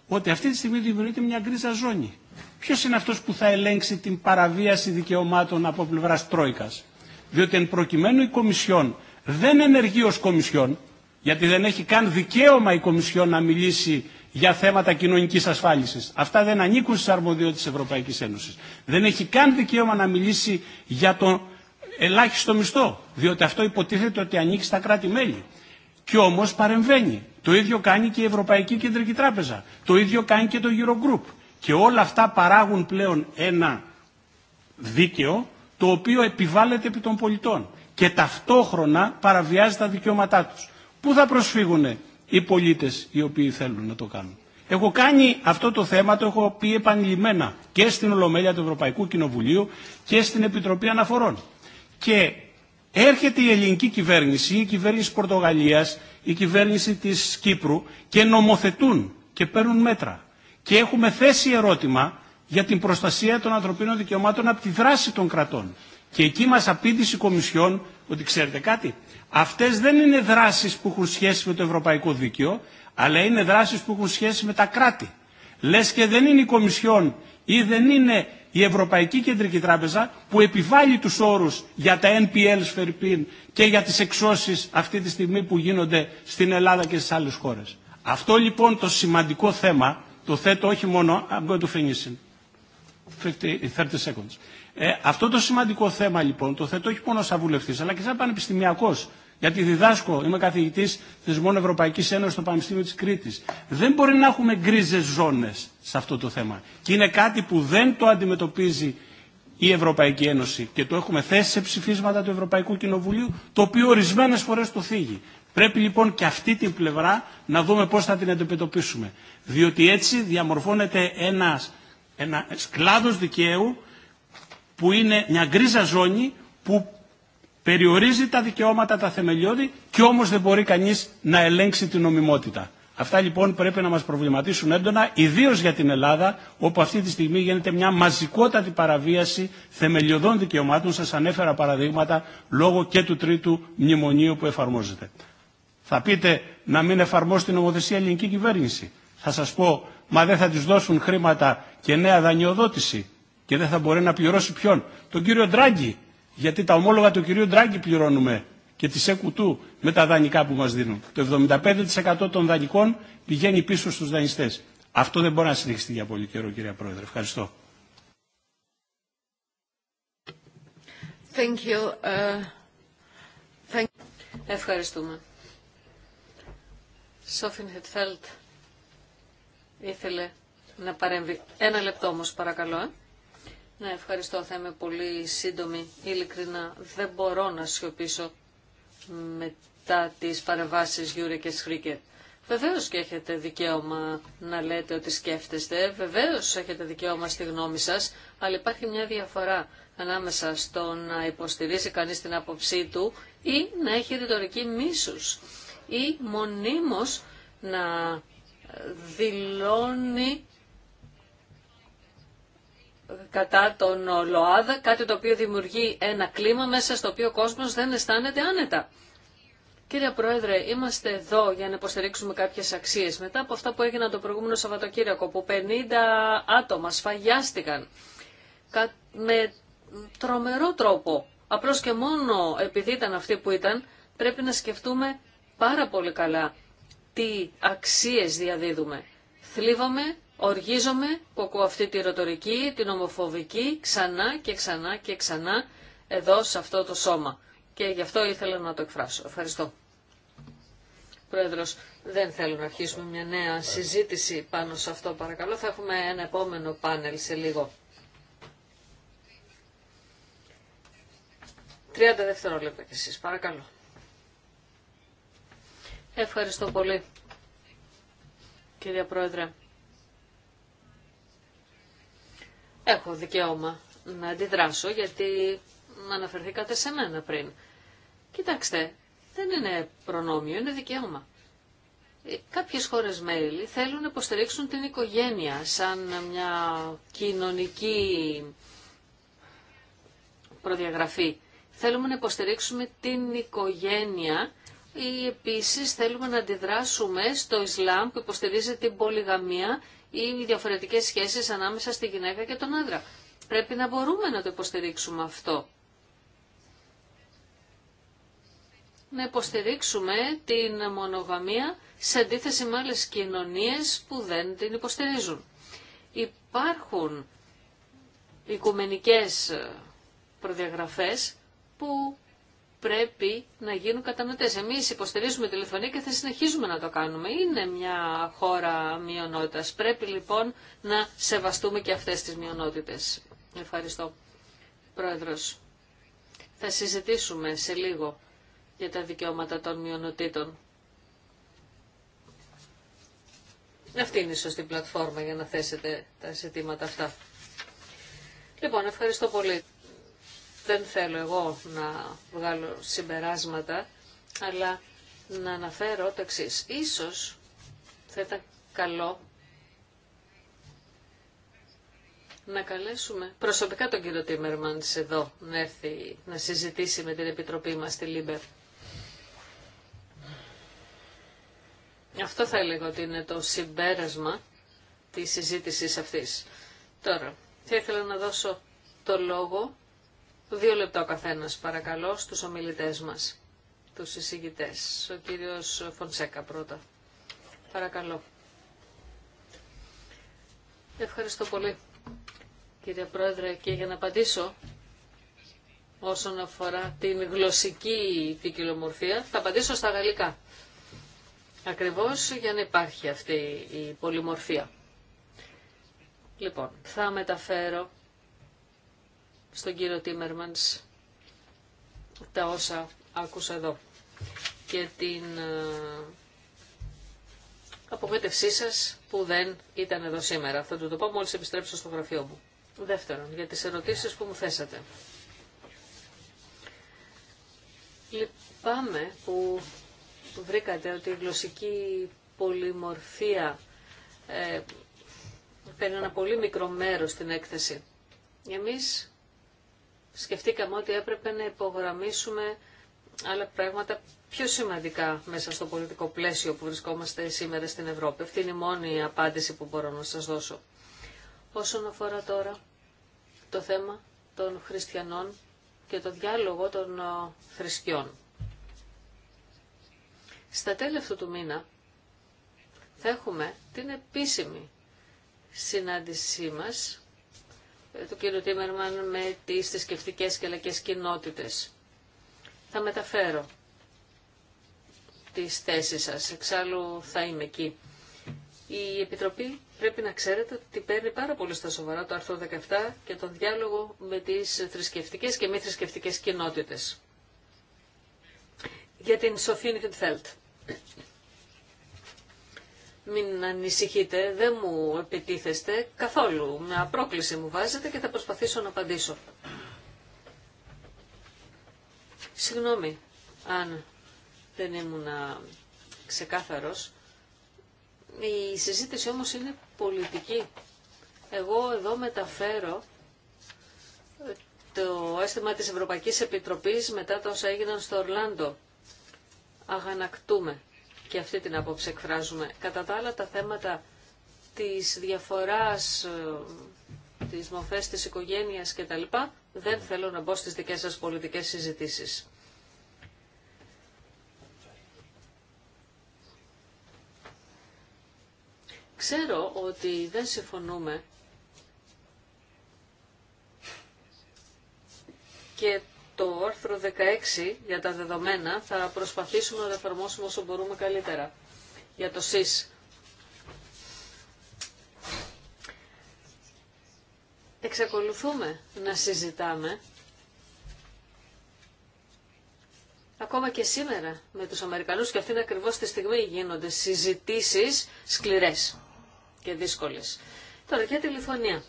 Ότι αυτή τη στιγμή δημιουργείται μια γκρίζα ζώνη. Ποιο είναι αυτό που θα ελέγξει την παραβίαση δικαιωμάτων από πλευρά Τρόικα. Διότι εν προκειμένου η Κομισιόν δεν ενεργεί ω Κομισιόν, γιατί δεν έχει καν δικαίωμα η Κομισιόν να μιλήσει για θέματα κοινωνική ασφάλιση. Αυτά δεν ανήκουν στι αρμοδιότητε τη Ευρωπαϊκή Ένωση. Δεν έχει καν δικαίωμα να μιλήσει για τον ελάχιστο μισθό, διότι αυτό υποτίθεται ότι ανήκει στα κράτη-μέλη. Κι όμω παρεμβαίνει. Το ίδιο κάνει και η Ευρωπαϊκή Κεντρική Τράπεζα. Το ίδιο κάνει και το Eurogroup. Και όλα αυτά παράγουν πλέον ένα δίκαιο το οποίο επιβάλλεται επί των πολιτών και ταυτόχρονα παραβιάζει τα δικαιώματά τους. Πού θα προσφύγουν οι πολίτε οι οποίοι θέλουν να το κάνουν. Έχω κάνει αυτό το θέμα, το έχω πει επανειλημμένα και στην Ολομέλεια του Ευρωπαϊκού Κοινοβουλίου και στην Επιτροπή Αναφορών. Και έρχεται η ελληνική κυβέρνηση, η κυβέρνηση της Πορτογαλίας, η κυβέρνηση της Κύπρου και νομοθετούν και παίρνουν μέτρα. Και έχουμε θέσει ερώτημα για την προστασία των ανθρωπίνων δικαιωμάτων από τη δράση των κρατών. Και εκεί μας απήντησε η Κομισιόν ότι ξέρετε κάτι, αυτές δεν είναι δράσεις που έχουν σχέση με το ευρωπαϊκό δίκαιο, αλλά είναι δράσεις που έχουν σχέση με τα κράτη. Λες και δεν είναι η Κομισιόν ή δεν είναι η Ευρωπαϊκή Κεντρική Τράπεζα που επιβάλλει τους όρους για τα NPL σφερπίν και για τις εξώσεις αυτή τη στιγμή που γίνονται στην Ελλάδα και στις άλλες χώρες. Αυτό λοιπόν το σημαντικό θέμα το θέτω όχι μόνο I'm going to finish in seconds. Ε, αυτό το σημαντικό θέμα λοιπόν το θέτω όχι μόνο σαν βουλευτή αλλά και σαν πανεπιστημιακό. Γιατί διδάσκω, είμαι καθηγητή θεσμών Ευρωπαϊκή Ένωση στο Πανεπιστήμιο τη Κρήτη. Δεν μπορεί να έχουμε γκρίζε ζώνε σε αυτό το θέμα. Και είναι κάτι που δεν το αντιμετωπίζει η Ευρωπαϊκή Ένωση και το έχουμε θέσει σε ψηφίσματα του Ευρωπαϊκού Κοινοβουλίου, το οποίο ορισμένε φορέ το θίγει. Πρέπει λοιπόν και αυτή την πλευρά να δούμε πώ θα την αντιμετωπίσουμε. Διότι έτσι διαμορφώνεται ένα κλάδο δικαίου που είναι μια γκρίζα ζώνη που περιορίζει τα δικαιώματα τα θεμελιώδη και όμως δεν μπορεί κανείς να ελέγξει την νομιμότητα. Αυτά λοιπόν πρέπει να μας προβληματίσουν έντονα, ιδίως για την Ελλάδα, όπου αυτή τη στιγμή γίνεται μια μαζικότατη παραβίαση θεμελιωδών δικαιωμάτων. Σας ανέφερα παραδείγματα λόγω και του τρίτου μνημονίου που εφαρμόζεται. Θα πείτε να μην εφαρμόσει την νομοθεσία ελληνική κυβέρνηση. Θα σας πω, μα δεν θα της δώσουν χρήματα και νέα δανειοδότηση και δεν θα μπορεί να πληρώσει ποιον. Τον κύριο Ντράγκη. Γιατί τα ομόλογα του κυρίου Ντράγκη πληρώνουμε και τη ΕΚΟΥΤΟΥ με τα δανεικά που μα δίνουν. Το 75% των δανεικών πηγαίνει πίσω στου δανειστέ. Αυτό δεν μπορεί να συνεχιστεί για πολύ καιρό, κύριε Πρόεδρε. Ευχαριστώ. Thank you. Uh, thank Ευχαριστούμε. Σόφιν Χετφέλτ ήθελε να παρέμβει. Ένα λεπτό όμως παρακαλώ. Ε. Ναι, ευχαριστώ. Θα είμαι πολύ σύντομη. Ειλικρινά δεν μπορώ να σιωπήσω μετά τις παρεμβάσεις Γιούρε και Σχρίκερ. Βεβαίω και έχετε δικαίωμα να λέτε ότι σκέφτεστε, βεβαίω έχετε δικαίωμα στη γνώμη σα, αλλά υπάρχει μια διαφορά ανάμεσα στο να υποστηρίζει κανεί την άποψή του ή να έχει ρητορική μίσου ή μονίμω να δηλώνει κατά τον ΛΟΑΔΑ, κάτι το οποίο δημιουργεί ένα κλίμα μέσα στο οποίο ο κόσμος δεν αισθάνεται άνετα. Κύριε Πρόεδρε, είμαστε εδώ για να υποστηρίξουμε κάποιες αξίες. Μετά από αυτά που έγιναν το προηγούμενο Σαββατοκύριακο, που 50 άτομα σφαγιάστηκαν με τρομερό τρόπο, απλώς και μόνο επειδή ήταν αυτοί που ήταν, πρέπει να σκεφτούμε πάρα πολύ καλά τι αξίες διαδίδουμε. Θλίβαμε Οργίζομαι που ακούω αυτή τη ρητορική, την ομοφοβική, ξανά και ξανά και ξανά εδώ σε αυτό το σώμα. Και γι' αυτό ήθελα να το εκφράσω. Ευχαριστώ. Πρόεδρος, δεν θέλω να αρχίσουμε μια νέα συζήτηση πάνω σε αυτό, παρακαλώ. Θα έχουμε ένα επόμενο πάνελ σε λίγο. 30 δευτερόλεπτα κι εσείς, παρακαλώ. Ευχαριστώ πολύ, κυρία Πρόεδρε. Έχω δικαίωμα να αντιδράσω γιατί αναφερθήκατε σε μένα πριν. Κοιτάξτε, δεν είναι προνόμιο, είναι δικαίωμα. Ε, κάποιες χώρες μέλη θέλουν να υποστηρίξουν την οικογένεια σαν μια κοινωνική προδιαγραφή. Θέλουμε να υποστηρίξουμε την οικογένεια ή επίσης θέλουμε να αντιδράσουμε στο Ισλάμ που υποστηρίζει την πολυγαμία ή διαφορετικές σχέσεις ανάμεσα στη γυναίκα και τον άντρα. Πρέπει να μπορούμε να το υποστηρίξουμε αυτό. Να υποστηρίξουμε την μονογαμία σε αντίθεση με άλλες κοινωνίες που δεν την υποστηρίζουν. Υπάρχουν οικουμενικές προδιαγραφές που πρέπει να γίνουν κατανοητές. Εμείς υποστηρίζουμε τη και θα συνεχίζουμε να το κάνουμε. Είναι μια χώρα μειονότητα. Πρέπει λοιπόν να σεβαστούμε και αυτές τις μειονότητε. Ευχαριστώ. πρόεδρο. θα συζητήσουμε σε λίγο για τα δικαιώματα των μειονοτήτων. Αυτή είναι η σωστή πλατφόρμα για να θέσετε τα ζητήματα αυτά. Λοιπόν, ευχαριστώ πολύ. Δεν θέλω εγώ να βγάλω συμπεράσματα, αλλά να αναφέρω το εξή. Ίσως θα ήταν καλό να καλέσουμε προσωπικά τον κύριο Τίμερμανς εδώ να έρθει να συζητήσει με την Επιτροπή μας στη Λίμπερ. Αυτό θα έλεγα ότι είναι το συμπέρασμα της συζήτησης αυτής. Τώρα, θα ήθελα να δώσω το λόγο Δύο λεπτά ο καθένας παρακαλώ στους ομιλητές μας, τους εισηγητές. Ο κύριος Φονσέκα πρώτα. Παρακαλώ. Ευχαριστώ πολύ κύριε Πρόεδρε και για να απαντήσω όσον αφορά την γλωσσική ποικιλομορφία θα απαντήσω στα γαλλικά. Ακριβώς για να υπάρχει αυτή η πολυμορφία. Λοιπόν, θα μεταφέρω στον κύριο Τίμερμανς τα όσα άκουσα εδώ και την ε, απογοήτευσή σας που δεν ήταν εδώ σήμερα. Θα του το πω μόλις επιστρέψω στο γραφείο μου. Δεύτερον, για τις ερωτήσεις που μου θέσατε. Λυπάμαι που βρήκατε ότι η γλωσσική πολυμορφία ε, παίρνει ένα πολύ μικρό μέρος στην έκθεση. Εμείς σκεφτήκαμε ότι έπρεπε να υπογραμμίσουμε άλλα πράγματα πιο σημαντικά μέσα στο πολιτικό πλαίσιο που βρισκόμαστε σήμερα στην Ευρώπη. Αυτή είναι η μόνη απάντηση που μπορώ να σας δώσω. Όσον αφορά τώρα το θέμα των χριστιανών και το διάλογο των ε, θρησκειών. Στα τέλη αυτού του μήνα θα έχουμε την επίσημη συνάντησή μας του κ. Τίμερμαν με τις θρησκευτικέ και λαϊκές κοινότητε. Θα μεταφέρω τις θέσεις σας. Εξάλλου θα είμαι εκεί. Η Επιτροπή πρέπει να ξέρετε ότι παίρνει πάρα πολύ στα σοβαρά το άρθρο 17 και τον διάλογο με τις θρησκευτικέ και μη θρησκευτικέ κοινότητες. Για την Σοφίνη Φελτ. Μην ανησυχείτε, δεν μου επιτίθεστε καθόλου. με απρόκληση μου βάζετε και θα προσπαθήσω να απαντήσω. Συγγνώμη, αν δεν ήμουν ξεκάθαρος. Η συζήτηση όμως είναι πολιτική. Εγώ εδώ μεταφέρω το αίσθημα της Ευρωπαϊκής Επιτροπής μετά τα όσα έγιναν στο Ορλάντο. Αγανακτούμε και αυτή την άποψη εκφράζουμε. Κατά τα άλλα τα θέματα της διαφοράς, ε, της μοφές της οικογένειας κτλ. δεν θέλω να μπω στις δικές σας πολιτικές συζητήσεις. Ξέρω ότι δεν συμφωνούμε και το άρθρο 16 για τα δεδομένα θα προσπαθήσουμε να το εφαρμόσουμε όσο μπορούμε καλύτερα για το ΣΥΣ. Εξακολουθούμε να συζητάμε ακόμα και σήμερα με τους Αμερικανούς και αυτήν ακριβώς τη στιγμή γίνονται συζητήσεις σκληρές και δύσκολες. Τώρα για τη Λιθουανία.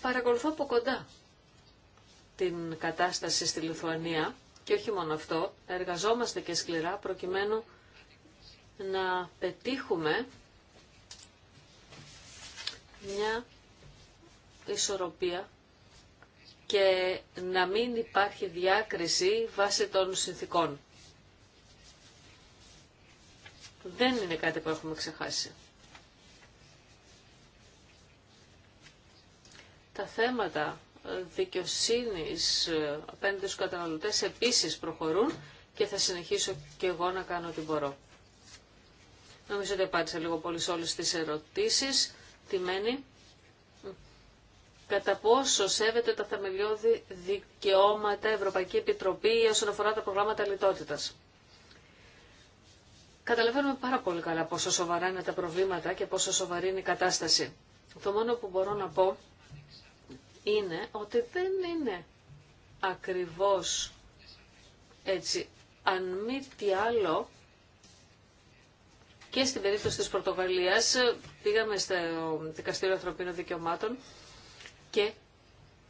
Παρακολουθώ από κοντά την κατάσταση στη Λιθουανία και όχι μόνο αυτό, εργαζόμαστε και σκληρά προκειμένου να πετύχουμε μια ισορροπία και να μην υπάρχει διάκριση βάσει των συνθήκων. Δεν είναι κάτι που έχουμε ξεχάσει. Τα θέματα δικαιοσύνης ε, απέναντι στους καταναλωτές επίσης προχωρούν και θα συνεχίσω και εγώ να κάνω ό,τι μπορώ. Νομίζω ότι απάντησα λίγο πολύ σε όλες τις ερωτήσεις. Τι μένει. Κατά πόσο σέβεται τα θεμελιώδη δικαιώματα Ευρωπαϊκή Επιτροπή όσον αφορά τα προγράμματα λιτότητας. Καταλαβαίνουμε πάρα πολύ καλά πόσο σοβαρά είναι τα προβλήματα και πόσο σοβαρή είναι η κατάσταση. Το μόνο που μπορώ να πω είναι ότι δεν είναι ακριβώς έτσι. Αν μη τι άλλο, και στην περίπτωση της Πορτογαλίας πήγαμε στο Δικαστήριο Ανθρωπίνων Δικαιωμάτων και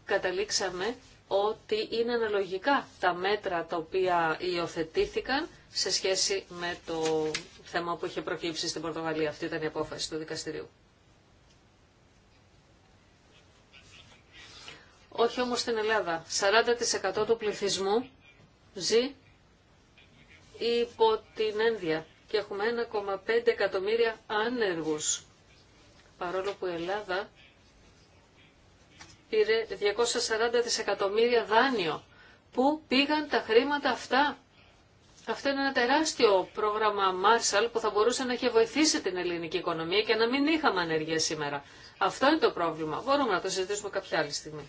καταλήξαμε ότι είναι αναλογικά τα μέτρα τα οποία υιοθετήθηκαν σε σχέση με το θέμα που είχε προκύψει στην Πορτογαλία. Αυτή ήταν η απόφαση του δικαστηρίου. όχι όμως στην Ελλάδα. 40% του πληθυσμού ζει υπό την ένδια και έχουμε 1,5 εκατομμύρια άνεργους. Παρόλο που η Ελλάδα πήρε 240 δισεκατομμύρια δάνειο. Πού πήγαν τα χρήματα αυτά. Αυτό είναι ένα τεράστιο πρόγραμμα Marshall που θα μπορούσε να έχει βοηθήσει την ελληνική οικονομία και να μην είχαμε ανεργία σήμερα. Αυτό είναι το πρόβλημα. Μπορούμε να το συζητήσουμε κάποια άλλη στιγμή.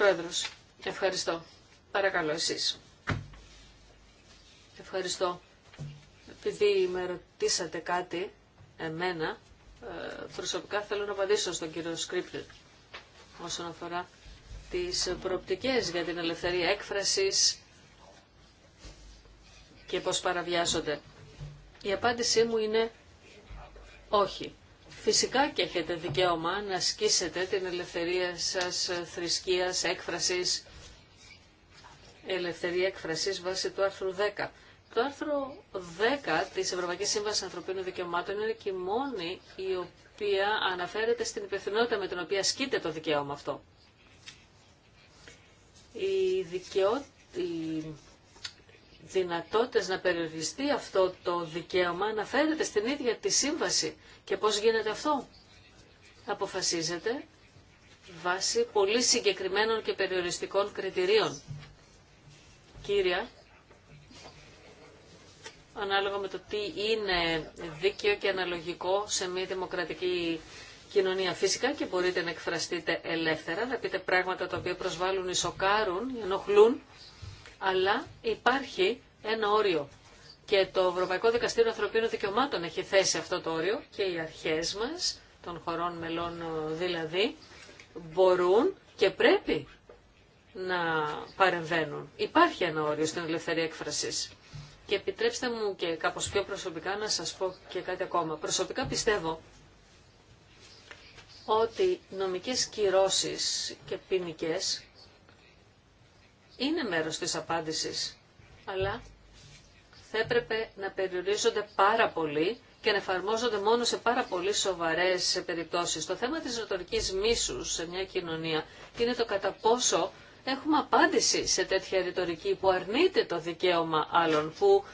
Πρόεδρος, ευχαριστώ. Παρακαλώ εσείς. Ευχαριστώ. Επειδή με ρωτήσατε κάτι, εμένα, ε, προσωπικά θέλω να απαντήσω στον κύριο Σκρίπλερ όσον αφορά τις προοπτικές για την ελευθερία έκφρασης και πώς παραβιάζονται. Η απάντησή μου είναι όχι. Φυσικά και έχετε δικαίωμα να ασκήσετε την ελευθερία σας θρησκείας, έκφρασης, ελευθερία έκφρασης βάσει του άρθρου 10. Το άρθρο 10 της Ευρωπαϊκής Σύμβασης Ανθρωπίνων Δικαιωμάτων είναι και η μόνη η οποία αναφέρεται στην υπευθυνότητα με την οποία ασκείται το δικαίωμα αυτό. Η δικαιότητα δυνατότητες να περιοριστεί αυτό το δικαίωμα αναφέρεται στην ίδια τη σύμβαση. Και πώς γίνεται αυτό. Αποφασίζεται βάσει πολύ συγκεκριμένων και περιοριστικών κριτηρίων. Κύρια, ανάλογα με το τι είναι δίκαιο και αναλογικό σε μια δημοκρατική κοινωνία. Φυσικά και μπορείτε να εκφραστείτε ελεύθερα, να πείτε πράγματα τα οποία προσβάλλουν ή ενοχλούν, αλλά υπάρχει ένα όριο. Και το Ευρωπαϊκό Δικαστήριο Ανθρωπίνων Δικαιωμάτων έχει θέσει αυτό το όριο και οι αρχές μας, των χωρών μελών ε, δηλαδή, μπορούν και πρέπει να παρεμβαίνουν. Υπάρχει ένα όριο στην ελευθερία έκφρασης. Και επιτρέψτε μου και κάπως πιο προσωπικά να σας πω και κάτι ακόμα. Προσωπικά πιστεύω ότι νομικές κυρώσεις και ποινικέ είναι μέρος της απάντησης, αλλά θα έπρεπε να περιορίζονται πάρα πολύ και να εφαρμόζονται μόνο σε πάρα πολύ σοβαρές περιπτώσεις. Το θέμα της ρητορικής μίσους σε μια κοινωνία είναι το κατά πόσο έχουμε απάντηση σε τέτοια ρητορική που αρνείται το δικαίωμα άλλων, που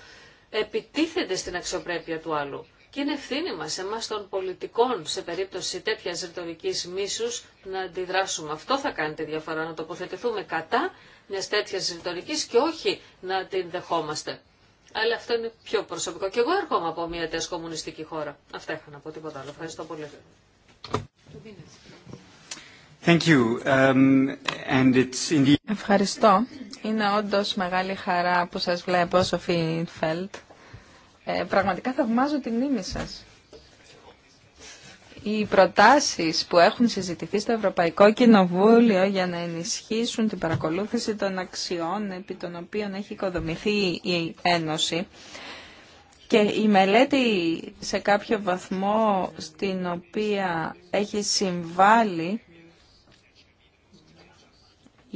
επιτίθεται στην αξιοπρέπεια του άλλου. Και είναι ευθύνη μας εμάς των πολιτικών σε περίπτωση τέτοιας ρητορική μίσους να αντιδράσουμε. Αυτό θα κάνει τη διαφορά, να τοποθετηθούμε κατά μια τέτοια ρητορική και όχι να την δεχόμαστε. Αλλά αυτό είναι πιο προσωπικό. Και εγώ έρχομαι από μια τέτοια κομμουνιστική χώρα. Αυτά είχα να πω, τίποτα άλλο. Ευχαριστώ πολύ. Thank you. Um, and it's Ευχαριστώ. Είναι όντως μεγάλη χαρά που σας βλέπω, Σοφή Φέλτ. Ε, πραγματικά θαυμάζω την μνήμη σας. Οι προτάσεις που έχουν συζητηθεί στο Ευρωπαϊκό Κοινοβούλιο για να ενισχύσουν την παρακολούθηση των αξιών επί των οποίων έχει οικοδομηθεί η Ένωση και η μελέτη σε κάποιο βαθμό στην οποία έχει συμβάλει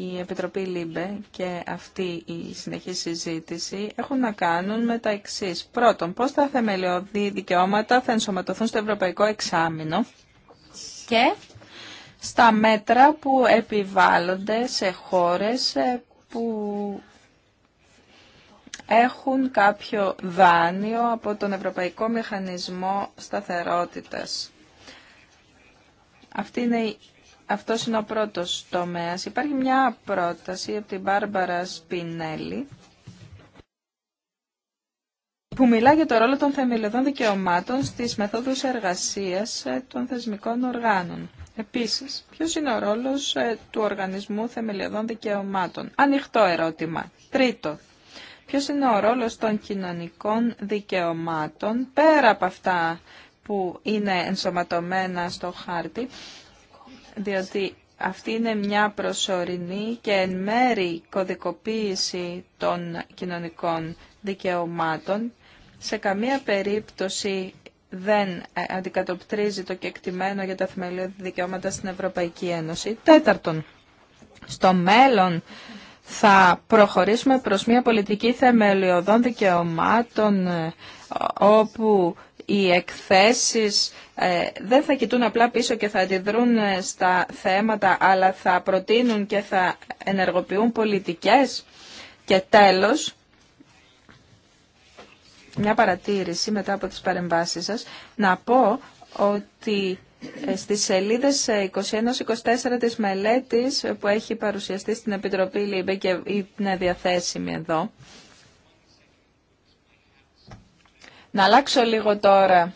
η Επιτροπή ΛΥΜΠΕ και αυτή η συνεχή συζήτηση έχουν να κάνουν με τα εξή. Πρώτον, πώς τα θεμελιωδή δικαιώματα θα ενσωματωθούν στο Ευρωπαϊκό Εξάμεινο και στα μέτρα που επιβάλλονται σε χώρες ε, που έχουν κάποιο δάνειο από τον Ευρωπαϊκό Μηχανισμό Σταθερότητας. Αυτή είναι αυτό είναι ο πρώτος τομέας. Υπάρχει μια πρόταση από την Μπάρμπαρα Σπινέλη που μιλά για το ρόλο των θεμελιωδών δικαιωμάτων στις μεθόδους εργασίας ε, των θεσμικών οργάνων. Επίσης, ποιος είναι ο ρόλος ε, του Οργανισμού Θεμελιωδών Δικαιωμάτων. Ανοιχτό ερώτημα. Τρίτο, ποιος είναι ο ρόλος των κοινωνικών δικαιωμάτων πέρα από αυτά που είναι ενσωματωμένα στο χάρτη διότι αυτή είναι μια προσωρινή και εν μέρη κωδικοποίηση των κοινωνικών δικαιωμάτων. Σε καμία περίπτωση δεν ε, αντικατοπτρίζει το κεκτημένο για τα θεμελιώδη δικαιώματα στην Ευρωπαϊκή Ένωση. Τέταρτον, στο μέλλον θα προχωρήσουμε προς μια πολιτική θεμελιωδών δικαιωμάτων ε, όπου οι εκθέσεις ε, δεν θα κοιτούν απλά πίσω και θα αντιδρούν ε, στα θέματα, αλλά θα προτείνουν και θα ενεργοποιούν πολιτικές. Και τέλος, μια παρατήρηση μετά από τις παρεμβάσεις σας, να πω ότι ε, στις σελίδες 21-24 της μελέτης που έχει παρουσιαστεί στην Επιτροπή ΛΥΜΠΕ και είναι διαθέσιμη εδώ, Να αλλάξω λίγο τώρα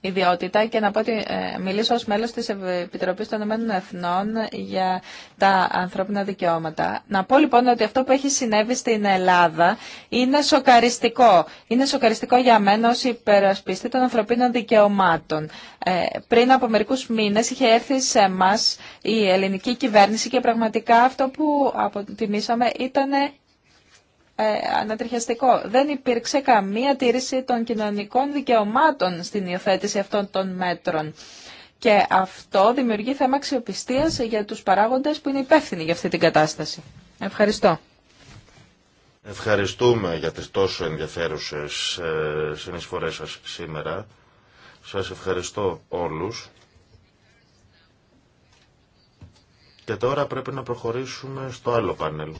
ιδιότητα και να πω ότι ε, μιλήσω ως μέλος της Επιτροπής των Ηνωμένων Εθνών για τα ανθρώπινα δικαιώματα. Να πω λοιπόν ότι αυτό που έχει συνέβη στην Ελλάδα είναι σοκαριστικό. Είναι σοκαριστικό για μένα ως υπερασπιστή των ανθρωπίνων δικαιωμάτων. Ε, πριν από μερικούς μήνες είχε έρθει σε εμά η ελληνική κυβέρνηση και πραγματικά αυτό που αποτιμήσαμε ήταν ε, ανατριχιαστικό. Δεν υπήρξε καμία τήρηση των κοινωνικών δικαιωμάτων στην υιοθέτηση αυτών των μέτρων. Και αυτό δημιουργεί θέμα αξιοπιστία για τους παράγοντες που είναι υπεύθυνοι για αυτή την κατάσταση. Ευχαριστώ. Ευχαριστούμε για τις τόσο ενδιαφέρουσες ε, συνεισφορές σας σήμερα. Σας ευχαριστώ όλους. Και τώρα πρέπει να προχωρήσουμε στο άλλο πάνελ.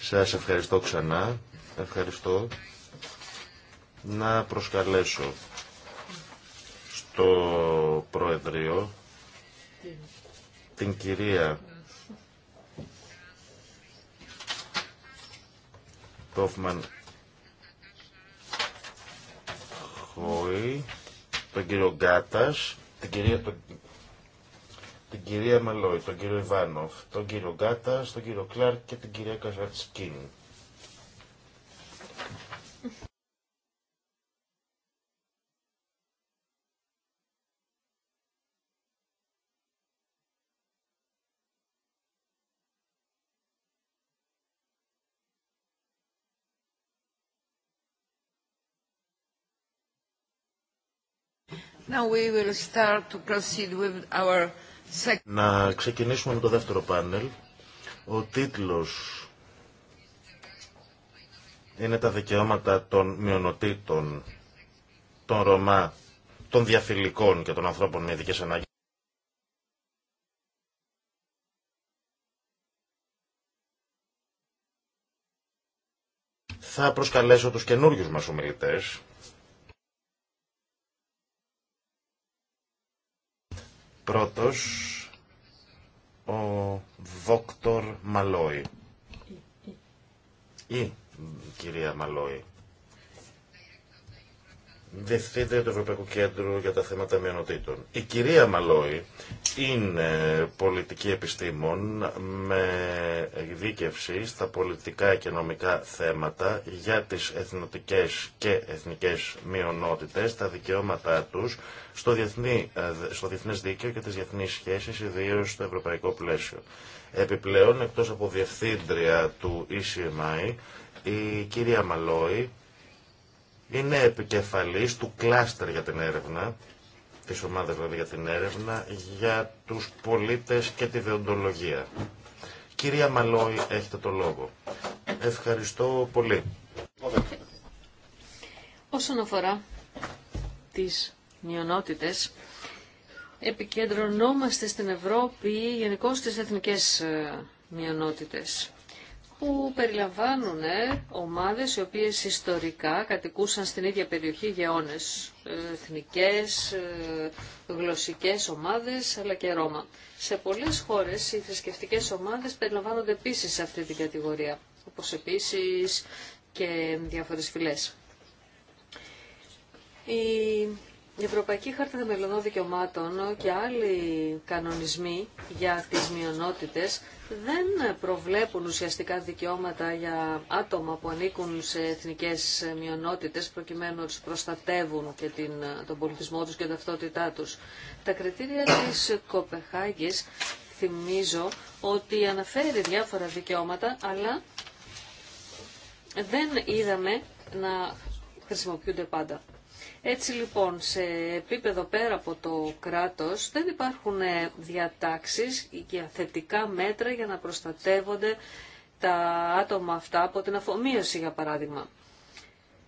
Σας ευχαριστώ ξανά. Ευχαριστώ να προσκαλέσω στο Προεδρείο την κυρία Τόφμαν Χοϊ, τον κύριο Γκάτας, την κυρία, τον την κυρία Μελόη, τον κύριο Ιβάνοφ, τον κύριο Γκάτα, τον κύριο Κλάρκ και την κυρία Καζαρτσκίνη. Now we will start to proceed with our να ξεκινήσουμε με το δεύτερο πάνελ. Ο τίτλος είναι τα δικαιώματα των μειονοτήτων, των Ρωμά, των διαφυλικών και των ανθρώπων με ειδικές ανάγκες. Θα προσκαλέσω τους καινούριου μας ομιλητές, Πρώτος, ο Βόκτορ Μαλόι. Ή, κυρία Μαλόι διευθύντρια του Ευρωπαϊκού Κέντρου για τα θέματα μειονοτήτων. Η κυρία Μαλόη είναι πολιτική επιστήμων με δίκευση στα πολιτικά και νομικά θέματα για τις εθνοτικές και εθνικές μειονότητες, τα δικαιώματά τους στο, διεθνή, στο διεθνές δίκαιο και τις διεθνείς σχέσεις, ιδίως στο ευρωπαϊκό πλαίσιο. Επιπλέον, εκτός από διευθύντρια του ECMI, η κυρία Μαλόη είναι επικεφαλής του κλάστερ για την έρευνα, της ομάδας δηλαδή για την έρευνα, για τους πολίτες και τη διοντολογία. Κυρία Μαλόη, έχετε το λόγο. Ευχαριστώ πολύ. Όσον αφορά τις μειονότητες, επικεντρωνόμαστε στην Ευρώπη γενικώ στις εθνικές ε, μειονότητες που περιλαμβάνουν ε, ομάδες οι οποίες ιστορικά κατοικούσαν στην ίδια περιοχή για αιώνες, ε, εθνικές, ε, γλωσσικές ομάδες αλλά και Ρώμα. Σε πολλές χώρες οι θρησκευτικέ ομάδες περιλαμβάνονται επίσης σε αυτή την κατηγορία, όπως επίσης και διάφορες φυλές. Η Ευρωπαϊκή Χάρτα Θεμελιωδών Δικαιωμάτων και άλλοι κανονισμοί για τις μειονότητες δεν προβλέπουν ουσιαστικά δικαιώματα για άτομα που ανήκουν σε εθνικές μειονότητες προκειμένου να τους προστατεύουν και την, τον πολιτισμό τους και την ταυτότητά τους. Τα κριτήρια της Κοπεχάγης θυμίζω ότι αναφέρει διάφορα δικαιώματα αλλά δεν είδαμε να χρησιμοποιούνται πάντα. Έτσι λοιπόν, σε επίπεδο πέρα από το κράτος δεν υπάρχουν ε, διατάξεις και θετικά μέτρα για να προστατεύονται τα άτομα αυτά από την αφομοίωση για παράδειγμα.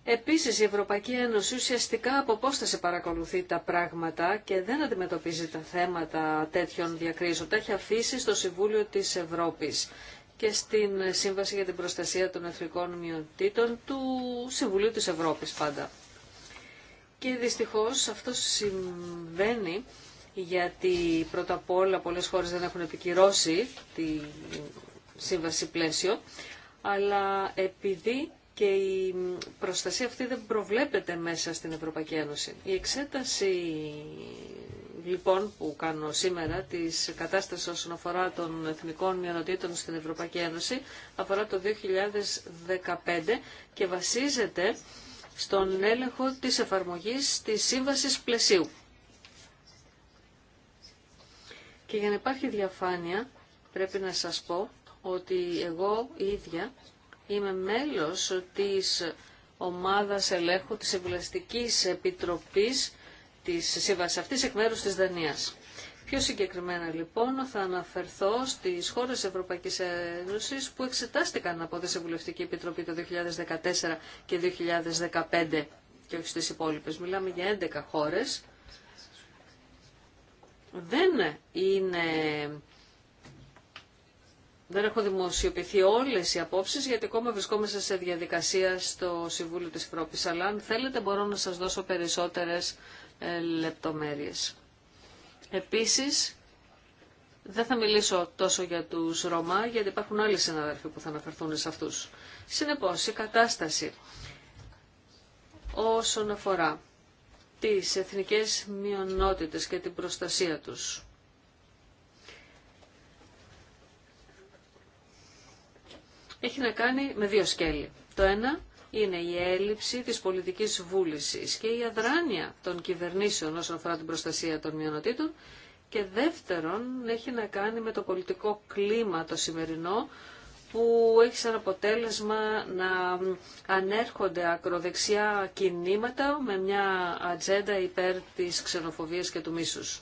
Επίσης η Ευρωπαϊκή Ένωση ουσιαστικά από σε παρακολουθεί τα πράγματα και δεν αντιμετωπίζει τα θέματα τέτοιων διακρίσεων. Τα έχει αφήσει στο Συμβούλιο της Ευρώπης και στην Σύμβαση για την Προστασία των Εθνικών Μειοντήτων του Συμβουλίου της Ευρώπης πάντα. Και δυστυχώς αυτό συμβαίνει γιατί πρώτα απ' όλα πολλές χώρες δεν έχουν επικυρώσει τη σύμβαση πλαίσιο, αλλά επειδή και η προστασία αυτή δεν προβλέπεται μέσα στην Ευρωπαϊκή Ένωση. Η εξέταση λοιπόν που κάνω σήμερα της κατάστασης όσον αφορά των εθνικών μειονοτήτων στην Ευρωπαϊκή Ένωση αφορά το 2015 και βασίζεται στον έλεγχο της εφαρμογής της σύμβασης πλαισίου. Και για να υπάρχει διαφάνεια πρέπει να σας πω ότι εγώ ίδια είμαι μέλος της ομάδας ελέγχου της εμβουλαστικής Επιτροπής της Σύμβασης αυτής εκ μέρους της Δανίας. Πιο συγκεκριμένα λοιπόν θα αναφερθώ στις χώρες Ευρωπαϊκής Ένωσης που εξετάστηκαν από τη Συμβουλευτική Επιτροπή το 2014 και 2015 και όχι στις υπόλοιπες. Μιλάμε για 11 χώρες. Δεν είναι... Δεν έχουν δημοσιοποιηθεί όλες οι απόψεις γιατί ακόμα βρισκόμαστε σε διαδικασία στο Συμβούλιο της Ευρώπης. Αλλά αν θέλετε μπορώ να σας δώσω περισσότερες ε, λεπτομέρειες. Επίσης, δεν θα μιλήσω τόσο για τους Ρωμά, γιατί υπάρχουν άλλοι συναδέλφοι που θα αναφερθούν σε αυτούς. Συνεπώς, η κατάσταση όσον αφορά τις εθνικές μειονότητες και την προστασία τους. Έχει να κάνει με δύο σκέλη. Το ένα είναι η έλλειψη της πολιτικής βούλησης και η αδράνεια των κυβερνήσεων όσον αφορά την προστασία των μειονοτήτων και δεύτερον έχει να κάνει με το πολιτικό κλίμα το σημερινό που έχει σαν αποτέλεσμα να ανέρχονται ακροδεξιά κινήματα με μια ατζέντα υπέρ της ξενοφοβίας και του μίσους.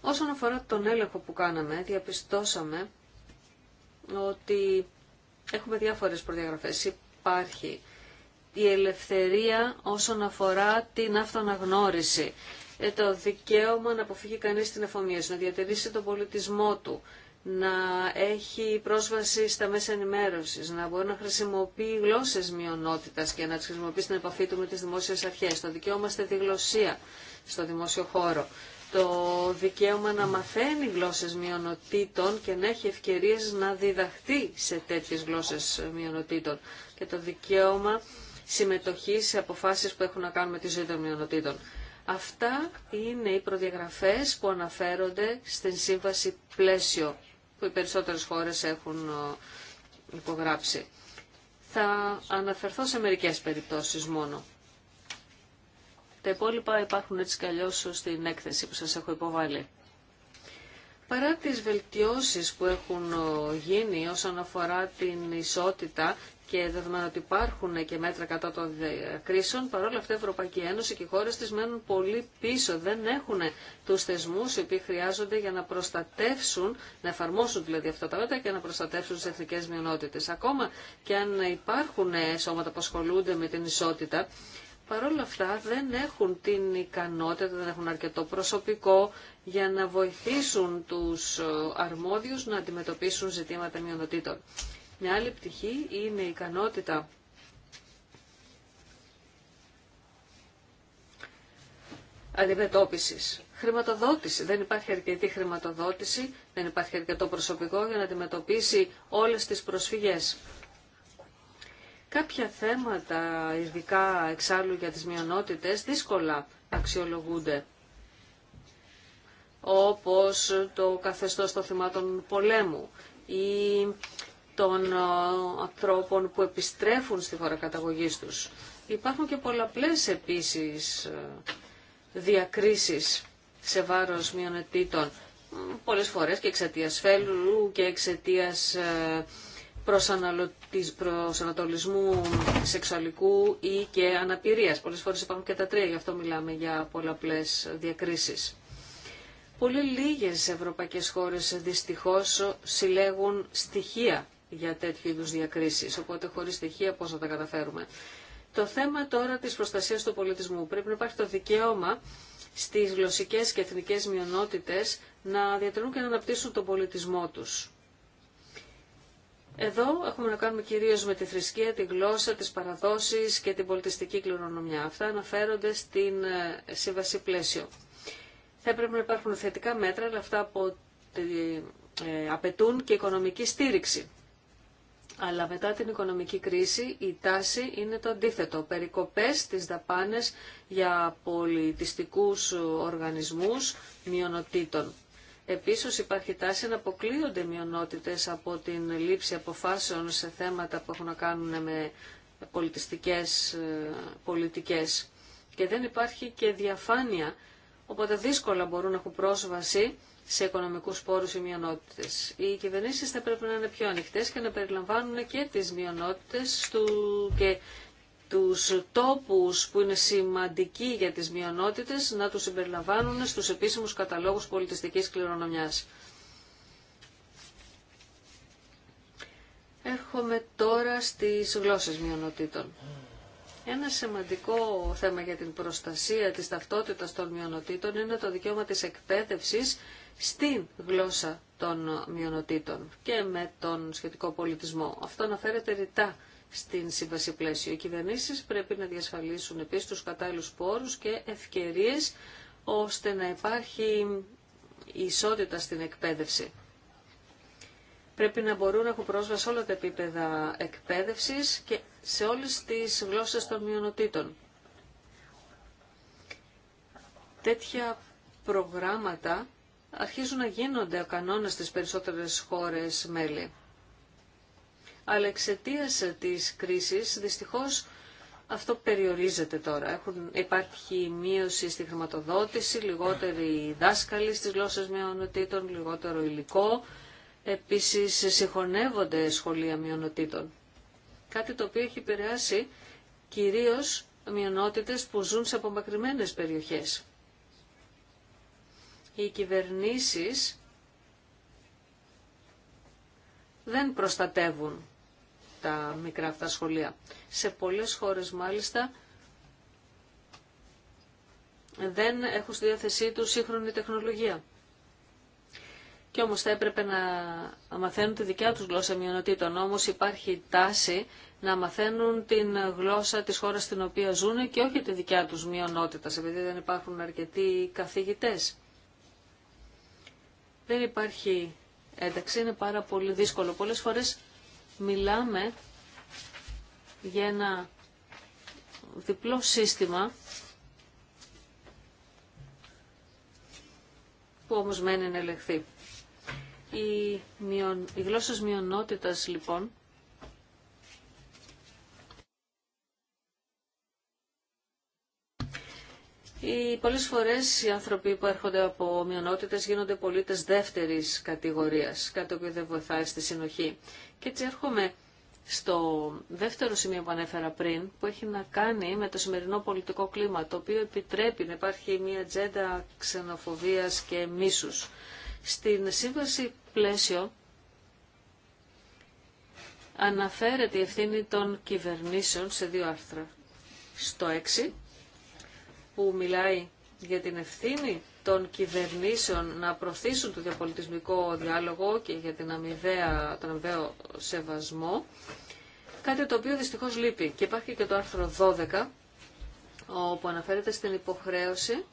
Όσον αφορά τον έλεγχο που κάναμε, διαπιστώσαμε ότι έχουμε διάφορες προδιαγραφές. Υπάρχει η ελευθερία όσον αφορά την αυτοαναγνώριση, ε, το δικαίωμα να αποφύγει κανείς την εφομία, να διατηρήσει τον πολιτισμό του, να έχει πρόσβαση στα μέσα ενημέρωσης, να μπορεί να χρησιμοποιεί γλώσσες μειονότητας και να τις χρησιμοποιεί στην επαφή του με τις δημόσιες αρχές, το δικαίωμα στη διγλωσία στο δημόσιο χώρο, το δικαίωμα να μαθαίνει γλώσσες μειονοτήτων και να έχει ευκαιρίες να διδαχθεί σε τέτοιες γλώσσες μειονοτήτων και το δικαίωμα συμμετοχής σε αποφάσεις που έχουν να κάνουν με τη ζωή των μειονοτήτων. Αυτά είναι οι προδιαγραφές που αναφέρονται στην σύμβαση πλαίσιο που οι περισσότερες χώρες έχουν ε, υπογράψει. Θα αναφερθώ σε μερικές περιπτώσεις μόνο. Τα υπόλοιπα υπάρχουν έτσι κι στην έκθεση που σας έχω υποβάλει. Παρά τις βελτιώσεις που έχουν ε, γίνει όσον αφορά την ισότητα και δεδομένου ότι υπάρχουν και μέτρα κατά των κρίσεων, παρόλα αυτά η Ευρωπαϊκή Ένωση και οι χώρες της μένουν πολύ πίσω, δεν έχουν τους θεσμούς οι οποίοι χρειάζονται για να προστατεύσουν, να εφαρμόσουν δηλαδή αυτά τα μέτρα και να προστατεύσουν τις εθνικές μειονότητες. Ακόμα και αν υπάρχουν σώματα που ασχολούνται με την ισότητα, παρόλα αυτά δεν έχουν την ικανότητα, δεν έχουν αρκετό προσωπικό για να βοηθήσουν τους ε, αρμόδιους να αντιμετωπίσουν ζητήματα μειονοτήτων. Μια άλλη πτυχή είναι η ικανότητα αντιμετώπισης. Χρηματοδότηση. Δεν υπάρχει αρκετή χρηματοδότηση, δεν υπάρχει αρκετό προσωπικό για να αντιμετωπίσει όλες τις προσφυγές. Κάποια θέματα, ειδικά εξάλλου για τις μειονότητες, δύσκολα αξιολογούνται όπως το καθεστώς των θυμάτων πολέμου ή των ε, ανθρώπων που επιστρέφουν στη χώρα καταγωγής τους. Υπάρχουν και πολλαπλές επίσης ε, διακρίσεις σε βάρος μειονετήτων, πολλές φορές και εξαιτίας φέλου και εξαιτίας ε, προσανατολισμού σεξουαλικού ή και αναπηρίας. Πολλές φορές υπάρχουν και τα τρία, γι' αυτό μιλάμε για πολλαπλές διακρίσεις. Πολύ λίγες ευρωπαϊκές χώρες δυστυχώς συλλέγουν στοιχεία για τέτοιου είδους διακρίσεις, οπότε χωρίς στοιχεία πώς θα τα καταφέρουμε. Το θέμα τώρα της προστασίας του πολιτισμού. Πρέπει να υπάρχει το δικαίωμα στις γλωσσικές και εθνικές μειονότητες να διατηρούν και να αναπτύσσουν τον πολιτισμό τους. Εδώ έχουμε να κάνουμε κυρίως με τη θρησκεία, τη γλώσσα, τις παραδόσεις και την πολιτιστική κληρονομιά. Αυτά αναφέρονται στην ε, σύμβαση πλαίσιο. Θα έπρεπε να υπάρχουν θετικά μέτρα, αλλά αυτά που ε, απαιτούν και οικονομική στήριξη. Αλλά μετά την οικονομική κρίση η τάση είναι το αντίθετο. Περικοπές στις δαπάνες για πολιτιστικούς οργανισμούς μειονοτήτων. Επίσης υπάρχει τάση να αποκλείονται μειονότητες από την λήψη αποφάσεων σε θέματα που έχουν να κάνουν με πολιτιστικές ε, πολιτικές. Και δεν υπάρχει και διαφάνεια, οπότε δύσκολα μπορούν να έχουν πρόσβαση σε οικονομικού πόρου οι μειονότητε. Οι κυβερνήσει θα πρέπει να είναι πιο ανοιχτέ και να περιλαμβάνουν και τι μειονότητε και τους τόπους που είναι σημαντικοί για τις μειονότητες να τους συμπεριλαμβάνουν στους επίσημους καταλόγους πολιτιστικής κληρονομιάς. Έρχομαι τώρα στις γλώσσες μειονοτήτων. Ένα σημαντικό θέμα για την προστασία της ταυτότητας των μειονοτήτων είναι το δικαίωμα της εκπαίδευσης στην γλώσσα των μειονοτήτων και με τον σχετικό πολιτισμό. Αυτό αναφέρεται ρητά στην σύμβαση πλαίσιο. Οι κυβερνήσει πρέπει να διασφαλίσουν επίσης τους κατάλληλου πόρου και ευκαιρίε ώστε να υπάρχει ισότητα στην εκπαίδευση. Πρέπει να μπορούν να έχουν πρόσβαση σε όλα τα επίπεδα εκπαίδευση και σε όλες τις γλώσσες των μειονοτήτων. Τέτοια προγράμματα αρχίζουν να γίνονται ο κανόνας στις περισσότερες χώρες μέλη αλλά εξαιτία της κρίσης δυστυχώς αυτό περιορίζεται τώρα. Έχουν, υπάρχει μείωση στη χρηματοδότηση, λιγότεροι δάσκαλοι στις γλώσσες μειονοτήτων, λιγότερο υλικό. Επίσης συγχωνεύονται σχολεία μειονοτήτων. Κάτι το οποίο έχει επηρεάσει κυρίως μειονότητες που ζουν σε απομακρυμένες περιοχές. Οι κυβερνήσεις δεν προστατεύουν τα μικρά αυτά σχολεία. Σε πολλές χώρες μάλιστα δεν έχουν στη διάθεσή του σύγχρονη τεχνολογία. Και όμως θα έπρεπε να μαθαίνουν τη δικιά τους γλώσσα μειονοτήτων. Όμως υπάρχει τάση να μαθαίνουν την γλώσσα της χώρας στην οποία ζουν και όχι τη δικιά τους μειονότητα, επειδή δεν υπάρχουν αρκετοί καθηγητές. Δεν υπάρχει ένταξη, είναι πάρα πολύ δύσκολο. Πολλές φορές μιλάμε για ένα διπλό σύστημα που όμως μένει να ελεγχθεί. Οι, μειον... Οι μειονότητας λοιπόν Οι πολλές φορές οι άνθρωποι που έρχονται από μειονότητες γίνονται πολίτες δεύτερης κατηγορίας, κάτι που δεν βοηθάει στη συνοχή. Και έτσι έρχομαι στο δεύτερο σημείο που ανέφερα πριν, που έχει να κάνει με το σημερινό πολιτικό κλίμα, το οποίο επιτρέπει να υπάρχει μια τζέντα ξενοφοβίας και μίσους. Στην σύμβαση πλαίσιο αναφέρεται η ευθύνη των κυβερνήσεων σε δύο άρθρα. Στο 6 που μιλάει για την ευθύνη των κυβερνήσεων να προωθήσουν το διαπολιτισμικό διάλογο και για την αμοιβαία, τον αμοιβαίο σεβασμό, κάτι το οποίο δυστυχώς λείπει. Και υπάρχει και το άρθρο 12, όπου αναφέρεται στην υποχρέωση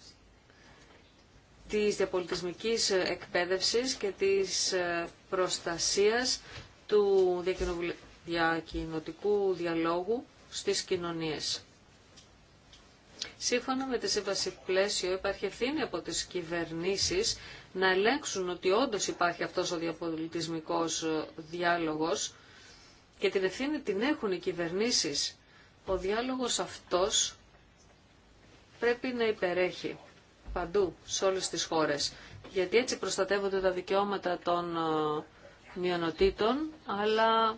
της διαπολιτισμικής εκπαίδευσης και της ε, προστασίας του διακοινωτικού διαλόγου στις κοινωνίες. Σύμφωνα με τη σύμβαση πλαίσιο υπάρχει ευθύνη από τις κυβερνήσεις να ελέγξουν ότι όντως υπάρχει αυτός ο διαπολιτισμικός ε, διάλογος και την ευθύνη την έχουν οι κυβερνήσεις. Ο διάλογος αυτός πρέπει να υπερέχει παντού, σε όλες τις χώρες. Γιατί έτσι προστατεύονται τα δικαιώματα των ε, μειονοτήτων, αλλά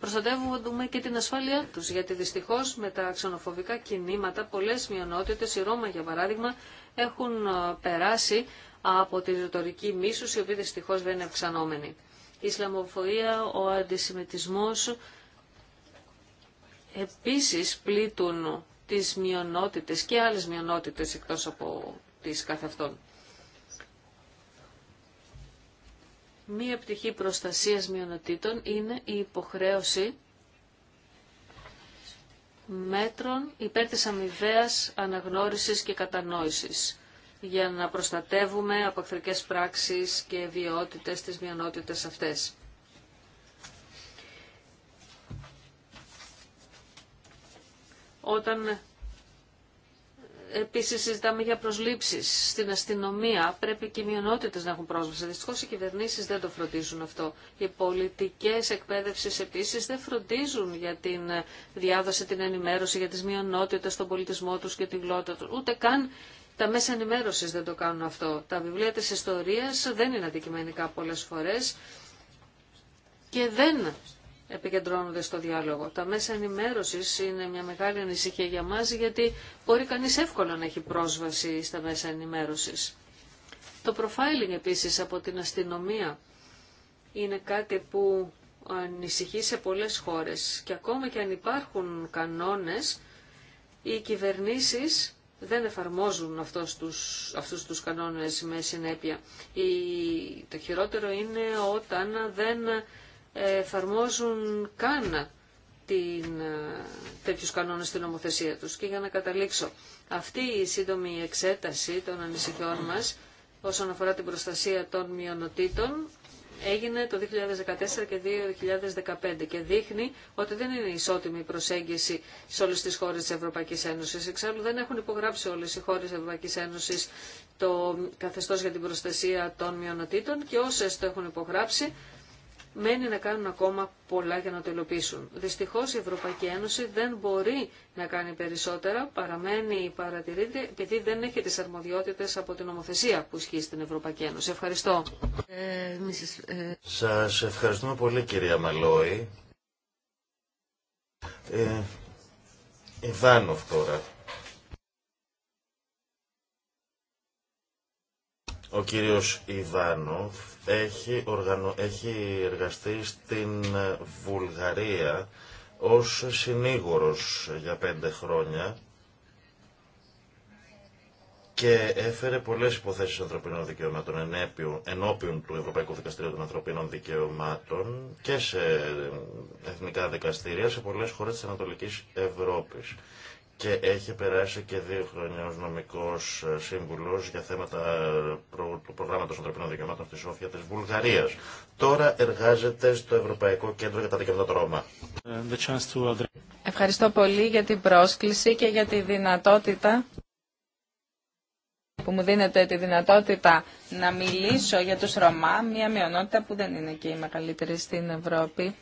προστατεύουμε και την ασφάλειά τους, γιατί δυστυχώς με τα ξενοφοβικά κινήματα πολλές μειονότητες, η Ρώμα για παράδειγμα, έχουν ε, περάσει από τη ρητορική μίσους, η οποία δυστυχώς δεν είναι αυξανόμενη. Η Ισλαμοφοβία, ο αντισημιτισμός επίσης πλήττουν τις μειονότητες και άλλες μειονότητες εκτός από τις καθ' Μία πτυχή προστασίας μειονοτήτων είναι η υποχρέωση μέτρων υπέρ της αμοιβαίας αναγνώρισης και κατανόησης για να προστατεύουμε από εχθρικές πράξεις και βιαιότητες τις μειονότητες αυτές. Όταν Επίση, συζητάμε για προσλήψεις στην αστυνομία. Πρέπει και οι μειονότητες να έχουν πρόσβαση. Δυστυχώ οι κυβερνήσει δεν το φροντίζουν αυτό. Οι πολιτικές εκπαίδευση επίσης δεν φροντίζουν για την διάδοση, την ενημέρωση για τις μειονότητες, τον πολιτισμό τους και τη γλώσσα τους. Ούτε καν τα μέσα ενημέρωση δεν το κάνουν αυτό. Τα βιβλία τη ιστορία δεν είναι αντικειμενικά πολλέ φορέ και δεν επικεντρώνονται στο διάλογο. Τα μέσα ενημέρωσης είναι μια μεγάλη ανησυχία για μας γιατί μπορεί κανείς εύκολα να έχει πρόσβαση στα μέσα ενημέρωσης. Το profiling επίσης από την αστυνομία είναι κάτι που ανησυχεί σε πολλές χώρες και ακόμα και αν υπάρχουν κανόνες οι κυβερνήσεις δεν εφαρμόζουν αυτούς τους, αυτούς κανόνες με συνέπεια. το χειρότερο είναι όταν δεν εφαρμόζουν καν την, ε, τέτοιους κανόνες στην νομοθεσία τους. Και για να καταλήξω, αυτή η σύντομη εξέταση των ανησυχιών μας όσον αφορά την προστασία των μειονοτήτων έγινε το 2014 και 2015 και δείχνει ότι δεν είναι ισότιμη η προσέγγιση σε όλες τις χώρες της Ευρωπαϊκής Ένωσης. Εξάλλου δεν έχουν υπογράψει όλες οι χώρες της Ευρωπαϊκής Ένωσης το καθεστώς για την προστασία των μειονοτήτων και όσες το έχουν υπογράψει μένει να κάνουν ακόμα πολλά για να το υλοποιήσουν. Δυστυχώς η Ευρωπαϊκή Ένωση δεν μπορεί να κάνει περισσότερα, παραμένει παρατηρείται επειδή δεν έχει τις αρμοδιότητες από την νομοθεσία που ισχύει στην Ευρωπαϊκή Ένωση. Ευχαριστώ. Ε, ε... Σας ευχαριστούμε πολύ κυρία Μαλόη. Ε, Ιβάνοφ τώρα. Ο κύριος Ιβάνοφ έχει, οργανω... έχει εργαστεί στην Βουλγαρία ως συνήγορος για πέντε χρόνια και έφερε πολλές υποθέσεις ανθρωπίνων δικαιωμάτων ενέπιου, ενώπιον του Ευρωπαϊκού Δικαστηρίου των Ανθρωπίνων Δικαιωμάτων και σε εθνικά δικαστήρια σε πολλές χώρες της Ανατολικής Ευρώπης και έχει περάσει και δύο χρόνια ως νομικός ε, σύμβουλος για θέματα ε, του προγράμματος ανθρωπίνων δικαιωμάτων στη Σόφια της Βουλγαρίας. Τώρα εργάζεται στο Ευρωπαϊκό Κέντρο για τα Δικαιώματα του Ρώμα. Ε, Ευχαριστώ πολύ για την πρόσκληση και για τη δυνατότητα που μου δίνετε τη δυνατότητα να μιλήσω για τους Ρωμά, μια μειονότητα που δεν είναι και η μεγαλύτερη στην Ευρώπη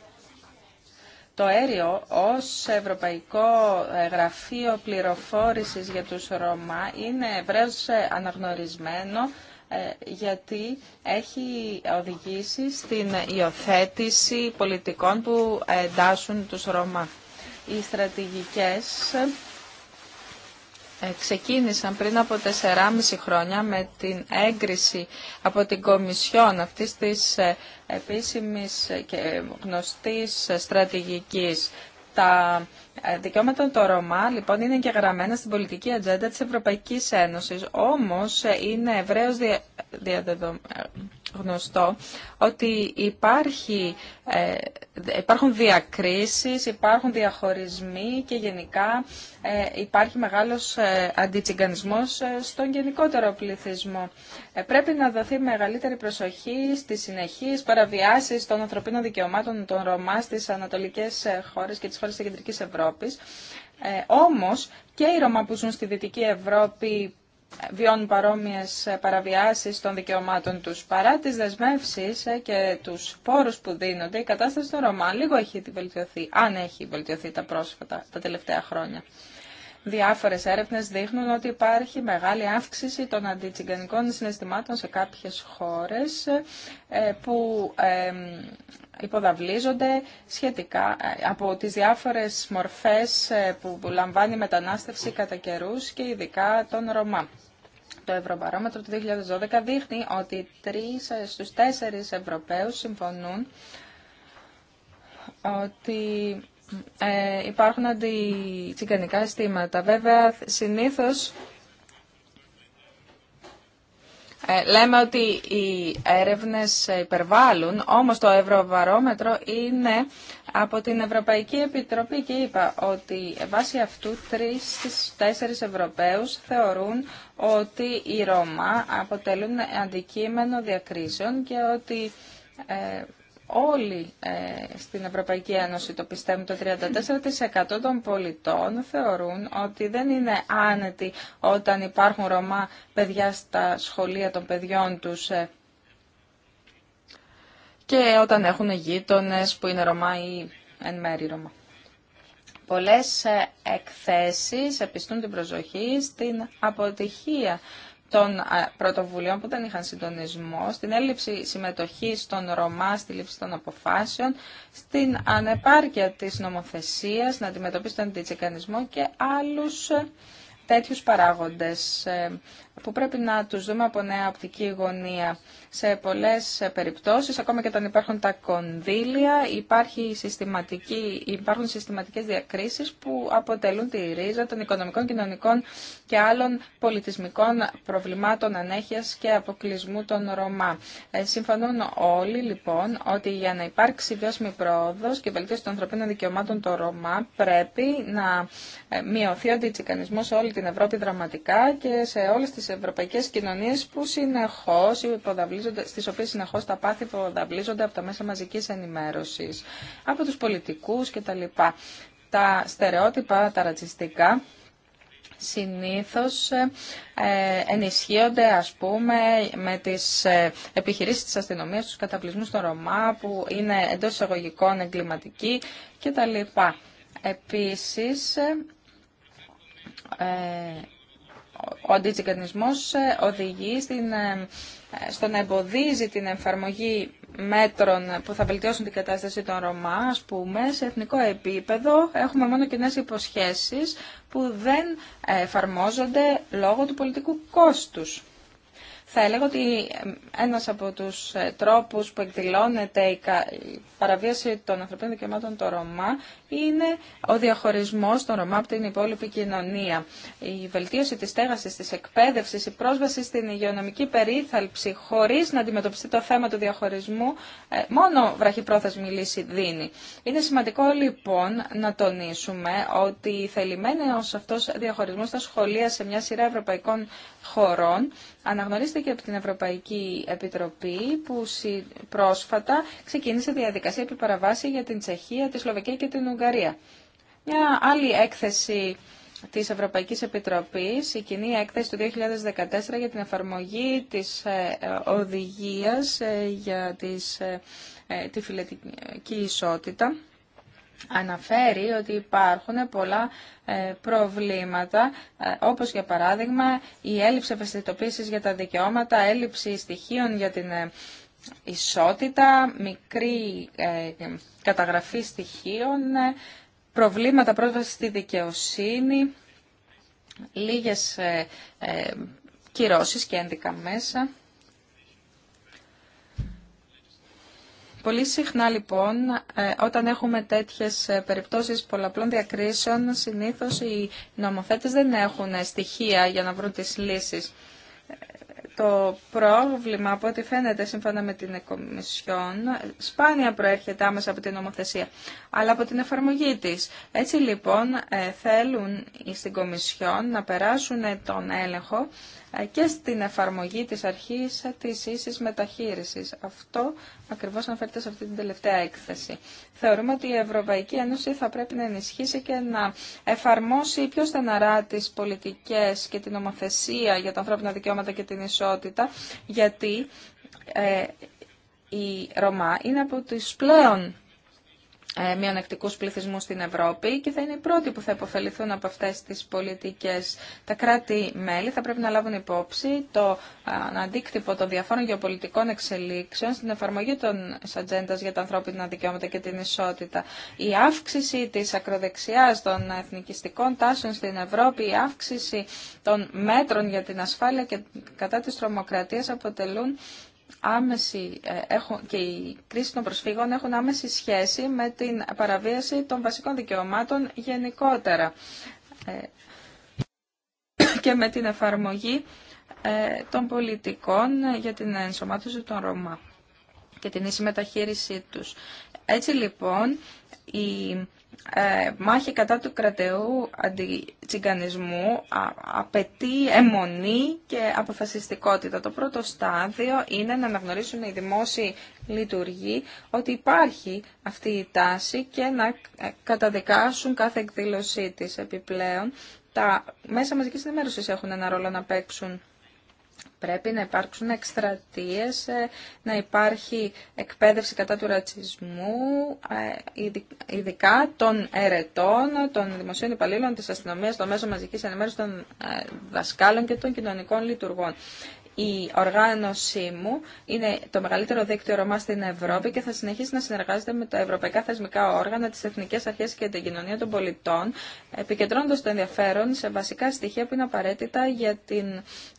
το αέριο ως Ευρωπαϊκό Γραφείο Πληροφόρησης για τους Ρωμά είναι ευρέως ε, αναγνωρισμένο ε, γιατί έχει οδηγήσει στην υιοθέτηση πολιτικών που εντάσσουν τους Ρωμά. Οι στρατηγικές ε, ξεκίνησαν πριν από 4,5 χρόνια με την έγκριση από την Κομισιόν αυτής της ε, επίσημης και γνωστής στρατηγικής. Τα ε, δικαιώματα των Ρωμά λοιπόν είναι και γραμμένα στην πολιτική ατζέντα της Ευρωπαϊκής Ένωσης, όμως είναι ευρέως δια γνωστό ότι υπάρχει, ε, υπάρχουν διακρίσεις, υπάρχουν διαχωρισμοί και γενικά ε, υπάρχει μεγάλος ε, αντιτσιγκανισμός ε, στον γενικότερο πληθυσμό. πρέπει να δοθεί μεγαλύτερη προσοχή στις συνεχείς παραβιάσεις των ανθρωπίνων δικαιωμάτων των Ρωμά στις ανατολικές χώρες και τις χώρες της Κεντρικής Ευρώπης. Ε, όμως και οι Ρωμά που ζουν στη Δυτική Ευρώπη βιώνουν παρόμοιες παραβιάσεις των δικαιωμάτων τους. Παρά τις δεσμεύσεις ε, και τους πόρους που δίνονται, η κατάσταση στο Ρωμά λίγο έχει βελτιωθεί, αν έχει βελτιωθεί τα πρόσφατα, τα τελευταία χρόνια. Διάφορες έρευνες δείχνουν ότι υπάρχει μεγάλη αύξηση των αντιτσιγκανικών συναισθημάτων σε κάποιες χώρες ε, που υποδαβλίζονται σχετικά ε, από τις διάφορες μορφές ε, που λαμβάνει η μετανάστευση κατά καιρού και ειδικά των Ρωμά. Το Ευρωπαρόμετρο του 2012 δείχνει ότι τρεις στους τέσσερις Ευρωπαίους συμφωνούν ότι ε, υπάρχουν αντιτσιγκανικά αισθήματα. Βέβαια, συνήθως ε, λέμε ότι οι έρευνες υπερβάλλουν, όμως το ευρωβαρόμετρο είναι από την Ευρωπαϊκή Επιτροπή και είπα ότι βάσει αυτού τρεις στις τέσσερις Ευρωπαίους θεωρούν ότι οι Ρώμα αποτελούν αντικείμενο διακρίσεων και ότι ε, όλοι ε, στην Ευρωπαϊκή Ένωση το πιστεύουν, το 34% των πολιτών θεωρούν ότι δεν είναι άνετοι όταν υπάρχουν Ρωμά παιδιά στα σχολεία των παιδιών τους ε, και όταν έχουν γείτονε που είναι Ρωμά ή εν μέρη Ρωμά. Πολλές ε, εκθέσεις επιστούν την προσοχή στην αποτυχία των πρωτοβουλίων που δεν είχαν συντονισμό, στην έλλειψη συμμετοχής των Ρωμά στη λήψη των αποφάσεων, στην ανεπάρκεια της νομοθεσίας, να αντιμετωπίσει τον αντιτσεκανισμό και άλλους ε, τέτοιους παράγοντες. Ε, που πρέπει να τους δούμε από νέα οπτική γωνία. Σε πολλές περιπτώσεις, ακόμα και όταν υπάρχουν τα κονδύλια, υπάρχει συστηματική, υπάρχουν συστηματικές διακρίσεις που αποτελούν τη ρίζα των οικονομικών, κοινωνικών και άλλων πολιτισμικών προβλημάτων ανέχειας και αποκλεισμού των Ρωμά. Ε, συμφωνούν όλοι λοιπόν ότι για να υπάρξει βιώσιμη πρόοδος και βελτίωση των ανθρωπίνων δικαιωμάτων των Ρωμά πρέπει να ε, μειωθεί ο αντιτσικανισμός σε όλη την Ευρώπη δραματικά και σε όλες τις ευρωπαϊκές κοινωνίες που συνεχώς, στις οποίες συνεχώς τα πάθη υποδαβλίζονται από τα μέσα μαζικής ενημέρωσης, από τους πολιτικούς κτλ. Τα στερεότυπα, τα ρατσιστικά, συνήθως ε, ενισχύονται ας πούμε με τις ε, επιχειρήσεις της αστυνομίας, τους καταπλησμούς των Ρωμά που είναι εντός εισαγωγικών εγκληματικοί κτλ. Επίσης, ε, ο αντιτζικανισμός ε, οδηγεί στην, ε, στο να εμποδίζει την εφαρμογή μέτρων που θα βελτιώσουν την κατάσταση των Ρωμά, ας πούμε, σε εθνικό επίπεδο έχουμε μόνο κοινέ υποσχέσεις που δεν εφαρμόζονται λόγω του πολιτικού κόστους. Θα έλεγα ότι ε, ένας από τους τρόπους που εκδηλώνεται η παραβίαση των ανθρωπίνων δικαιωμάτων των Ρωμά είναι ο διαχωρισμός των Ρωμά από την υπόλοιπη κοινωνία. Η βελτίωση της στέγασης, της εκπαίδευσης, η πρόσβαση στην υγειονομική περίθαλψη χωρίς να αντιμετωπιστεί το θέμα του διαχωρισμού, ε, μόνο βραχυπρόθεσμη λύση δίνει. Είναι σημαντικό λοιπόν να τονίσουμε ότι θελημένος αυτός διαχωρισμός στα σχολεία σε μια σειρά ευρωπαϊκών χωρών αναγνωρίστηκε από την Ευρωπαϊκή Επιτροπή που πρόσφατα ξεκίνησε διαδικασία επιπαραβάση για την Τσεχία, τη Σλοβακία και την Ουγγαρία μια άλλη έκθεση της Ευρωπαϊκής Επιτροπής, η κοινή έκθεση του 2014 για την εφαρμογή της ε, ε, οδηγίας ε, για τις, τη φυλετική ισότητα, αναφέρει ότι υπάρχουν πολλά προβλήματα, όπως για παράδειγμα η έλλειψη ευαισθητοποίησης για τα δικαιώματα, έλλειψη στοιχείων για την ισότητα, μικρή ε, καταγραφή στοιχείων, ε, προβλήματα πρόσβασης στη δικαιοσύνη, λίγες ε, κυρώσεις και ένδικα μέσα. Πολύ συχνά λοιπόν όταν έχουμε τέτοιες περιπτώσεις πολλαπλών διακρίσεων συνήθως οι νομοθέτες δεν έχουν στοιχεία για να βρουν τις λύσεις. Το πρόβλημα, από ό,τι φαίνεται σύμφωνα με την Κομισιόν, σπάνια προέρχεται άμεσα από την νομοθεσία, αλλά από την εφαρμογή της. Έτσι λοιπόν ε, θέλουν στην Κομισιόν να περάσουν τον έλεγχο ε, και στην εφαρμογή της αρχής της ίσης μεταχείρισης. Αυτό ακριβώς αναφέρεται σε αυτή την τελευταία έκθεση. Θεωρούμε ότι η Ευρωπαϊκή Ένωση θα πρέπει να ενισχύσει και να εφαρμόσει πιο στεναρά τις πολιτικές και την ομοθεσία για τα ανθρώπινα δικαιώματα και την ισότητα, γιατί ε, η Ρωμά είναι από τις πλέον ε, μειονεκτικού πληθυσμού στην Ευρώπη και θα είναι οι πρώτοι που θα υποφεληθούν από αυτέ τι πολιτικέ Τα κράτη-μέλη θα πρέπει να λάβουν υπόψη το ε, αντίκτυπο των διαφόρων γεωπολιτικών εξελίξεων στην εφαρμογή των ατζέντα για τα ανθρώπινα δικαιώματα και την ισότητα. Η αύξηση τη ακροδεξιά, των εθνικιστικών τάσεων στην Ευρώπη, η αύξηση των μέτρων για την ασφάλεια και κατά τη τρομοκρατία αποτελούν άμεση, ε, έχουν, και οι κρίση των προσφύγων έχουν άμεση σχέση με την παραβίαση των βασικών δικαιωμάτων γενικότερα ε, και με την εφαρμογή ε, των πολιτικών για την ενσωμάτωση των Ρωμά και την ίση μεταχείρισή τους. Έτσι λοιπόν η ε, μάχη κατά του κρατεού αντιτσιγκανισμού απαιτεί αιμονή και αποφασιστικότητα. Το πρώτο στάδιο είναι να αναγνωρίσουν οι δημόσιοι λειτουργοί ότι υπάρχει αυτή η τάση και να ε, καταδικάσουν κάθε εκδήλωσή της επιπλέον. Τα μέσα μαζικής ενημέρωσης έχουν ένα ρόλο να παίξουν Πρέπει να υπάρξουν εκστρατείε ε, να υπάρχει εκπαίδευση κατά του ρατσισμού, ε, ειδικά των ερετών, των δημοσίων υπαλλήλων της αστυνομίας, των μέσων μαζικής ενημέρωσης, των ε, δασκάλων και των κοινωνικών λειτουργών. Η οργάνωσή μου είναι το μεγαλύτερο δίκτυο Ρωμά στην Ευρώπη και θα συνεχίσει να συνεργάζεται με τα ευρωπαϊκά θεσμικά όργανα, τι Εθνικέ αρχέ και την κοινωνία των πολιτών, επικεντρώνοντα το ενδιαφέρον σε βασικά στοιχεία που είναι απαραίτητα για την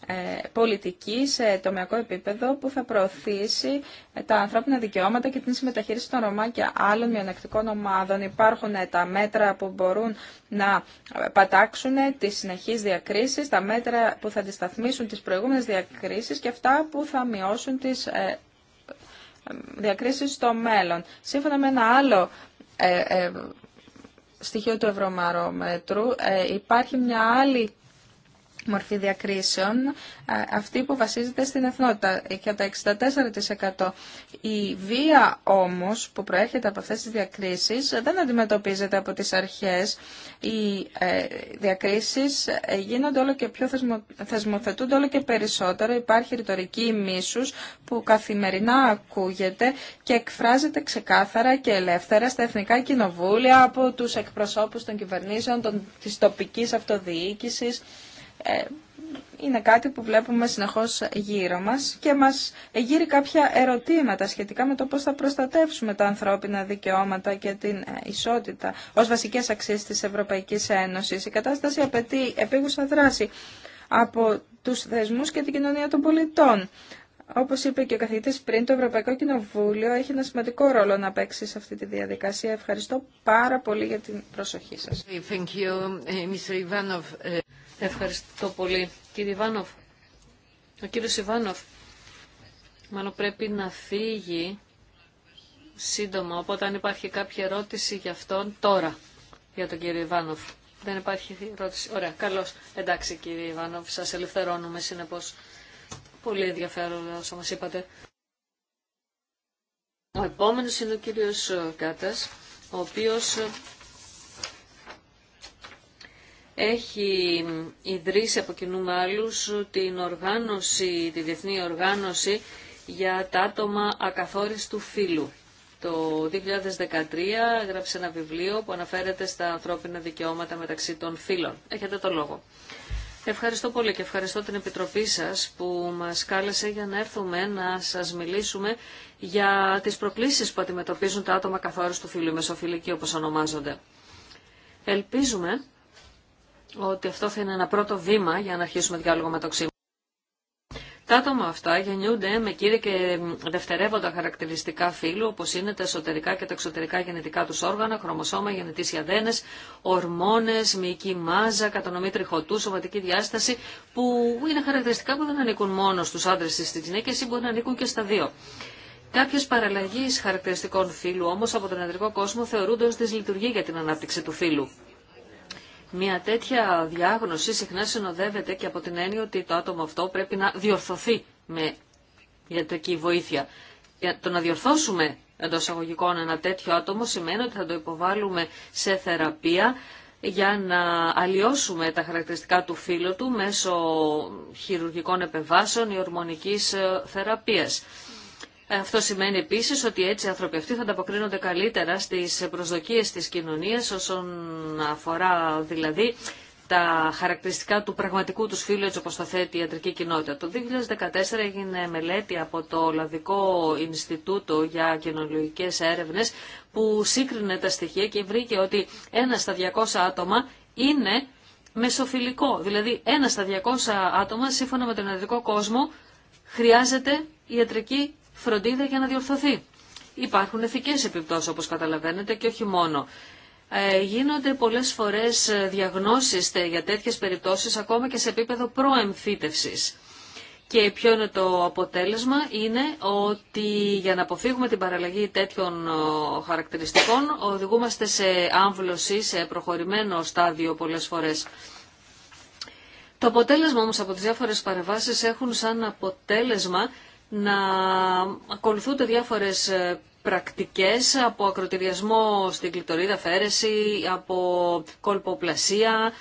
ε, πολιτική σε τομεακό επίπεδο που θα προωθήσει ε, τα ανθρώπινα δικαιώματα και την συμμεταχείριση των Ρωμά και άλλων μειονεκτικών ομάδων. Υπάρχουν ε, τα μέτρα που μπορούν να πατάξουν τι συνεχεί διακρίσει, τα μέτρα που θα αντισταθμίσουν τι προηγούμενε διακρίσει διακρίσεις και αυτά που θα μειώσουν τις ε, ε, διακρίσεις στο μέλλον. Σύμφωνα με ένα άλλο ε, στοιχείο του Ευρωμαρόμετρου υπάρχει μια άλλη μορφή διακρίσεων, αυτή που βασίζεται στην εθνότητα, τα 64%. Η βία όμως που προέρχεται από αυτές τις διακρίσεις δεν αντιμετωπίζεται από τις αρχές. Οι ε, διακρίσεις ε, γίνονται όλο και πιο θεσμο, θεσμοθετούνται όλο και περισσότερο. Υπάρχει ρητορική μίσους που καθημερινά ακούγεται και εκφράζεται ξεκάθαρα και ελεύθερα στα εθνικά κοινοβούλια από τους εκπροσώπους των κυβερνήσεων, των, της τοπικής αυτοδιοίκησης. Ε, είναι κάτι που βλέπουμε συνεχώς γύρω μας και μας γύρει κάποια ερωτήματα σχετικά με το πώς θα προστατεύσουμε τα ανθρώπινα δικαιώματα και την ε, ισότητα ως βασικές αξίες της Ευρωπαϊκής Ένωσης. Η κατάσταση απαιτεί επίγουσα δράση από τους θεσμούς και την κοινωνία των πολιτών. Όπως είπε και ο καθηγητής πριν, το Ευρωπαϊκό Κοινοβούλιο έχει ένα σημαντικό ρόλο να παίξει σε αυτή τη διαδικασία. Ευχαριστώ πάρα πολύ για την προσοχή σας. Ευχαριστώ πολύ. Κύριε Ιβάνοφ, ο κύριος Ιβάνοφ, μάλλον πρέπει να φύγει σύντομα, οπότε αν υπάρχει κάποια ερώτηση για αυτόν τώρα, για τον κύριο Ιβάνοφ. Δεν υπάρχει ερώτηση. Ωραία, καλώς. Εντάξει κύριε Ιβάνοφ, σας ελευθερώνουμε συνεπώς. Πολύ ενδιαφέρον όσο μας είπατε. Ο επόμενος είναι ο κύριος Κάτας, ο οποίος έχει ιδρύσει από κοινού με άλλους την οργάνωση, τη Διεθνή Οργάνωση για τα άτομα ακαθόριστου φύλου. Το 2013 έγραψε ένα βιβλίο που αναφέρεται στα ανθρώπινα δικαιώματα μεταξύ των φύλων. Έχετε το λόγο. Ευχαριστώ πολύ και ευχαριστώ την Επιτροπή σας που μας κάλεσε για να έρθουμε να σας μιλήσουμε για τις προκλήσεις που αντιμετωπίζουν τα άτομα καθόριστου φύλου, μεσοφυλικοί όπως ονομάζονται. Ελπίζουμε ότι αυτό θα είναι ένα πρώτο βήμα για να αρχίσουμε διάλογο με το μεταξύ τα άτομα αυτά γεννιούνται με κύριε και δευτερεύοντα χαρακτηριστικά φύλου, όπω είναι τα εσωτερικά και τα εξωτερικά γενετικά του όργανα, χρωμοσώμα, γενετήσια δένε, ορμόνε, μυϊκή μάζα, κατανομή τριχωτού, σωματική διάσταση, που είναι χαρακτηριστικά που δεν ανήκουν μόνο στου άντρε ή στι γυναίκε ή μπορεί να ανήκουν και στα δύο. Κάποιε παραλλαγή χαρακτηριστικών φύλου όμω από τον ανδρικό κόσμο θεωρούνται ω δυσλειτουργή για την ανάπτυξη του φύλου. Μια τέτοια διάγνωση συχνά συνοδεύεται και από την έννοια ότι το άτομο αυτό πρέπει να διορθωθεί με ιατρική βοήθεια. Για το να διορθώσουμε εντό αγωγικών ένα τέτοιο άτομο σημαίνει ότι θα το υποβάλουμε σε θεραπεία για να αλλοιώσουμε τα χαρακτηριστικά του φύλου του μέσω χειρουργικών επεμβάσεων ή ορμονικής ε, θεραπείας. Αυτό σημαίνει επίση ότι έτσι οι άνθρωποι αυτοί θα ανταποκρίνονται καλύτερα στι προσδοκίε τη κοινωνία, όσον αφορά δηλαδή τα χαρακτηριστικά του πραγματικού του φίλου έτσι όπως το θέτει η ιατρική κοινότητα. Το 2014 έγινε μελέτη από το Ολλανδικό Ινστιτούτο για Κοινολογικές Έρευνες που σύγκρινε τα στοιχεία και βρήκε ότι ένα στα 200 άτομα είναι μεσοφιλικό. Δηλαδή ένα στα 200 άτομα σύμφωνα με τον ιατρικό κόσμο χρειάζεται ιατρική φροντίδα για να διορθωθεί. Υπάρχουν ηθικές επιπτώσεις όπως καταλαβαίνετε και όχι μόνο. Ε, γίνονται πολλές φορές ε, διαγνώσεις για τέτοιες περιπτώσεις ακόμα και σε επίπεδο προεμφύτευσης. Και ποιο είναι το αποτέλεσμα είναι ότι για να αποφύγουμε την παραλλαγή τέτοιων ε, χαρακτηριστικών οδηγούμαστε σε άμβλωση, σε προχωρημένο στάδιο πολλές φορές. Το αποτέλεσμα όμως από τις διάφορες παρεμβάσεις έχουν σαν αποτέλεσμα να ακολουθούνται διάφορες ε, πρακτικές από ακροτηριασμό στην κλειτορίδα, φέρεση, από κολποπλασία,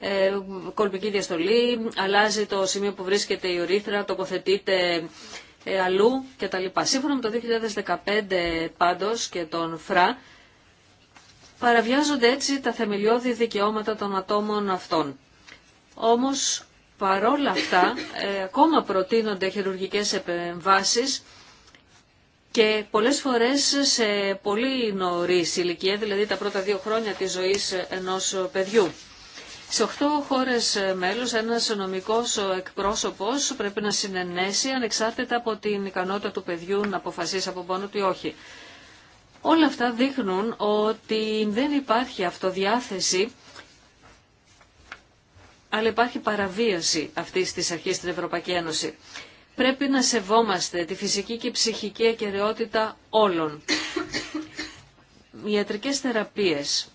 ε, κολπική διαστολή, αλλάζει το σημείο που βρίσκεται η ορίθρα, τοποθετείται ε, αλλού κτλ. Σύμφωνα με το 2015 πάντως και τον ΦΡΑ, παραβιάζονται έτσι τα θεμελιώδη δικαιώματα των ατόμων αυτών. Όμως παρόλα αυτά ε, ακόμα προτείνονται χειρουργικές επεμβάσεις και πολλές φορές σε πολύ νωρί ηλικία, δηλαδή τα πρώτα δύο χρόνια της ζωής ενός παιδιού. Σε οχτώ χώρες μέλους ένας νομικός εκπρόσωπος πρέπει να συνενέσει ανεξάρτητα από την ικανότητα του παιδιού να αποφασίσει από πόνο του ή όχι. Όλα αυτά δείχνουν ότι δεν υπάρχει αυτοδιάθεση αλλά υπάρχει παραβίαση αυτή τη αρχής στην Ευρωπαϊκή Ένωση. Πρέπει να σεβόμαστε τη φυσική και ψυχική ακαιρεότητα όλων. Ιατρικές θεραπείες,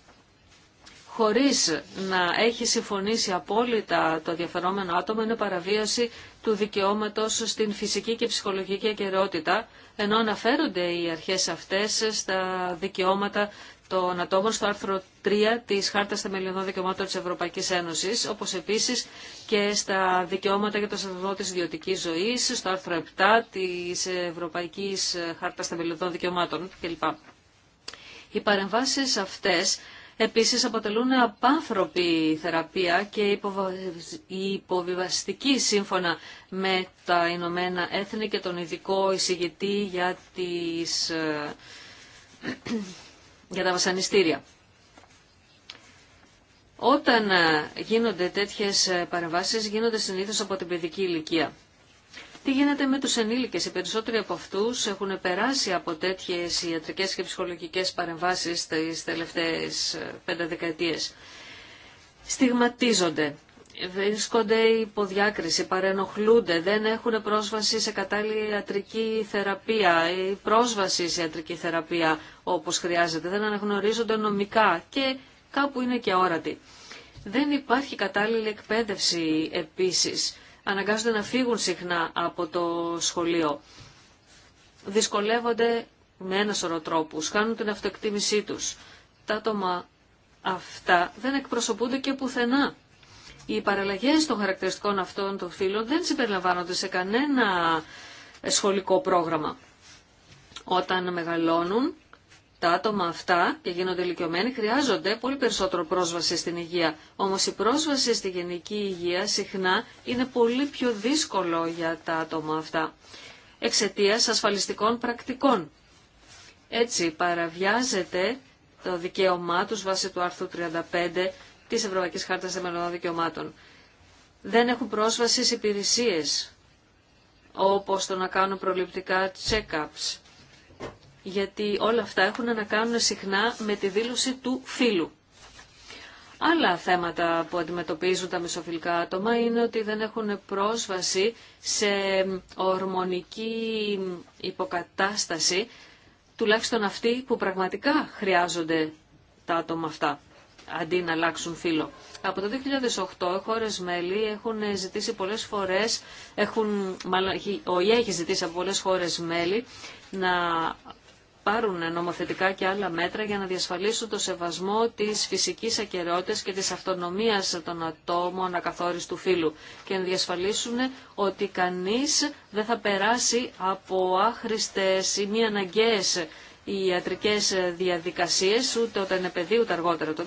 χωρίς να έχει συμφωνήσει απόλυτα το διαφερόμενο άτομο, είναι παραβίαση του δικαιώματος στην φυσική και ψυχολογική ακαιρεότητα, ενώ αναφέρονται οι αρχές αυτές στα δικαιώματα των ατόμων στο άρθρο 3 της Χάρτας Θεμελιωδών Δικαιωμάτων της Ευρωπαϊκής Ένωσης, όπως επίσης και στα δικαιώματα για το σεβασμό της ιδιωτικής ζωής, στο άρθρο 7 της Ευρωπαϊκής Χάρτας Θεμελιωδών Δικαιωμάτων κλπ. Οι παρεμβάσεις αυτές επίσης αποτελούν απάνθρωπη θεραπεία και υποβιβαστική σύμφωνα με τα Ηνωμένα Έθνη και τον ειδικό εισηγητή για τις ε, για τα βασανιστήρια. Όταν ε, γίνονται τέτοιες ε, παρεμβάσεις γίνονται συνήθως από την παιδική ηλικία. Τι γίνεται με τους ενήλικες, οι περισσότεροι από αυτούς έχουν περάσει από τέτοιες ιατρικές και ψυχολογικές παρεμβάσεις τις τελευταίες ε, πέντε δεκαετίες. Στιγματίζονται, βρίσκονται υποδιάκριση, παρενοχλούνται, δεν έχουν πρόσβαση σε κατάλληλη ιατρική θεραπεία ή πρόσβαση σε ιατρική θεραπεία όπως χρειάζεται, δεν αναγνωρίζονται νομικά και κάπου είναι και όρατοι. Δεν υπάρχει κατάλληλη εκπαίδευση επίσης. Αναγκάζονται να φύγουν συχνά από το σχολείο. Δυσκολεύονται με ένα σωρό τρόπους, χάνουν την αυτοεκτίμησή τους. Τα άτομα αυτά δεν εκπροσωπούνται και πουθενά. Οι παραλλαγές των χαρακτηριστικών αυτών των φύλων δεν συμπεριλαμβάνονται σε κανένα σχολικό πρόγραμμα. Όταν μεγαλώνουν τα άτομα αυτά και γίνονται ηλικιωμένοι χρειάζονται πολύ περισσότερο πρόσβαση στην υγεία. Όμως η πρόσβαση στη γενική υγεία συχνά είναι πολύ πιο δύσκολο για τα άτομα αυτά εξαιτία ασφαλιστικών πρακτικών. Έτσι παραβιάζεται το δικαίωμά τους βάσει του άρθρου 35 της Ευρωπαϊκής Χάρτας Θεμελιωδών Δικαιωμάτων. Δεν έχουν πρόσβαση σε υπηρεσίες, όπως το να κάνουν προληπτικά check-ups, γιατί όλα αυτά έχουν να κάνουν συχνά με τη δήλωση του φίλου. Άλλα θέματα που αντιμετωπίζουν τα μισοφιλικά άτομα είναι ότι δεν έχουν πρόσβαση σε ορμονική υποκατάσταση, τουλάχιστον αυτοί που πραγματικά χρειάζονται τα άτομα αυτά, αντί να αλλάξουν φύλο. Από το 2008 οι χώρες μέλη έχουν ζητήσει πολλές φορές, έχουν, ο ΙΕ έχει ζητήσει από πολλές χώρες μέλη να πάρουν νομοθετικά και άλλα μέτρα για να διασφαλίσουν το σεβασμό της φυσικής ακαιρεότητας και της αυτονομίας των ατόμων ακαθόριστου φύλου και να διασφαλίσουν ότι κανεί δεν θα περάσει από άχρηστε ή μη αναγκαίες οι ιατρικές διαδικασίες, ούτε όταν είναι παιδί, ούτε αργότερα. Το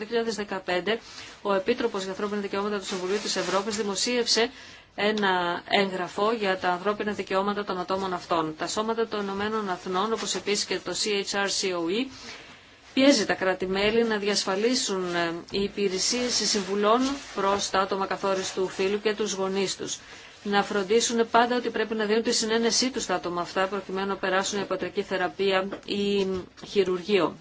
2015 ο Επίτροπος για Ανθρώπινα Δικαιώματα του Συμβουλίου τη Ευρώπη δημοσίευσε ένα έγγραφο για τα ανθρώπινα δικαιώματα των ατόμων αυτών. Τα σώματα των Ηνωμένων Αθνών, όπως επίσης και το CHRCOE, πιέζει τα κράτη-μέλη να διασφαλίσουν ε, οι υπηρεσίες συμβουλών προς τα άτομα καθόριστου φίλου και τους γονείς τους. Να φροντίσουν πάντα ότι πρέπει να δίνουν τη συνένεσή τους τα άτομα αυτά προκειμένου να περάσουν υποτρική θεραπεία ή χειρουργείο.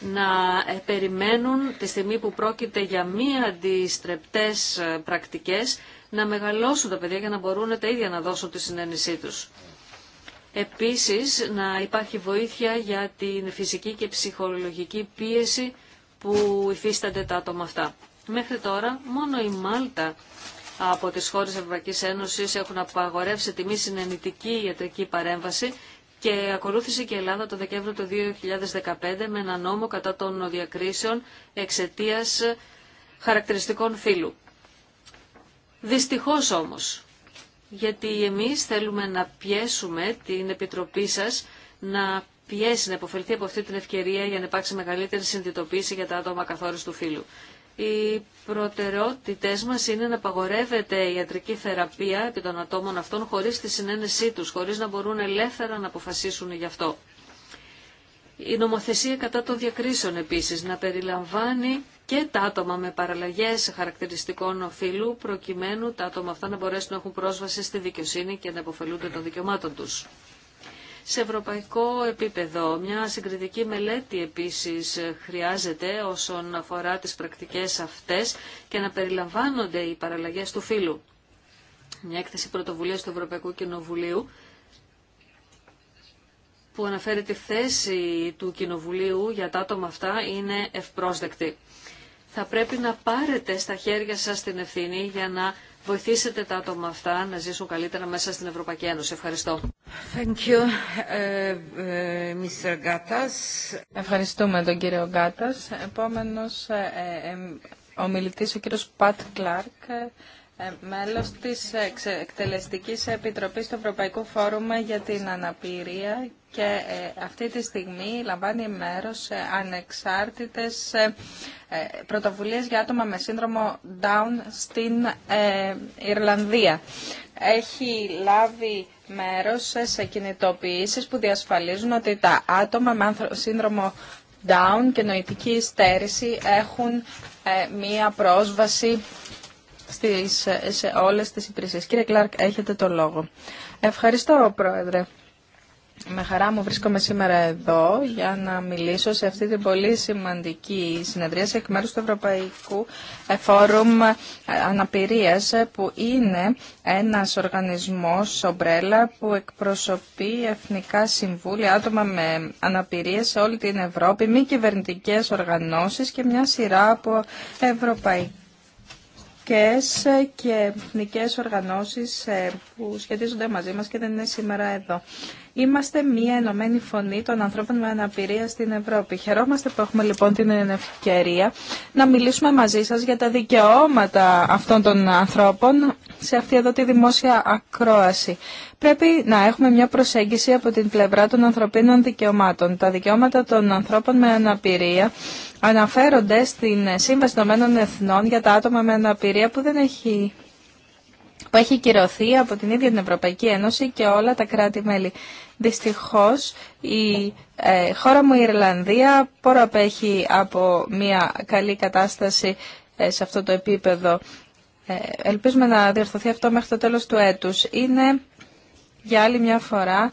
Να ε, περιμένουν τη στιγμή που πρόκειται για μη αντιστρεπτές ε, πρακτικές να μεγαλώσουν τα παιδιά για να μπορούν τα ίδια να δώσουν τη συνένεσή τους. Επίσης, να υπάρχει βοήθεια για την φυσική και ψυχολογική πίεση που υφίστανται τα άτομα αυτά. Μέχρι τώρα, μόνο η Μάλτα από τις χώρες Ευρωπαϊκής Ένωσης έχουν απαγορεύσει τη μη συνενητική ιατρική παρέμβαση και ακολούθησε και η Ελλάδα το Δεκέμβριο του 2015 με ένα νόμο κατά των διακρίσεων εξαιτία χαρακτηριστικών φύλου. Δυστυχώς όμως, γιατί εμείς θέλουμε να πιέσουμε την Επιτροπή σας να πιέσει, να υποφελθεί από αυτή την ευκαιρία για να υπάρξει μεγαλύτερη συνδυτοποίηση για τα άτομα καθόριστου του φύλου. Οι προτεραιότητες μας είναι να απαγορεύεται η ιατρική θεραπεία επί των ατόμων αυτών χωρίς τη συνένεσή τους, χωρίς να μπορούν ελεύθερα να αποφασίσουν γι' αυτό. Η νομοθεσία κατά των διακρίσεων επίσης να περιλαμβάνει και τα άτομα με παραλλαγές χαρακτηριστικών φύλου, προκειμένου τα άτομα αυτά να μπορέσουν να έχουν πρόσβαση στη δικαιοσύνη και να αποφελούνται των δικαιωμάτων τους. Σε ευρωπαϊκό επίπεδο, μια συγκριτική μελέτη επίσης χρειάζεται όσον αφορά τις πρακτικές αυτές και να περιλαμβάνονται οι παραλλαγές του φύλου. Μια έκθεση πρωτοβουλίας του Ευρωπαϊκού Κοινοβουλίου που αναφέρει τη θέση του Κοινοβουλίου για τα άτομα αυτά είναι ευπρόσδεκτη. Θα πρέπει να πάρετε στα χέρια σας την ευθύνη για να βοηθήσετε τα άτομα αυτά να ζήσουν καλύτερα μέσα στην Ευρωπαϊκή Ένωση. Ευχαριστώ. Thank you, uh, uh, Mr. Gattas. Ευχαριστούμε τον κύριο Γκάτας. Επόμενος ε, ε, ε, ο μιλητής, ο κύριος Πατ Κλάρκ, μέλος της Εκτελεστικής Επιτροπής του Ευρωπαϊκού Φόρουμα για την Αναπηρία και ε, αυτή τη στιγμή λαμβάνει μέρος σε ανεξάρτητες ε, ε, πρωτοβουλίες για άτομα με σύνδρομο Down στην Ιρλανδία. Έχει λάβει μέρος σε κινητοποιήσεις που διασφαλίζουν ότι τα άτομα με σύνδρομο Down και νοητική στέρηση έχουν μία πρόσβαση στις, σε όλες τις υπηρεσίες. Κύριε Κλάρκ, έχετε το λόγο. Ευχαριστώ, Πρόεδρε. Με χαρά μου βρίσκομαι σήμερα εδώ για να μιλήσω σε αυτή την πολύ σημαντική συνεδρία εκ μέρους του Ευρωπαϊκού Φόρουμ Αναπηρίας που είναι ένας οργανισμός ομπρέλα που εκπροσωπεί εθνικά συμβούλια άτομα με αναπηρία σε όλη την Ευρώπη, μη κυβερνητικέ οργανώσεις και μια σειρά από ευρωπαϊκά ε, και εθνικέ οργανώσεις ε, που σχετίζονται μαζί μας και δεν είναι σήμερα εδώ. Είμαστε μια ενωμένη φωνή των ανθρώπων με αναπηρία στην Ευρώπη. Χαιρόμαστε που έχουμε λοιπόν την ευκαιρία να μιλήσουμε μαζί σας για τα δικαιώματα αυτών των ανθρώπων σε αυτή εδώ τη δημόσια ακρόαση πρέπει να έχουμε μια προσέγγιση από την πλευρά των ανθρωπίνων δικαιωμάτων. Τα δικαιώματα των ανθρώπων με αναπηρία αναφέρονται στην Σύμβαση των Εθνών για τα άτομα με αναπηρία που δεν έχει που έχει κυρωθεί από την ίδια την Ευρωπαϊκή Ένωση και όλα τα κράτη-μέλη. Δυστυχώς, η ε, χώρα μου η Ιρλανδία πόρα απέχει από μια καλή κατάσταση ε, σε αυτό το επίπεδο. Ε, ελπίζουμε να διορθωθεί αυτό μέχρι το τέλος του έτους. Είναι για άλλη μια φορά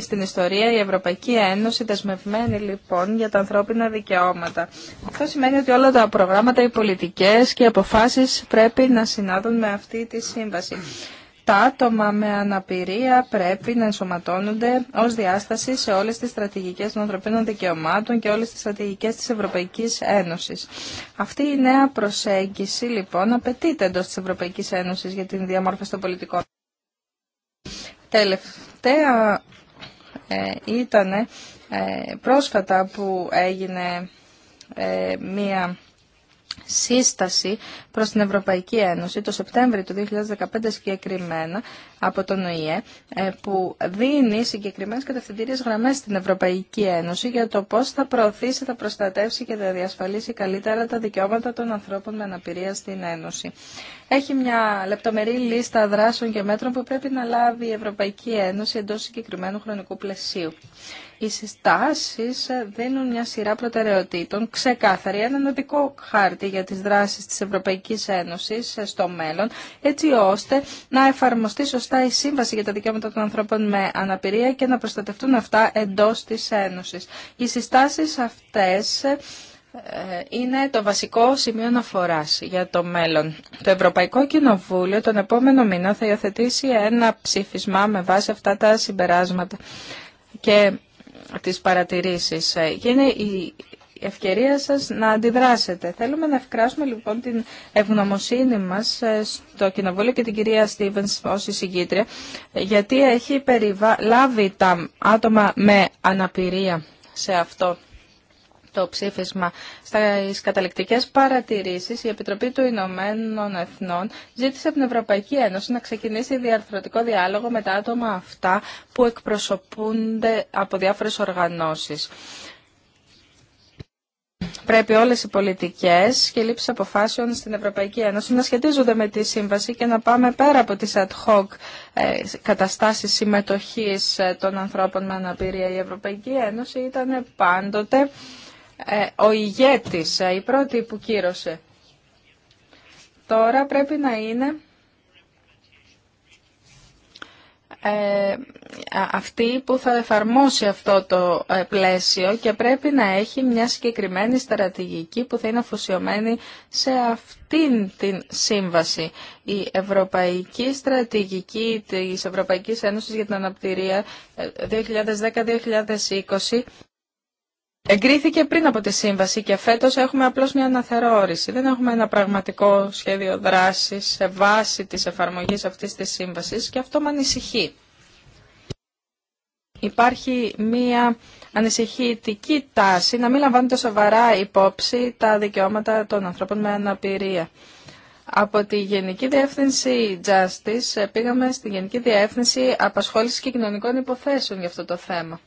στην ιστορία η Ευρωπαϊκή Ένωση δεσμευμένη λοιπόν για τα ανθρώπινα δικαιώματα. Αυτό σημαίνει ότι όλα τα προγράμματα, οι πολιτικές και οι αποφάσεις πρέπει να συνάδουν με αυτή τη σύμβαση. Τα άτομα με αναπηρία πρέπει να ενσωματώνονται ως διάσταση σε όλες τις στρατηγικές των ανθρωπίνων δικαιωμάτων και όλες τις στρατηγικές της Ευρωπαϊκής Ένωσης. Αυτή η νέα προσέγγιση λοιπόν απαιτείται εντός της Ευρωπαϊκής Ένωσης για την διαμόρφωση των πολιτικών. Τελευταία ε, ήταν ε, πρόσφατα που έγινε ε, μία σύσταση προς την Ευρωπαϊκή Ένωση το Σεπτέμβριο του 2015 συγκεκριμένα από τον ΟΗΕ ε, που δίνει συγκεκριμένες κατευθυντήριες γραμμές στην Ευρωπαϊκή Ένωση για το πώς θα προωθήσει, θα προστατεύσει και θα διασφαλίσει καλύτερα τα δικαιώματα των ανθρώπων με αναπηρία στην Ένωση. Έχει μια λεπτομερή λίστα δράσεων και μέτρων που πρέπει να λάβει η Ευρωπαϊκή Ένωση εντός συγκεκριμένου χρονικού πλαισίου. Οι συστάσει δίνουν μια σειρά προτεραιοτήτων, ξεκάθαρη ένα οδικό χάρτη για τι δράσει τη Ευρωπαϊκή Ένωση στο μέλλον, έτσι ώστε να εφαρμοστεί σωστά η Σύμβαση για τα Δικαιώματα των Ανθρώπων με Αναπηρία και να προστατευτούν αυτά εντό της Ένωση. Οι συστάσει αυτέ ε, είναι το βασικό σημείο αναφορά για το μέλλον. Το Ευρωπαϊκό Κοινοβούλιο τον επόμενο μήνα θα υιοθετήσει ένα ψήφισμα με βάση αυτά τα συμπεράσματα. Και τις παρατηρήσεις ε, και είναι η ευκαιρία σας να αντιδράσετε. Θέλουμε να ευκράσουμε λοιπόν την ευγνωμοσύνη μας ε, στο Κοινοβούλιο και την κυρία Στίβενς ως εισηγήτρια γιατί έχει περιβα... λάβει τα άτομα με αναπηρία σε αυτό το ψήφισμα στις καταληκτικέ παρατηρήσεις, η Επιτροπή του Ηνωμένων Εθνών ζήτησε από την Ευρωπαϊκή Ένωση να ξεκινήσει διαρθρωτικό διάλογο με τα άτομα αυτά που εκπροσωπούνται από διάφορες οργανώσεις. Πρέπει όλες οι πολιτικές και λήψεις αποφάσεων στην Ευρωπαϊκή Ένωση να σχετίζονται με τη σύμβαση και να πάμε πέρα από τι ad hoc ε, καταστάσεις συμμετοχή ε, των ανθρώπων με αναπηρία. Η Ευρωπαϊκή Ένωση ήταν πάντοτε ε, ο ηγέτης, ε, η πρώτη που κύρωσε. Τώρα πρέπει να είναι ε, αυτή που θα εφαρμόσει αυτό το πλαίσιο και πρέπει να έχει μια συγκεκριμένη στρατηγική που θα είναι αφοσιωμένη σε αυτήν την σύμβαση. Η Ευρωπαϊκή Στρατηγική της Ευρωπαϊκής Ένωσης για την Αναπτυρία 2010-2020 Εγκρίθηκε πριν από τη σύμβαση και φέτος έχουμε απλώς μια αναθεώρηση. Δεν έχουμε ένα πραγματικό σχέδιο δράσης σε βάση της εφαρμογής αυτής της σύμβασης και αυτό με ανησυχεί. Υπάρχει μια ανησυχητική τάση να μην λαμβάνεται σοβαρά υπόψη τα δικαιώματα των ανθρώπων με αναπηρία. Από τη Γενική Διεύθυνση Justice πήγαμε στη Γενική Διεύθυνση Απασχόλησης και Κοινωνικών Υποθέσεων για αυτό το θέμα.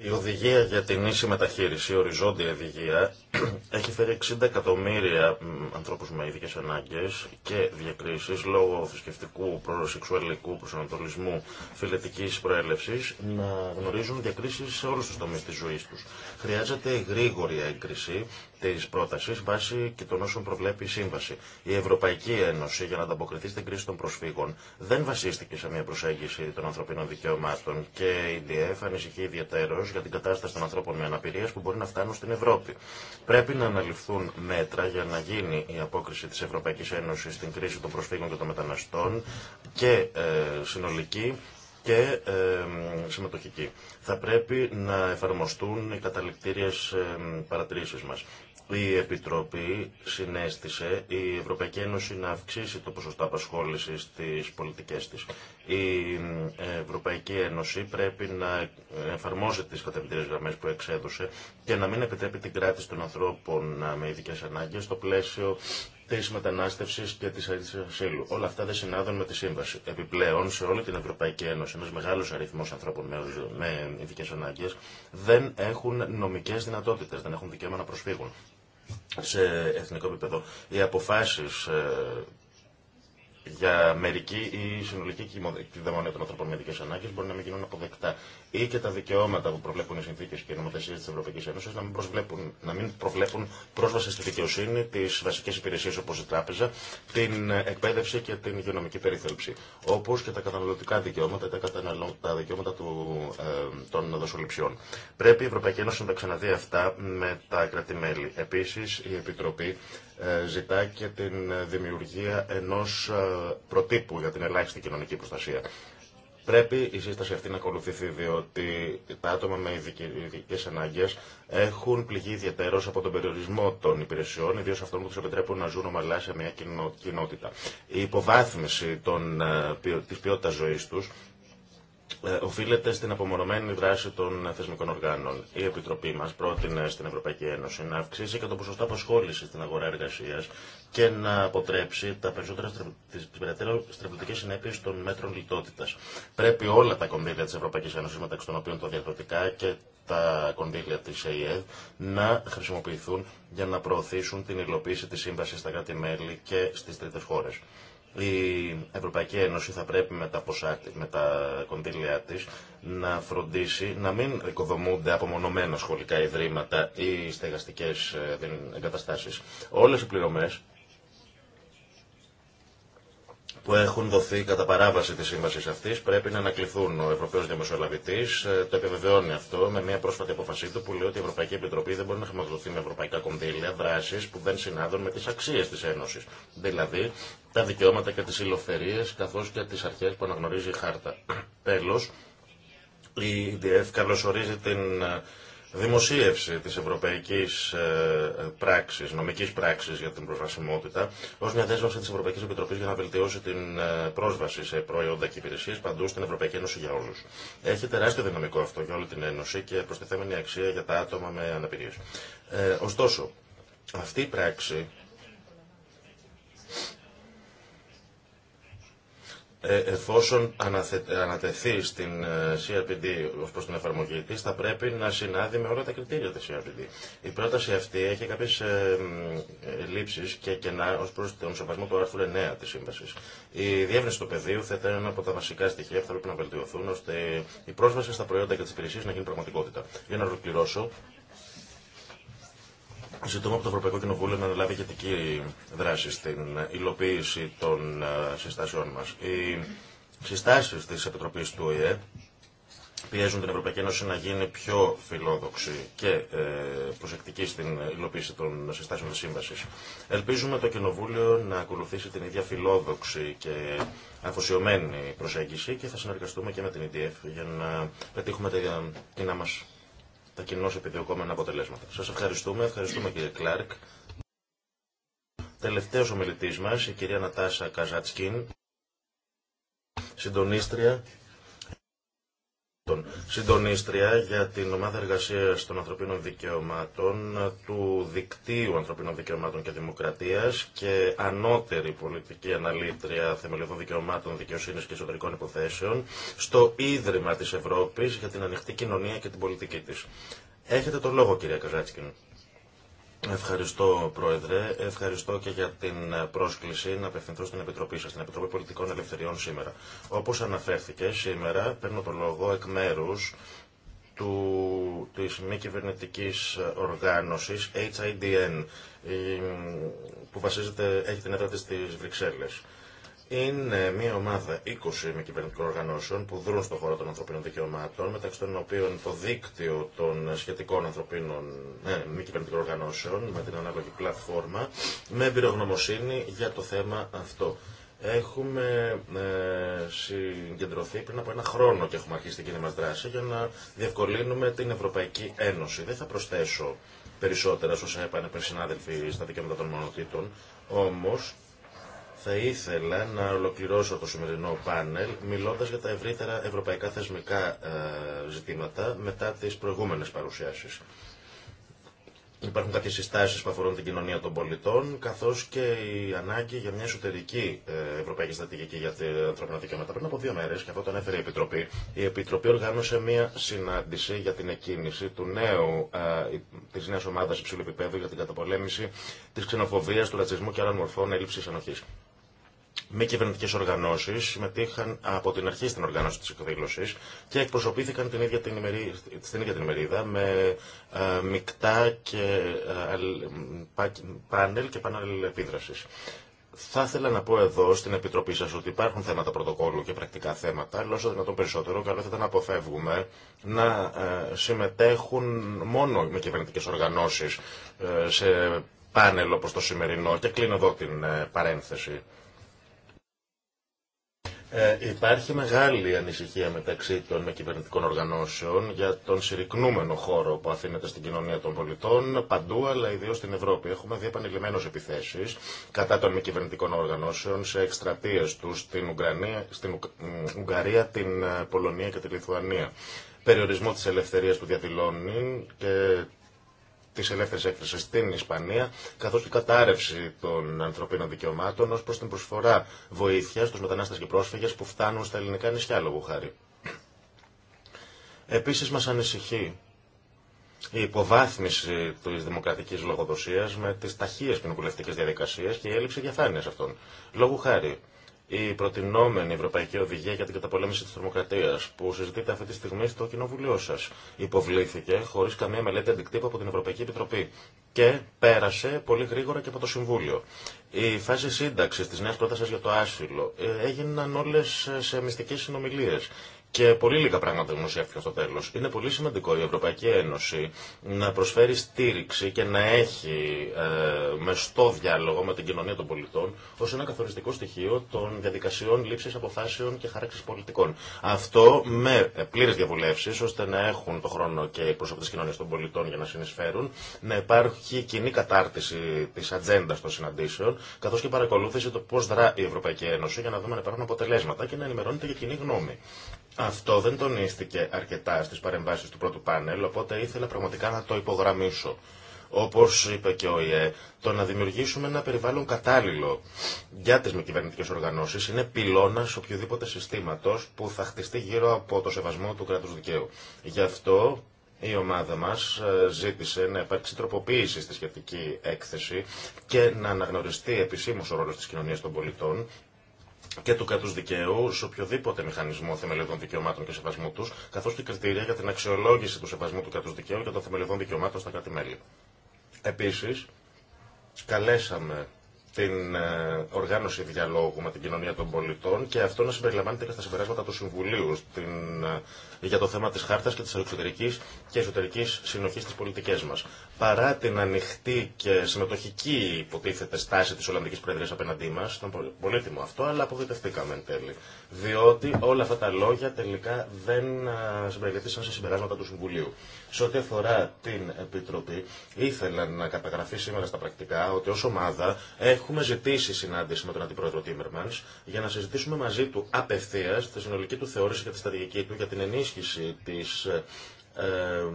Η οδηγία για την ίση μεταχείριση, η οριζόντια οδηγία, έχει φέρει 60 εκατομμύρια ανθρώπους με ειδικές ανάγκες και διακρίσεις λόγω θρησκευτικού, προσεξουαλικού προσανατολισμού, φιλετικής προέλευσης να γνωρίζουν διακρίσεις σε όλους τους τομείς της ζωής τους. Χρειάζεται γρήγορη έγκριση τη πρόταση βάσει και των όσων προβλέπει η Σύμβαση. Η Ευρωπαϊκή Ένωση για να ανταποκριθεί στην κρίση των προσφύγων δεν βασίστηκε σε μια προσέγγιση των ανθρωπίνων δικαιωμάτων και η ΔΕΕΦ ανησυχεί ιδιαίτερω για την κατάσταση των ανθρώπων με αναπηρία που μπορεί να φτάνουν στην Ευρώπη. Πρέπει να αναλυφθούν μέτρα για να γίνει η απόκριση τη Ευρωπαϊκή Ένωση στην κρίση των προσφύγων και των μεταναστών και ε, συνολική και ε, συμμετοχική. Θα πρέπει να εφαρμοστούν οι καταληκτήριες ε, παρατηρήσεις μας η Επιτροπή συνέστησε η Ευρωπαϊκή Ένωση να αυξήσει το ποσοστό απασχόληση στις πολιτικές της. Η ε, Ευρωπαϊκή Ένωση πρέπει να εφαρμόσει τις κατευθυντήρε γραμμές που εξέδωσε και να μην επιτρέπει την κράτηση των ανθρώπων ε, με ειδικέ ανάγκες στο πλαίσιο τη μετανάστευση και τη αίτηση ασύλου. Όλα αυτά δεν συνάδουν με τη σύμβαση. Επιπλέον, σε όλη την Ευρωπαϊκή Ένωση, ένα μεγάλο αριθμό ανθρώπων με ειδικέ ανάγκε δεν έχουν νομικέ δυνατότητε, δεν έχουν δικαίωμα να προσφύγουν σε εθνικό επίπεδο. Οι αποφάσεις ε, για μερική ή συνολική κυδαιμονία των ανθρώπων με ειδικέ ανάγκε μπορεί να μην γίνουν αποδεκτά. Ή και τα δικαιώματα που προβλέπουν οι συνθήκε και οι νομοθεσίε τη Ευρωπαϊκή Ένωση να, μην προβλέπουν, να μην προβλέπουν πρόσβαση στη δικαιοσύνη, τι βασικέ υπηρεσίε όπω η τράπεζα, την εκπαίδευση και την υγειονομική περίθαλψη. Όπω και τα καταναλωτικά δικαιώματα ή τα, δικαιώματα του, ε, των δοσοληψιών. Πρέπει η Ευρωπαϊκή Ένωση να τα ξαναδεί αυτά με τα κρατημέλη. Επίση, η Επιτροπή ε, ζητά και την δημιουργία ενός ε, προτύπου για την ελάχιστη κοινωνική προστασία. Πρέπει η σύσταση αυτή να ακολουθηθεί, διότι τα άτομα με ειδικέ ανάγκε έχουν πληγεί ιδιαίτερω από τον περιορισμό των υπηρεσιών, ιδίω αυτών που του επιτρέπουν να ζουν ομαλά σε μια κοινότητα. Η υποβάθμιση ε, τη ποιότητα ζωή του ε, οφείλεται στην απομονωμένη δράση των θεσμικών οργάνων. Η Επιτροπή μα πρότεινε στην Ευρωπαϊκή Ένωση να αυξήσει και το ποσοστό απασχόληση στην αγορά εργασία και να αποτρέψει τα περισσότερα τι περαιτέρω συνέπειε των μέτρων λιτότητα. Πρέπει όλα τα κονδύλια τη Ευρωπαϊκή Ένωση, μεταξύ των οποίων τα διαδοτικά και τα κονδύλια τη ΕΕ, να χρησιμοποιηθούν για να προωθήσουν την υλοποίηση τη σύμβαση στα κράτη-μέλη και στι τρίτε χώρε. Η Ευρωπαϊκή Ένωση θα πρέπει με τα, ποσά, με τα να φροντίσει να μην οικοδομούνται απομονωμένα σχολικά ιδρύματα ή στεγαστικές ε, εγκαταστάσεις. Όλες οι πληρωμές που έχουν δοθεί κατά παράβαση τη σύμβαση αυτή πρέπει να ανακληθούν. Ο Ευρωπαίο Διαμεσολαβητή ε, το επιβεβαιώνει αυτό με μια πρόσφατη αποφασή του που λέει ότι η Ευρωπαϊκή Επιτροπή δεν μπορεί να χρηματοδοθεί με ευρωπαϊκά κονδύλια δράσει που δεν συνάδουν με τι αξίε τη Ένωση. Δηλαδή τα δικαιώματα και τι ηλοφερίε καθώ και τι αρχέ που αναγνωρίζει η Χάρτα. Τέλο, η EDF καλωσορίζει την ε, δημοσίευση της ευρωπαϊκής ε, πράξης, νομικής πράξης για την προσβασιμότητα ως μια δέσμευση της Ευρωπαϊκής Επιτροπής για να βελτιώσει την ε, πρόσβαση σε προϊόντα και υπηρεσίες παντού στην Ευρωπαϊκή Ένωση για όλους. Έχει τεράστιο δυναμικό αυτό για όλη την Ένωση και προστιθέμενη αξία για τα άτομα με αναπηρίες. Ε, ωστόσο, αυτή η πράξη Ε, εφόσον ανατεθεί στην ε, CRPD ως προς την εφαρμογή της, θα πρέπει να συνάδει με όλα τα κριτήρια της CRPD. Η πρόταση αυτή έχει κάποιες ε, λήψεις και κενά ως προς τον σεβασμό του άρθρου 9 της σύμβασης. Η διεύρυνση του πεδίου θα ήταν ένα από τα βασικά στοιχεία που θα πρέπει να βελτιωθούν, ώστε η πρόσβαση στα προϊόντα και τις υπηρεσίες να γίνει πραγματικότητα. Για να ολοκληρώσω, Ζητούμε από το Ευρωπαϊκό Κοινοβούλιο να αναλάβει ηγετική δράση στην υλοποίηση των ε, συστάσεών μας. Οι συστάσεις της Επιτροπής του ΟΗΕ πιέζουν την Ευρωπαϊκή Ένωση να γίνει πιο φιλόδοξη και ε, προσεκτική στην υλοποίηση των συστάσεων της Σύμβασης. Ελπίζουμε το Κοινοβούλιο να ακολουθήσει την ίδια φιλόδοξη και αφοσιωμένη προσέγγιση και θα συνεργαστούμε και με την ΕΔΕΦ e για να πετύχουμε την κοινά μας τα κοινώς επιδιωκόμενα αποτελέσματα. Σας ευχαριστούμε, ευχαριστούμε κύριε Κλάρκ. Τελευταίος ομιλητής μας, η κυρία Νατάσα Καζατσκίν, συντονίστρια συντονίστρια για την ομάδα εργασία των ανθρωπίνων δικαιωμάτων, του δικτύου ανθρωπίνων δικαιωμάτων και δημοκρατία και ανώτερη πολιτική αναλύτρια θεμελιωδών δικαιωμάτων, δικαιοσύνη και εσωτερικών υποθέσεων στο Ίδρυμα τη Ευρώπη για την Ανοιχτή Κοινωνία και την Πολιτική τη. Έχετε το λόγο, κυρία Καζάτσικη. Ευχαριστώ, Πρόεδρε. Ευχαριστώ και για την ε, πρόσκληση να απευθυνθώ στην Επιτροπή σα, στην Επιτροπή Πολιτικών Ελευθεριών σήμερα. Όπω αναφέρθηκε, σήμερα παίρνω το λόγο εκ μέρου της μη κυβερνητική οργάνωσης HIDN που βασίζεται, έχει την έδρα της στις Βρυξέλλες είναι μια ομάδα 20 με κυβερνητικών οργανώσεων που δρούν στον χώρο των ανθρωπίνων δικαιωμάτων, μεταξύ των οποίων το δίκτυο των σχετικών ανθρωπίνων ε, μη κυβερνητικών οργανώσεων με την ανάλογη πλατφόρμα, με εμπειρογνωμοσύνη για το θέμα αυτό. Έχουμε ε, συγκεντρωθεί πριν από ένα χρόνο και έχουμε αρχίσει την κοινή μας δράση για να διευκολύνουμε την Ευρωπαϊκή Ένωση. Δεν θα προσθέσω περισσότερα όσα είπαν πριν συνάδελφοι στα δικαιώματα των μονοτήτων, όμως θα ήθελα να ολοκληρώσω το σημερινό πάνελ μιλώντας για τα ευρύτερα ευρωπαϊκά θεσμικά ε, ζητήματα μετά τις προηγούμενες παρουσιάσεις. Υπάρχουν κάποιε συστάσεις που αφορούν την κοινωνία των πολιτών, καθώς και η ανάγκη για μια εσωτερική ε, ευρωπαϊκή στρατηγική για την ανθρώπινα δικαιώματα. Πριν από δύο μέρες, και αυτό το ανέφερε η Επιτροπή, η Επιτροπή οργάνωσε μια συνάντηση για την εκκίνηση του νέου, ε, της νέας ομάδας υψηλού επίπεδου για την καταπολέμηση της ξενοφοβίας, του ρατσισμού και άλλων μορφών έλλειψη ανοχή μη κυβερνητικέ οργανώσει συμμετείχαν από την αρχή στην οργάνωση τη εκδήλωση και εκπροσωπήθηκαν την ίδια την στην ίδια την ημερίδα με ε, μεικτά και, ε, πάνελ και πάνελ επίδραση. Θα ήθελα να πω εδώ στην Επιτροπή σα ότι υπάρχουν θέματα πρωτοκόλλου και πρακτικά θέματα, αλλά όσο δυνατόν περισσότερο καλό θα ήταν να αποφεύγουμε να ε, συμμετέχουν μόνο με κυβερνητικέ οργανώσει ε, σε πάνελ όπω το σημερινό. Και κλείνω εδώ την ε, παρένθεση. Ε, υπάρχει μεγάλη ανησυχία μεταξύ των με κυβερνητικών οργανώσεων για τον συρρυκνούμενο χώρο που αφήνεται στην κοινωνία των πολιτών παντού αλλά ιδίω στην Ευρώπη. Έχουμε δει επανειλημμένε επιθέσει κατά των με κυβερνητικών οργανώσεων σε εκστρατείε του στην, Ουγγρανία, στην Ουγγαρία, την ε, Πολωνία και τη Λιθουανία. Περιορισμό τη ελευθερία του διαδηλώνει και τη ελεύθερη έκθεση στην Ισπανία, καθώ και κατάρρευση των ανθρωπίνων δικαιωμάτων ω προ την προσφορά βοήθεια στου μετανάστε και πρόσφυγε που φτάνουν στα ελληνικά νησιά, λόγω χάρη. Επίση, μα ανησυχεί η υποβάθμιση τη δημοκρατική λογοδοσία με τι ταχείε κοινοβουλευτικέ διαδικασίε και η έλλειψη διαφάνεια αυτών. Λόγω χάρη, η προτινόμενη Ευρωπαϊκή Οδηγία για την καταπολέμηση τη θερμοκρατία που συζητείται αυτή τη στιγμή στο Κοινοβουλίο σα υποβλήθηκε χωρί καμία μελέτη αντικτύπου από την Ευρωπαϊκή Επιτροπή και πέρασε πολύ γρήγορα και από το Συμβούλιο. Η φάση σύνταξη τη νέα πρόταση για το άσυλο ε, έγιναν όλε σε μυστικέ συνομιλίε και πολύ λίγα πράγματα δημοσιεύτηκαν στο τέλο. Είναι πολύ σημαντικό η Ευρωπαϊκή Ένωση να προσφέρει στήριξη και να έχει ε, μεστό διάλογο με την κοινωνία των πολιτών ω ένα καθοριστικό στοιχείο των διαδικασιών λήψη αποφάσεων και χάραξη πολιτικών. Αυτό με ε, πλήρε διαβουλεύσει ώστε να έχουν το χρόνο και οι πρόσωποι τη κοινωνία των πολιτών για να συνεισφέρουν, να υπάρχει κοινή κατάρτιση τη ατζέντα των συναντήσεων, καθώ και παρακολούθηση το πώ δρά η Ευρωπαϊκή Ένωση για να δούμε αν υπάρχουν αποτελέσματα και να ενημερώνεται για κοινή γνώμη. Αυτό δεν τονίστηκε αρκετά στι παρεμβάσει του πρώτου πάνελ, οπότε ήθελα πραγματικά να το υπογραμμίσω. Όπω είπε και ο ΙΕ, το να δημιουργήσουμε ένα περιβάλλον κατάλληλο για τι μη κυβερνητικέ οργανώσεις είναι πυλώνα οποιοδήποτε συστήματο που θα χτιστεί γύρω από το σεβασμό του κράτου δικαίου. Γι' αυτό η ομάδα μα ε, ζήτησε να υπάρξει τροποποίηση στη σχετική έκθεση και να αναγνωριστεί επισήμω ο ρόλο τη κοινωνία των πολιτών και του κράτου δικαίου σε οποιοδήποτε μηχανισμό θεμελιωδών δικαιωμάτων και σεβασμού του, καθώ και κριτήρια για την αξιολόγηση του σεβασμού του κράτου δικαίου και των θεμελιωδών δικαιωμάτων στα κράτη-μέλη. Επίση, καλέσαμε την ε, οργάνωση διαλόγου με την κοινωνία των πολιτών και αυτό να συμπεριλαμβάνεται και στα συμπεράσματα του Συμβουλίου στην ε, για το θέμα τη χάρτας και της εξωτερική και εσωτερικής συνοχής τη πολιτική μας. Παρά την ανοιχτή και συμμετοχική υποτίθεται στάση της Ολλανδικής Προεδρία απέναντί μας, ήταν πολύτιμο αυτό, αλλά απογοητευτήκαμε εν τέλει. Διότι όλα αυτά τα λόγια τελικά δεν συμπεριληφθήσαν σε συμπεράσματα του Συμβουλίου. Σε ό,τι αφορά την Επιτροπή, ήθελα να καταγραφεί σήμερα στα πρακτικά ότι ω ομάδα έχουμε ζητήσει συνάντηση με τον Αντιπρόεδρο Τίμερμαν για να συζητήσουμε μαζί του απευθεία τη συνολική του θεώρηση για τη στρατηγική του για την ενίσχυση της ε,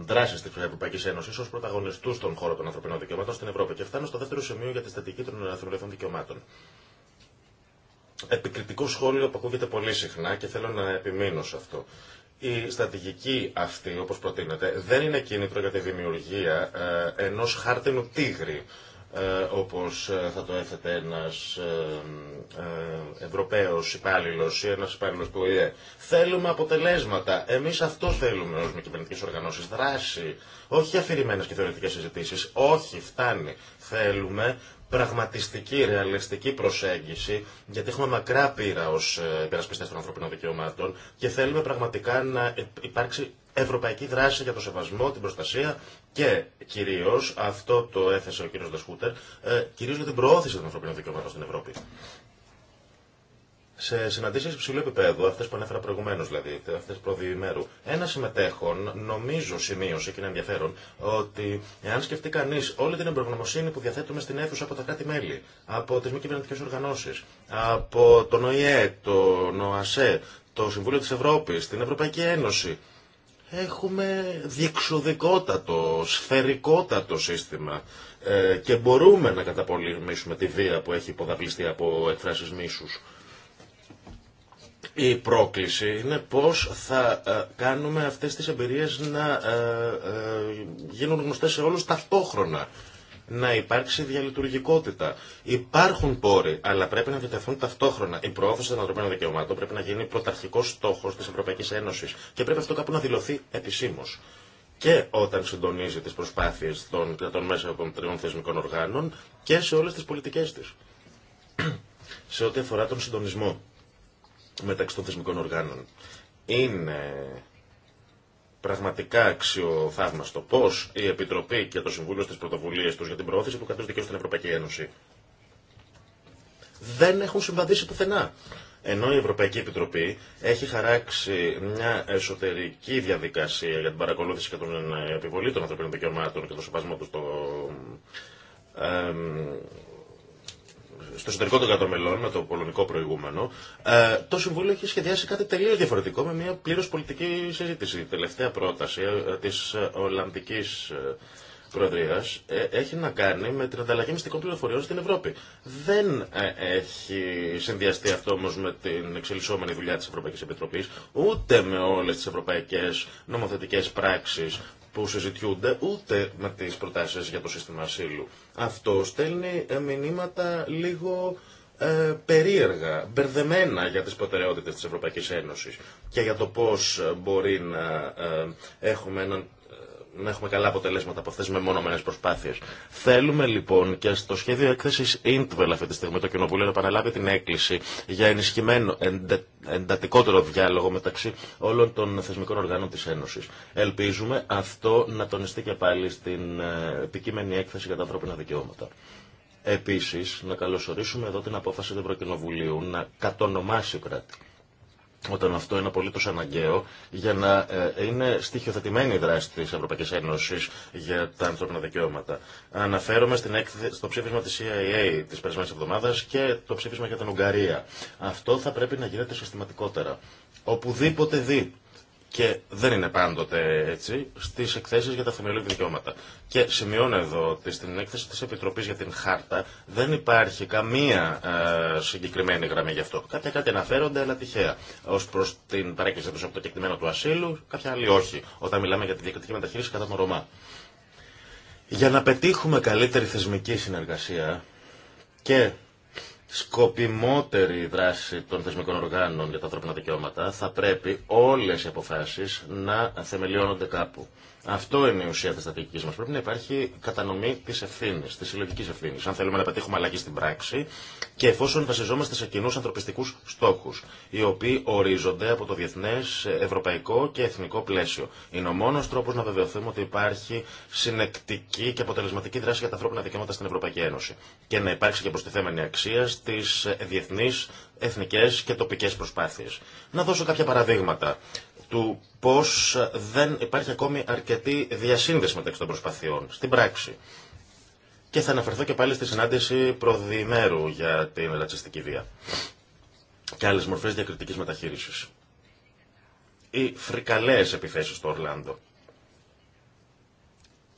δράση τη Ευρωπαϊκή Ένωση ω πρωταγωνιστού στον χώρο των ανθρωπίνων δικαιωμάτων στην Ευρώπη. Και φτάνω στο δεύτερο σημείο για τη στατική των ανθρωπίνων δικαιωμάτων. Επικριτικό σχόλιο που ακούγεται πολύ συχνά και θέλω να επιμείνω σε αυτό. Η στρατηγική αυτή, όπως προτείνεται, δεν είναι κίνητρο για τη δημιουργία ε, ενό χάρτινου τίγρη ε, όπως ε, θα το έθετε ένας ε, Ευρωπαίος υπάλληλος ή ένας υπάλληλος του ΟΗΕ. Θέλουμε αποτελέσματα. Εμείς αυτό θέλουμε ως μη κυβερνητικές οργανώσεις. Δράση. Όχι αφηρημένες και θεωρητικές συζητήσεις. Όχι, φτάνει. Θέλουμε πραγματιστική, ρεαλιστική προσέγγιση, γιατί έχουμε μακρά πείρα ω ε, υπερασπιστέ των ανθρωπίνων δικαιωμάτων και θέλουμε πραγματικά να υπάρξει ευρωπαϊκή δράση για το σεβασμό, την προστασία και κυρίω, αυτό το έθεσε ο κ. Δεσκούτερ, ε, κυρίω για την προώθηση των ανθρωπίνων δικαιωμάτων στην Ευρώπη σε συναντήσει υψηλού επίπεδου, αυτέ που ανέφερα προηγουμένω δηλαδή, αυτέ προδιημέρου, ένα συμμετέχον νομίζω σημείωσε και είναι ενδιαφέρον ότι εάν σκεφτεί κανεί όλη την εμπρογνωμοσύνη που διαθέτουμε στην αίθουσα από τα κράτη-μέλη, από τι μη κυβερνητικέ οργανώσει, από τον ΟΗΕ, τον ΟΑΣΕ, το Συμβούλιο τη Ευρώπη, την Ευρωπαϊκή Ένωση, έχουμε διεξοδικότατο, σφαιρικότατο σύστημα ε, και μπορούμε να καταπολεμήσουμε τη βία που έχει υποδαπλιστεί από εκφράσεις η πρόκληση είναι πώς θα ε, κάνουμε αυτές τις εμπειρίες να ε, ε, γίνουν γνωστές σε όλους ταυτόχρονα. Να υπάρξει διαλειτουργικότητα. Υπάρχουν πόροι, αλλά πρέπει να διατεθούν ταυτόχρονα. Η προώθηση των ανθρωπίνων δικαιωμάτων πρέπει να γίνει πρωταρχικό στόχο τη Ευρωπαϊκή Ένωση και πρέπει αυτό κάπου να δηλωθεί επισήμω και όταν συντονίζει τις προσπάθειες των κρατών μέσα των τριών θεσμικών οργάνων και σε όλε τι πολιτικέ τη. σε ό,τι αφορά τον συντονισμό μεταξύ των θεσμικών οργάνων. Είναι πραγματικά αξιοθαύμαστο πώ η Επιτροπή και το Συμβούλιο στι πρωτοβουλίε του για την προώθηση του κατώτατου δικαίου στην Ευρωπαϊκή Ένωση δεν έχουν συμβαδίσει πουθενά. Ενώ η Ευρωπαϊκή Επιτροπή έχει χαράξει μια εσωτερική διαδικασία για την παρακολούθηση και την ε, επιβολή των ανθρωπίνων δικαιωμάτων και τον σεβασμό του στο στο εσωτερικό των κρατομελών με το πολωνικό προηγούμενο, ε, το Συμβούλιο έχει σχεδιάσει κάτι τελείω διαφορετικό με μια πλήρω πολιτική συζήτηση. Η τελευταία πρόταση ε, της Ολλανδικής ε, Προεδρία έχει να κάνει με την ανταλλαγή μυστικών πληροφοριών στην Ευρώπη. Δεν έχει συνδυαστεί αυτό όμω με την εξελισσόμενη δουλειά τη Ευρωπαϊκή Επιτροπή, ούτε με όλε τι ευρωπαϊκέ νομοθετικέ πράξει που συζητιούνται ούτε με τι προτάσει για το σύστημα ασύλου. Αυτό στέλνει ε, μηνύματα λίγο ε, περίεργα, μπερδεμένα για τις προτεραιότητε της Ευρωπαϊκής Ένωσης και για το πώς ε, μπορεί να έχουμε έναν να έχουμε καλά αποτελέσματα από αυτέ τι μεμονωμένε προσπάθειε. Θέλουμε λοιπόν και στο σχέδιο έκθεση Ιντβελ αυτή τη στιγμή το Κοινοβούλιο να παραλάβει την έκκληση για ενισχυμένο, εντατικότερο διάλογο μεταξύ όλων των θεσμικών οργάνων τη Ένωση. Ελπίζουμε αυτό να τονιστεί και πάλι στην ε, επικείμενη έκθεση για τα ανθρώπινα δικαιώματα. Επίση, να καλωσορίσουμε εδώ την απόφαση του Ευρωκοινοβουλίου να κατονομάσει ο κράτη όταν αυτό είναι απολύτω αναγκαίο, για να ε, είναι στοιχειοθετημένη η δράση τη Ευρωπαϊκή Ένωση για τα ανθρώπινα δικαιώματα. Αναφέρομαι στην στο ψήφισμα τη CIA τη περασμένη εβδομάδα και το ψήφισμα για την Ουγγαρία. Αυτό θα πρέπει να γίνεται συστηματικότερα. Οπουδήποτε δει και δεν είναι πάντοτε έτσι στι εκθέσει για τα θεμελιώδη δικαιώματα. Και σημειώνω εδώ ότι στην έκθεση τη Επιτροπή για την Χάρτα δεν υπάρχει καμία ε, συγκεκριμένη γραμμή γι' αυτό. Κάποια κάτι αναφέρονται, αλλά τυχαία. Ω προ την παρέκκληση του από το κεκτημένο του ασύλου, κάποια άλλη όχι. Όταν μιλάμε για τη διακριτική μεταχείριση κατά τον Ρωμά. Για να πετύχουμε καλύτερη θεσμική συνεργασία και σκοπιμότερη δράση των θεσμικών οργάνων για τα ανθρώπινα δικαιώματα, θα πρέπει όλες οι αποφάσεις να θεμελιώνονται κάπου. Αυτό είναι η ουσία τη στρατηγική μα. Πρέπει να υπάρχει κατανομή τη ευθύνη, τη συλλογική ευθύνη. Αν θέλουμε να πετύχουμε αλλαγή στην πράξη και εφόσον βασιζόμαστε σε κοινού ανθρωπιστικού στόχου, οι οποίοι ορίζονται από το διεθνέ, ευρωπαϊκό και εθνικό πλαίσιο. Είναι ο μόνο τρόπο να βεβαιωθούμε ότι υπάρχει συνεκτική και αποτελεσματική δράση για τα ανθρώπινα δικαιώματα στην Ευρωπαϊκή Ένωση. Και να υπάρξει και προστιθέμενη αξία στι διεθνεί, εθνικέ και τοπικέ προσπάθειε. Να δώσω κάποια παραδείγματα του πως δεν υπάρχει ακόμη αρκετή διασύνδεση μεταξύ των προσπαθειών στην πράξη. Και θα αναφερθώ και πάλι στη συνάντηση προδιημέρου για την ρατσιστική βία και άλλες μορφές διακριτικής μεταχείρισης. Οι φρικαλες επιθέσεις στο Ορλάντο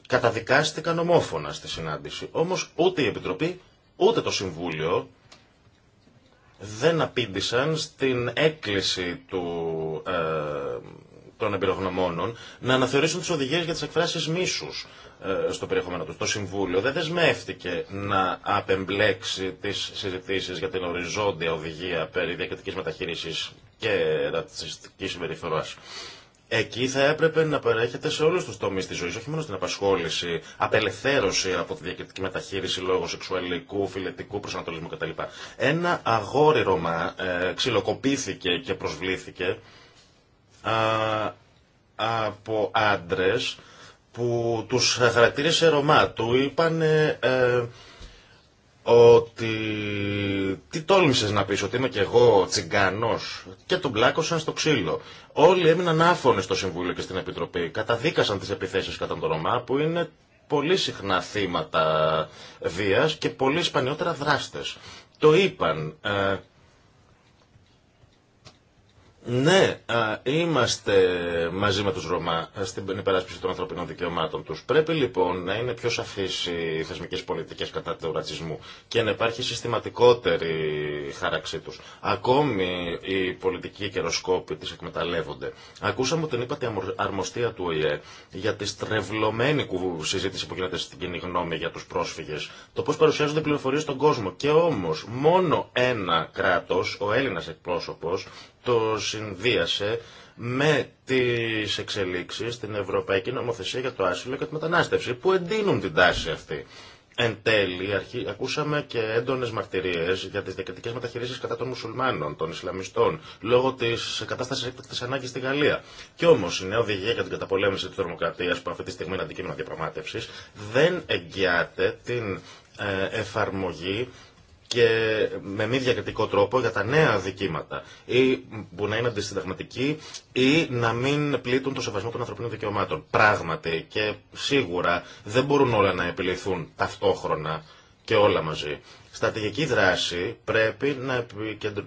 καταδικάστηκαν ομόφωνα στη συνάντηση. Όμως ούτε η Επιτροπή ούτε το Συμβούλιο δεν απήντησαν στην έκκληση του, ε, των εμπειρογνωμόνων να αναθεωρήσουν τις οδηγίες για τις εκφράσεις μίσους ε, στο περιεχόμενο του. Το Συμβούλιο δεν δεσμεύτηκε να απεμπλέξει τις συζητήσεις για την οριζόντια οδηγία περί διακριτικής μεταχείρισης και ρατσιστικής συμπεριφοράς. Εκεί θα έπρεπε να παρέχεται σε όλου του τομεί τη ζωή, όχι μόνο στην απασχόληση, απελευθέρωση από τη διακριτική μεταχείριση λόγω σεξουαλικού, φιλετικού προσανατολισμού κτλ. Ένα αγόρι Ρωμά ε, ξυλοκοπήθηκε και προσβλήθηκε α, από άντρε που του χαρακτήρισε Ρωμά. Του είπαν. ε, ότι τι τόλμησες να πεις ότι είμαι και εγώ τσιγκάνος και τον πλάκωσαν στο ξύλο. Όλοι έμειναν άφωνοι στο Συμβούλιο και στην Επιτροπή. Καταδίκασαν τις επιθέσεις κατά τον Ρωμά που είναι πολύ συχνά θύματα βίας και πολύ σπανιότερα δράστες. Το είπαν. Ε, ναι, α, είμαστε μαζί με τους Ρωμά στην υπεράσπιση των ανθρωπινών δικαιωμάτων τους. Πρέπει λοιπόν να είναι πιο σαφείς οι θεσμικές πολιτικές κατά του ρατσισμού και να υπάρχει συστηματικότερη χάραξή τους. Ακόμη οι πολιτικοί καιροσκόποι τις εκμεταλλεύονται. Ακούσαμε ότι είπατε αρμοστία του ΟΗΕ για τη στρεβλωμένη συζήτηση που γίνεται στην κοινή γνώμη για τους πρόσφυγες. Το πώς παρουσιάζονται πληροφορίες στον κόσμο. Και όμως μόνο ένα κράτος, ο Έλληνας εκπρόσωπος, το συνδύασε με τις εξελίξεις στην Ευρωπαϊκή Νομοθεσία για το άσυλο και τη μετανάστευση που εντείνουν την τάση αυτή. Εν τέλει, ακούσαμε και έντονε μαρτυρίε για τι διακριτικέ μεταχειρήσει κατά των μουσουλμάνων, των Ισλαμιστών, λόγω τη κατάσταση έκτακτη ανάγκη στη Γαλλία. Κι όμω η νέα οδηγία για την καταπολέμηση τη τρομοκρατία, που αυτή τη στιγμή είναι αντικείμενο διαπραγμάτευση, δεν εγγυάται την ε, εφαρμογή και με μη διακριτικό τρόπο για τα νέα δικήματα ή που να είναι αντισυνταγματικοί ή να μην πλήττουν το σεβασμό των ανθρωπίνων δικαιωμάτων. Πράγματι και σίγουρα δεν μπορούν όλα να επιληθούν ταυτόχρονα και όλα μαζί. Στατηγική δράση πρέπει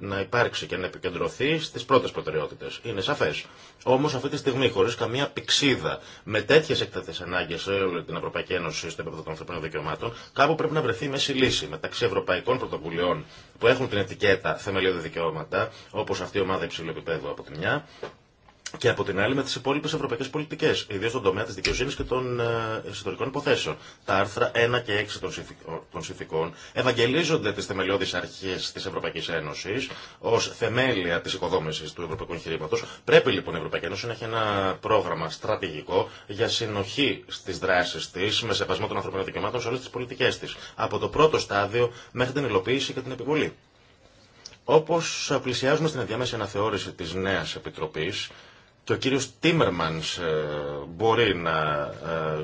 να, υπάρξει και να επικεντρωθεί στις πρώτες προτεραιότητες. Είναι σαφές. Όμως αυτή τη στιγμή, χωρίς καμία πηξίδα, με τέτοιες έκτατες ανάγκες σε όλη την Ευρωπαϊκή Ένωση στο επίπεδο των ανθρωπίνων δικαιωμάτων, κάπου πρέπει να βρεθεί μέση λύση μεταξύ ευρωπαϊκών πρωτοβουλειών που έχουν την ετικέτα θεμελιώδη δικαιώματα, όπως αυτή η ομάδα υψηλού επίπεδου από τη μια, και από την άλλη με τι υπόλοιπε ευρωπαϊκέ πολιτικέ, ιδίω στον τομέα τη δικαιοσύνη και των ε, εσωτερικών υποθέσεων. Τα άρθρα 1 και 6 των συνθηκών ευαγγελίζονται τι θεμελιώδει αρχέ τη Ευρωπαϊκή Ένωση ω θεμέλια τη οικοδόμηση του ευρωπαϊκού εγχειρήματο. Πρέπει λοιπόν η Ευρωπαϊκή Ένωση να έχει ένα πρόγραμμα στρατηγικό για συνοχή στι δράσει τη με σεβασμό των ανθρωπίνων δικαιωμάτων σε όλε τι πολιτικέ τη, από το πρώτο στάδιο μέχρι την υλοποίηση και την επιβολή. Όπω πλησιάζουμε στην ενδιάμεση αναθεώρηση τη νέα Επιτροπή, και ο κύριος Τίμερμανς ε, μπορεί να, ε,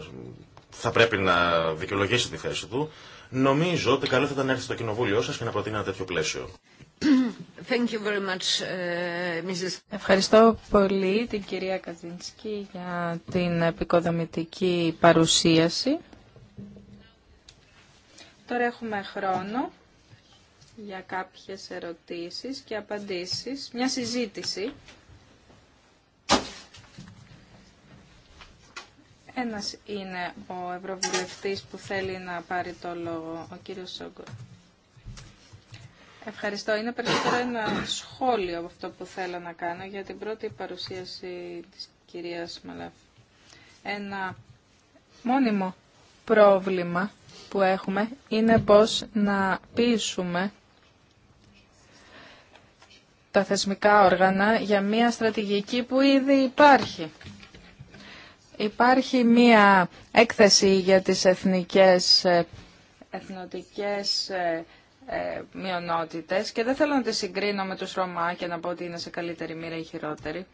θα πρέπει να δικαιολογήσει τη θέση του, νομίζω ότι καλό θα ήταν να έρθει στο κοινοβούλιο σας και να προτείνει ένα τέτοιο πλαίσιο. Ε, Ευχαριστώ πολύ την κυρία Καζίνσκι για την επικοδομητική παρουσίαση. Τώρα έχουμε χρόνο για κάποιες ερωτήσεις και απαντήσεις. Μια συζήτηση Ένας είναι ο Ευρωβουλευτής που θέλει να πάρει το λόγο, ο κύριος Σόγκο. Ευχαριστώ. Είναι περισσότερο ένα σχόλιο από αυτό που θέλω να κάνω για την πρώτη παρουσίαση της κυρίας Μαλαφ. Ένα μόνιμο πρόβλημα που έχουμε είναι πώς να πείσουμε τα θεσμικά όργανα για μια στρατηγική που ήδη υπάρχει. Υπάρχει μία έκθεση για τις εθνικές, ε, εθνοτικές ε, ε, μειονότητες και δεν θέλω να τη συγκρίνω με τους Ρωμά και να πω ότι είναι σε καλύτερη μοίρα ή χειρότερη.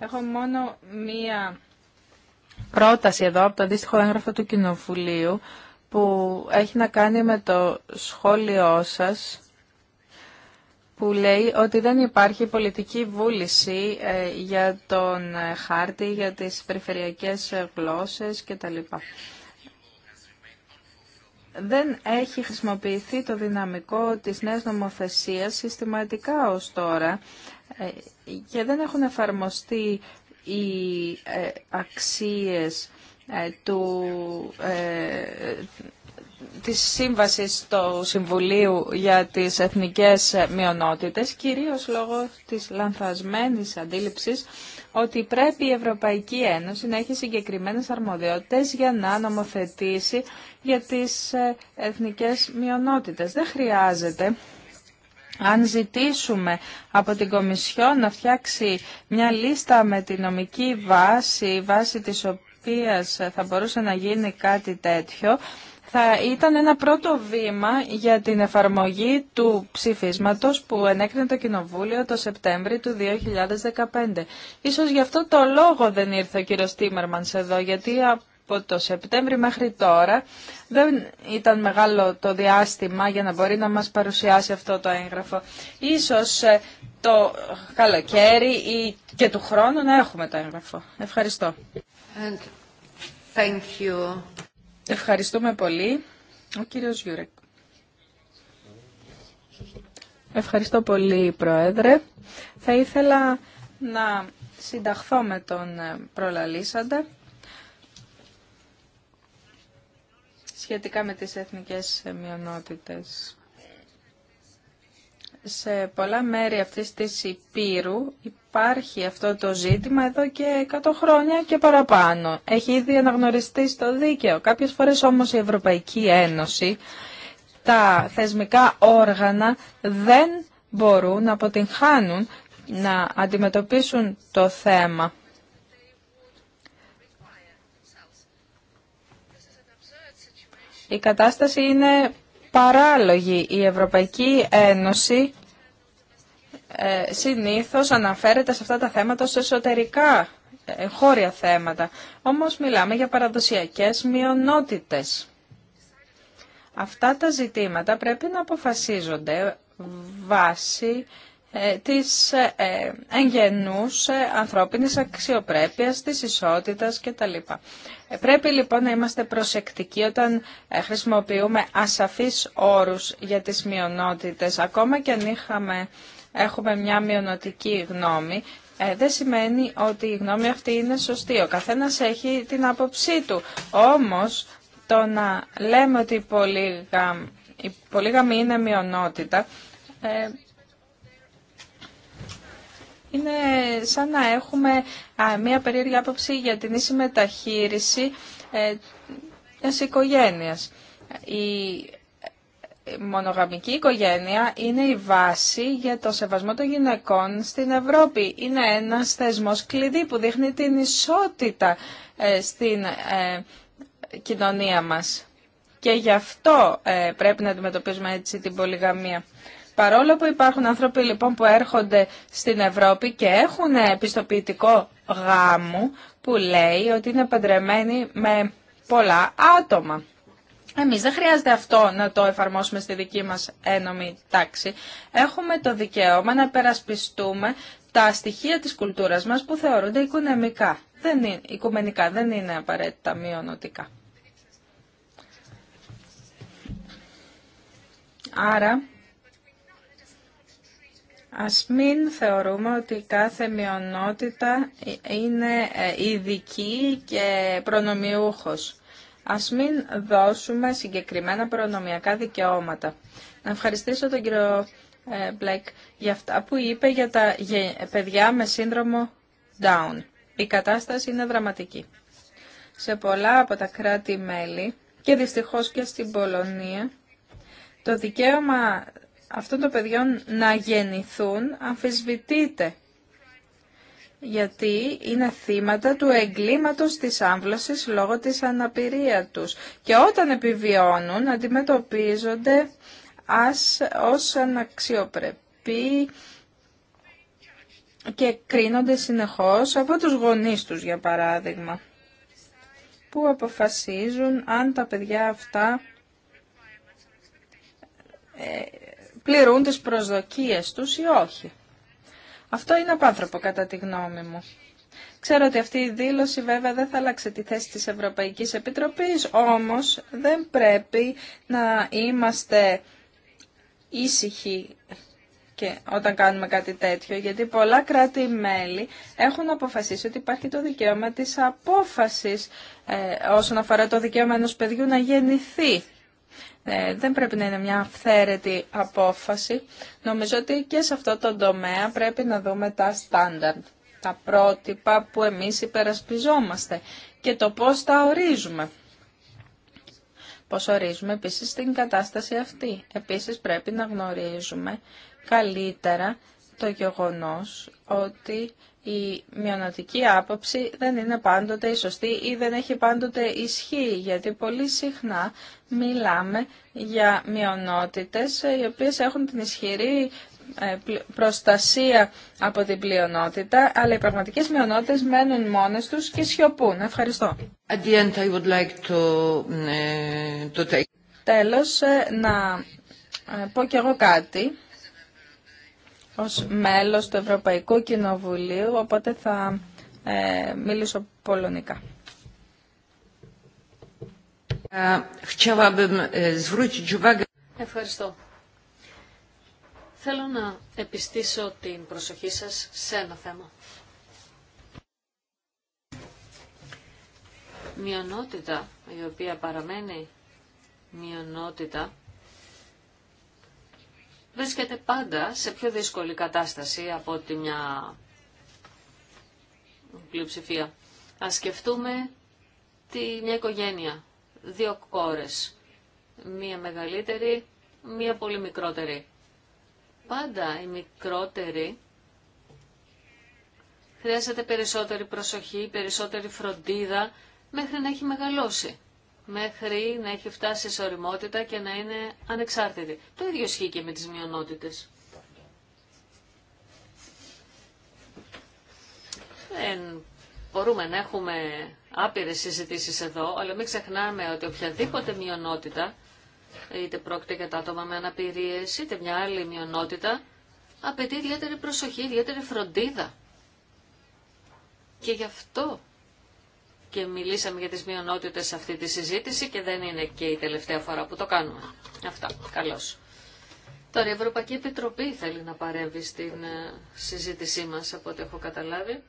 Έχω μόνο μία πρόταση εδώ από το αντίστοιχο έγγραφο του Κοινοβουλίου που έχει να κάνει με το σχόλιο σας που λέει ότι δεν υπάρχει πολιτική βούληση ε, για τον ε, χάρτη, για τις περιφερειακές ε, γλώσσες κτλ. Δεν έχει χρησιμοποιηθεί το δυναμικό της νέας νομοθεσίας συστηματικά ως τώρα και δεν έχουν εφαρμοστεί οι αξίες του, της σύμβασης του Συμβουλίου για τις εθνικές μειονότητες, κυρίως λόγω της λανθασμένης αντίληψης ότι πρέπει η Ευρωπαϊκή Ένωση να έχει συγκεκριμένες αρμοδιότητες για να νομοθετήσει για τις ε, εθνικές μειονότητες. Δεν χρειάζεται αν ζητήσουμε από την Κομισιόν να φτιάξει μια λίστα με τη νομική βάση, βάση της οποίας θα μπορούσε να γίνει κάτι τέτοιο, θα ήταν ένα πρώτο βήμα για την εφαρμογή του ψηφίσματος που ενέκρινε το Κοινοβούλιο το Σεπτέμβριο του 2015. Ίσως γι' αυτό το λόγο δεν ήρθε ο κύριος Τίμερμανς εδώ, γιατί από το Σεπτέμβριο μέχρι τώρα δεν ήταν μεγάλο το διάστημα για να μπορεί να μας παρουσιάσει αυτό το έγγραφο. Ίσως ε, το καλοκαίρι ή και του χρόνου να έχουμε το έγγραφο. Ευχαριστώ. Ευχαριστούμε πολύ. Ο κύριος Γιούρεκ. Ευχαριστώ πολύ, Πρόεδρε. Θα ήθελα να συνταχθώ με τον ε, προλαλήσαντα σχετικά με τις εθνικές μειονότητες σε πολλά μέρη αυτής της Υπήρου υπάρχει αυτό το ζήτημα εδώ και 100 χρόνια και παραπάνω. Έχει ήδη αναγνωριστεί στο δίκαιο. Κάποιες φορές όμως η Ευρωπαϊκή Ένωση, τα θεσμικά όργανα δεν μπορούν να αποτυγχάνουν να αντιμετωπίσουν το θέμα. Η κατάσταση είναι παράλογη. Η Ευρωπαϊκή Ένωση ε, συνήθως αναφέρεται σε αυτά τα θέματα ως εσωτερικά ε, χώρια θέματα. Όμως μιλάμε για παραδοσιακές μειονότητες. Αυτά τα ζητήματα πρέπει να αποφασίζονται βάσει ε, της ε, ε, εγγενούς ανθρώπινης αξιοπρέπειας, της ισότητας κτλ. Πρέπει λοιπόν να είμαστε προσεκτικοί όταν χρησιμοποιούμε ασαφείς όρους για τις μειονότητες. Ακόμα και αν είχαμε, έχουμε μια μειονοτική γνώμη, δεν σημαίνει ότι η γνώμη αυτή είναι σωστή. Ο καθένας έχει την άποψή του. Όμως το να λέμε ότι η πολύγαμη είναι μειονότητα είναι σαν να έχουμε μία περίεργη άποψη για την ίση μεταχείριση ε, μιας οικογένειας. Ε, η μονογαμική οικογένεια είναι η βάση για το σεβασμό των γυναικών στην Ευρώπη. Είναι ένας θεσμός κλειδί που δείχνει την ισότητα ε, στην κοινωνία μας. Και γι' αυτό πρέπει να αντιμετωπίζουμε έτσι την πολυγαμία. Παρόλο που υπάρχουν άνθρωποι λοιπόν που έρχονται στην Ευρώπη και έχουν επιστοποιητικό γάμο που λέει ότι είναι παντρεμένοι με πολλά άτομα. Εμείς δεν χρειάζεται αυτό να το εφαρμόσουμε στη δική μας ένομη τάξη. Έχουμε το δικαίωμα να περασπιστούμε τα στοιχεία της κουλτούρας μας που θεωρούνται οικονομικά. Δεν οικουμενικά, δεν είναι απαραίτητα μειονοτικά. Άρα Ας μην θεωρούμε ότι κάθε μειονότητα είναι ε, ειδική και προνομιούχος. Ας μην δώσουμε συγκεκριμένα προνομιακά δικαιώματα. Να ευχαριστήσω τον κύριο ε, Μπλεκ για αυτά που είπε για τα παιδιά με σύνδρομο Down. Η κατάσταση είναι δραματική. Σε πολλά από τα κράτη-μέλη και δυστυχώς και στην Πολωνία, το δικαίωμα αυτών των παιδιών να γεννηθούν αμφισβητείται. Γιατί είναι θύματα του εγκλήματος της άμβλωσης λόγω της αναπηρία τους. Και όταν επιβιώνουν αντιμετωπίζονται ας, ως αναξιοπρεπή και κρίνονται συνεχώς από τους γονείς τους για παράδειγμα που αποφασίζουν αν τα παιδιά αυτά ε, πληρούν τις προσδοκίες τους ή όχι. Αυτό είναι απάνθρωπο κατά τη γνώμη μου. Ξέρω ότι αυτή η δήλωση βέβαια δεν θα αλλάξει τη θέση της Ευρωπαϊκής Επιτροπής, όμως δεν πρέπει να είμαστε ήσυχοι και όταν κάνουμε κάτι τέτοιο, γιατί πολλά κράτη-μέλη έχουν αποφασίσει ότι υπάρχει το δικαίωμα της απόφασης ε, όσον αφορά το δικαίωμα ενός παιδιού να γεννηθεί. Ε, δεν πρέπει να είναι μια αυθαίρετη απόφαση. Νομίζω ότι και σε αυτό το τομέα πρέπει να δούμε τα στάνταρντ, τα πρότυπα που εμείς υπερασπιζόμαστε και το πώς τα ορίζουμε. Πώς ορίζουμε επίσης την κατάσταση αυτή. Επίσης πρέπει να γνωρίζουμε καλύτερα το γεγονός ότι η μειονοτική άποψη δεν είναι πάντοτε η σωστή ή δεν έχει πάντοτε ισχύ, γιατί πολύ συχνά μιλάμε για μειονότητες ε, οι οποίες έχουν την ισχυρή ε, προστασία από την πλειονότητα, αλλά οι πραγματικές μειονότητες μένουν μόνες τους και σιωπούν. Ευχαριστώ. Τέλος, να πω κι εγώ κάτι ως μέλος του Ευρωπαϊκού Κοινοβουλίου, οπότε θα ε, μιλήσω πολωνικά. Ε, ε, Ευχαριστώ. Θέλω να επιστήσω την προσοχή σας σε ένα θέμα. Μειονότητα, η οποία παραμένει μειονότητα, βρίσκεται πάντα σε πιο δύσκολη κατάσταση από ότι μια πλειοψηφία. Ας σκεφτούμε τη, μια οικογένεια, δύο κόρες, μία μεγαλύτερη, μία πολύ μικρότερη. Πάντα η μικρότερη χρειάζεται περισσότερη προσοχή, περισσότερη φροντίδα μέχρι να έχει μεγαλώσει μέχρι να έχει φτάσει σε οριμότητα και να είναι ανεξάρτητη. Το ίδιο ισχύει και με τις μειονότητες. μπορούμε να έχουμε άπειρες συζητήσει εδώ, αλλά μην ξεχνάμε ότι οποιαδήποτε μειονότητα, είτε πρόκειται για τα άτομα με αναπηρίες, είτε μια άλλη μειονότητα, απαιτεί ιδιαίτερη προσοχή, ιδιαίτερη φροντίδα. Και γι' αυτό και μιλήσαμε για τις μειονότητες σε αυτή τη συζήτηση και δεν είναι και η τελευταία φορά που το κάνουμε. Αυτά. Καλώς. Τώρα η Ευρωπαϊκή Επιτροπή θέλει να παρέμβει στην ε, συζήτησή μας από ό,τι έχω καταλάβει.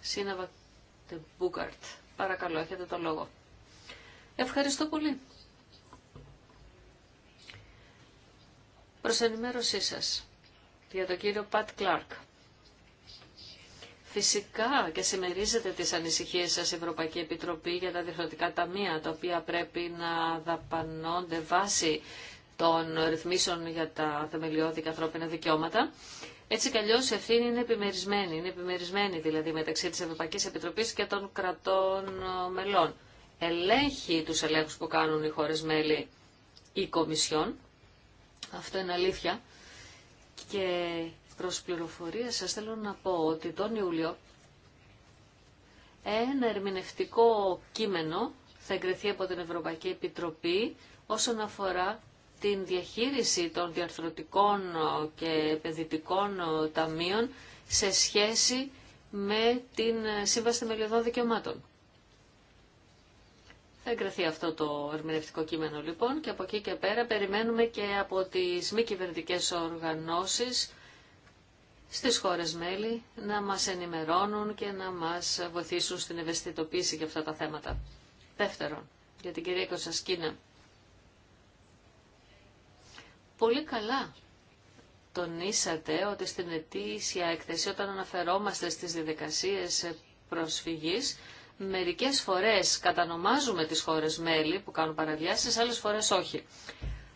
Σύναβα Μπούκαρτ. Παρακαλώ, έχετε το λόγο. Ευχαριστώ πολύ. Προς ενημέρωσή σας για τον κύριο Πατ Κλάρκ. Φυσικά και συμμερίζεται τις ανησυχίες σας η Ευρωπαϊκή Επιτροπή για τα διευθυντικά ταμεία, τα οποία πρέπει να δαπανώνται βάσει των ρυθμίσεων για τα θεμελιώδη και ανθρώπινα δικαιώματα. Έτσι κι αλλιώς η ευθύνη είναι επιμερισμένη. Είναι επιμερισμένη δηλαδή μεταξύ της Ευρωπαϊκής Επιτροπής και των κρατών μελών. Ελέγχει τους ελέγχους που κάνουν οι χώρε μέλη η Κομισιόν. Αυτό είναι αλήθεια. Και Προς πληροφορία σας θέλω να πω ότι τον Ιούλιο ένα ερμηνευτικό κείμενο θα εγκριθεί από την Ευρωπαϊκή Επιτροπή όσον αφορά την διαχείριση των διαρθρωτικών και επενδυτικών ταμείων σε σχέση με την Σύμβαση μελιωδών Δικαιωμάτων. Θα εγκριθεί αυτό το ερμηνευτικό κείμενο λοιπόν και από εκεί και πέρα περιμένουμε και από τις μη κυβερνητικέ οργανώσεις στις χώρες μέλη να μας ενημερώνουν και να μας βοηθήσουν στην ευαισθητοποίηση για αυτά τα θέματα. Δεύτερον, για την κυρία Κωνσασκίνα. Πολύ καλά τονίσατε ότι στην ετήσια έκθεση όταν αναφερόμαστε στις διαδικασίες προσφυγής μερικές φορές κατανομάζουμε τις χώρες μέλη που κάνουν παραβιάσεις, άλλες φορές όχι.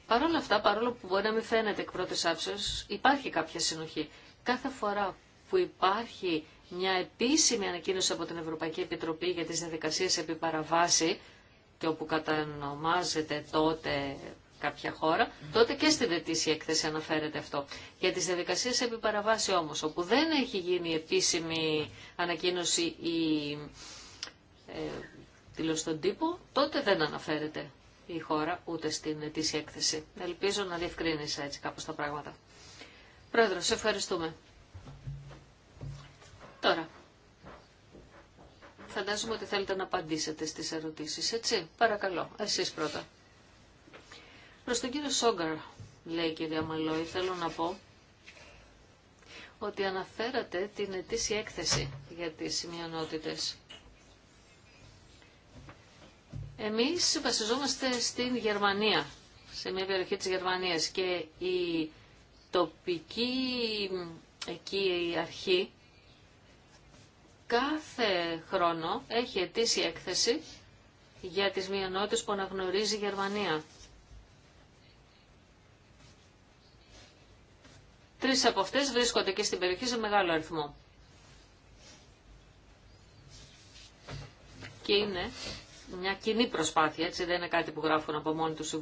Παρ' αυτά, παρόλο που μπορεί να μην φαίνεται εκ πρώτης άψεως, υπάρχει κάποια συνοχή κάθε φορά που υπάρχει μια επίσημη ανακοίνωση από την Ευρωπαϊκή Επιτροπή για τις διαδικασίες επί παραβάση και όπου κατανομάζεται τότε κάποια χώρα, τότε και στην ετήσια έκθεση αναφέρεται αυτό. Για τις διαδικασίες επί παραβάση όμως, όπου δεν έχει γίνει επίσημη ανακοίνωση ή ε, δηλώση στον τύπο, τότε δεν αναφέρεται η ε στον τυπο τοτε ούτε στην ετήσια έκθεση. Ελπίζω να διευκρίνησα έτσι κάπως τα πράγματα σε ευχαριστούμε. Τώρα, φαντάζομαι ότι θέλετε να απαντήσετε στις ερωτήσεις, έτσι. Παρακαλώ, εσείς πρώτα. Προς τον κύριο Σόγκαρ, λέει η κυρία Μαλόη, θέλω να πω ότι αναφέρατε την ετήσια έκθεση για τις μειονότητες. Εμείς βασιζόμαστε στην Γερμανία, σε μια περιοχή της Γερμανίας και η τοπική εκεί η αρχή κάθε χρόνο έχει αιτήσει έκθεση για τις μειονότητες που αναγνωρίζει η Γερμανία. Τρεις από αυτές βρίσκονται και στην περιοχή σε μεγάλο αριθμό. Και είναι μια κοινή προσπάθεια, έτσι δεν είναι κάτι που γράφουν από μόνοι τους οι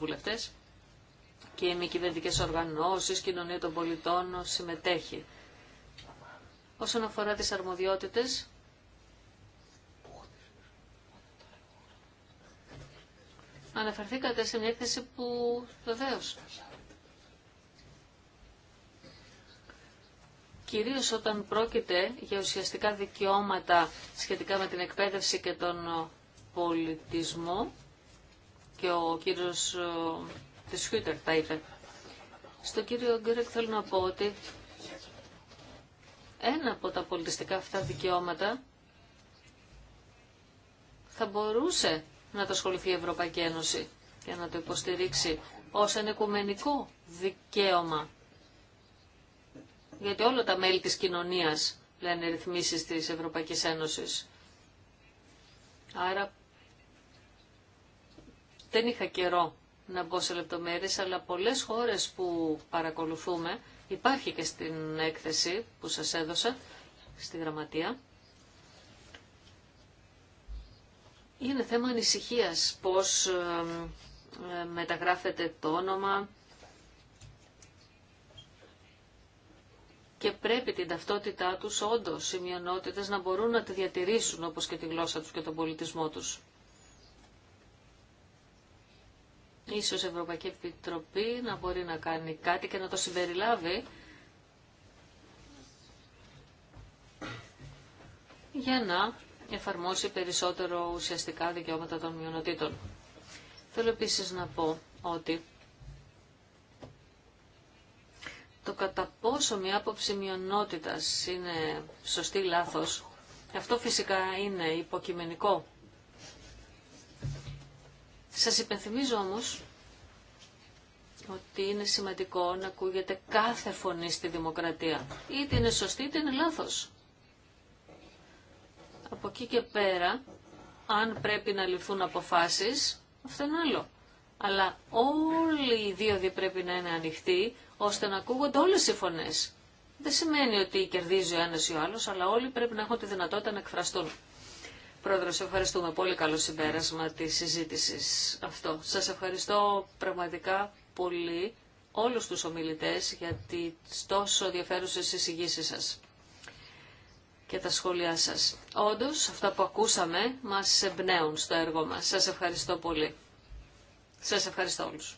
και οι οργανώσει, οργανώσεις, κοινωνία των πολιτών συμμετέχει. Όσον αφορά τι αρμοδιότητες, αναφερθήκατε σε μια έκθεση που βεβαίω. Κυρίως όταν πρόκειται για ουσιαστικά δικαιώματα σχετικά με την εκπαίδευση και τον πολιτισμό και ο κύριος Τη είπε. Στον κύριο Γκρέκ θέλω να πω ότι ένα από τα πολιτιστικά αυτά δικαιώματα θα μπορούσε να το ασχοληθεί η Ευρωπαϊκή Ένωση και να το υποστηρίξει ως ένα οικουμενικό δικαίωμα. Γιατί όλα τα μέλη της κοινωνίας λένε ρυθμίσεις της Ευρωπαϊκής Ένωσης. Άρα δεν είχα καιρό να μπω σε λεπτομέρειες, αλλά πολλές χώρες που παρακολουθούμε, υπάρχει και στην έκθεση που σας έδωσα, στη γραμματεία, είναι θέμα ανησυχίας πώς μεταγράφεται το όνομα και πρέπει την ταυτότητά τους όντως οι μειονότητες να μπορούν να τη διατηρήσουν όπως και τη γλώσσα τους και τον πολιτισμό τους. Ίσως η Ευρωπαϊκή Επιτροπή να μπορεί να κάνει κάτι και να το συμπεριλάβει για να εφαρμόσει περισσότερο ουσιαστικά δικαιώματα των μειονοτήτων. Θέλω επίσης να πω ότι το κατά πόσο μια άποψη μειονότητας είναι σωστή ή λάθος, αυτό φυσικά είναι υποκειμενικό σας υπενθυμίζω όμως ότι είναι σημαντικό να ακούγεται κάθε φωνή στη δημοκρατία. Είτε είναι σωστή είτε είναι λάθος. Από εκεί και πέρα, αν πρέπει να ληφθούν αποφάσεις, αυτό είναι άλλο. Αλλά όλοι οι δύο δι πρέπει να είναι ανοιχτοί, ώστε να ακούγονται όλες οι φωνές. Δεν σημαίνει ότι κερδίζει ο ένας ή ο άλλος, αλλά όλοι πρέπει να έχουν τη δυνατότητα να εκφραστούν σε ευχαριστούμε. Πολύ καλό συμπέρασμα τη συζήτηση αυτό. Σας ευχαριστώ πραγματικά πολύ όλους τους ομιλητές για τις τόσο ενδιαφέρουσες εισηγήσεις σας και τα σχόλιά σας. Όντως, αυτά που ακούσαμε μας εμπνέουν στο έργο μας. Σας ευχαριστώ πολύ. Σας ευχαριστώ όλους.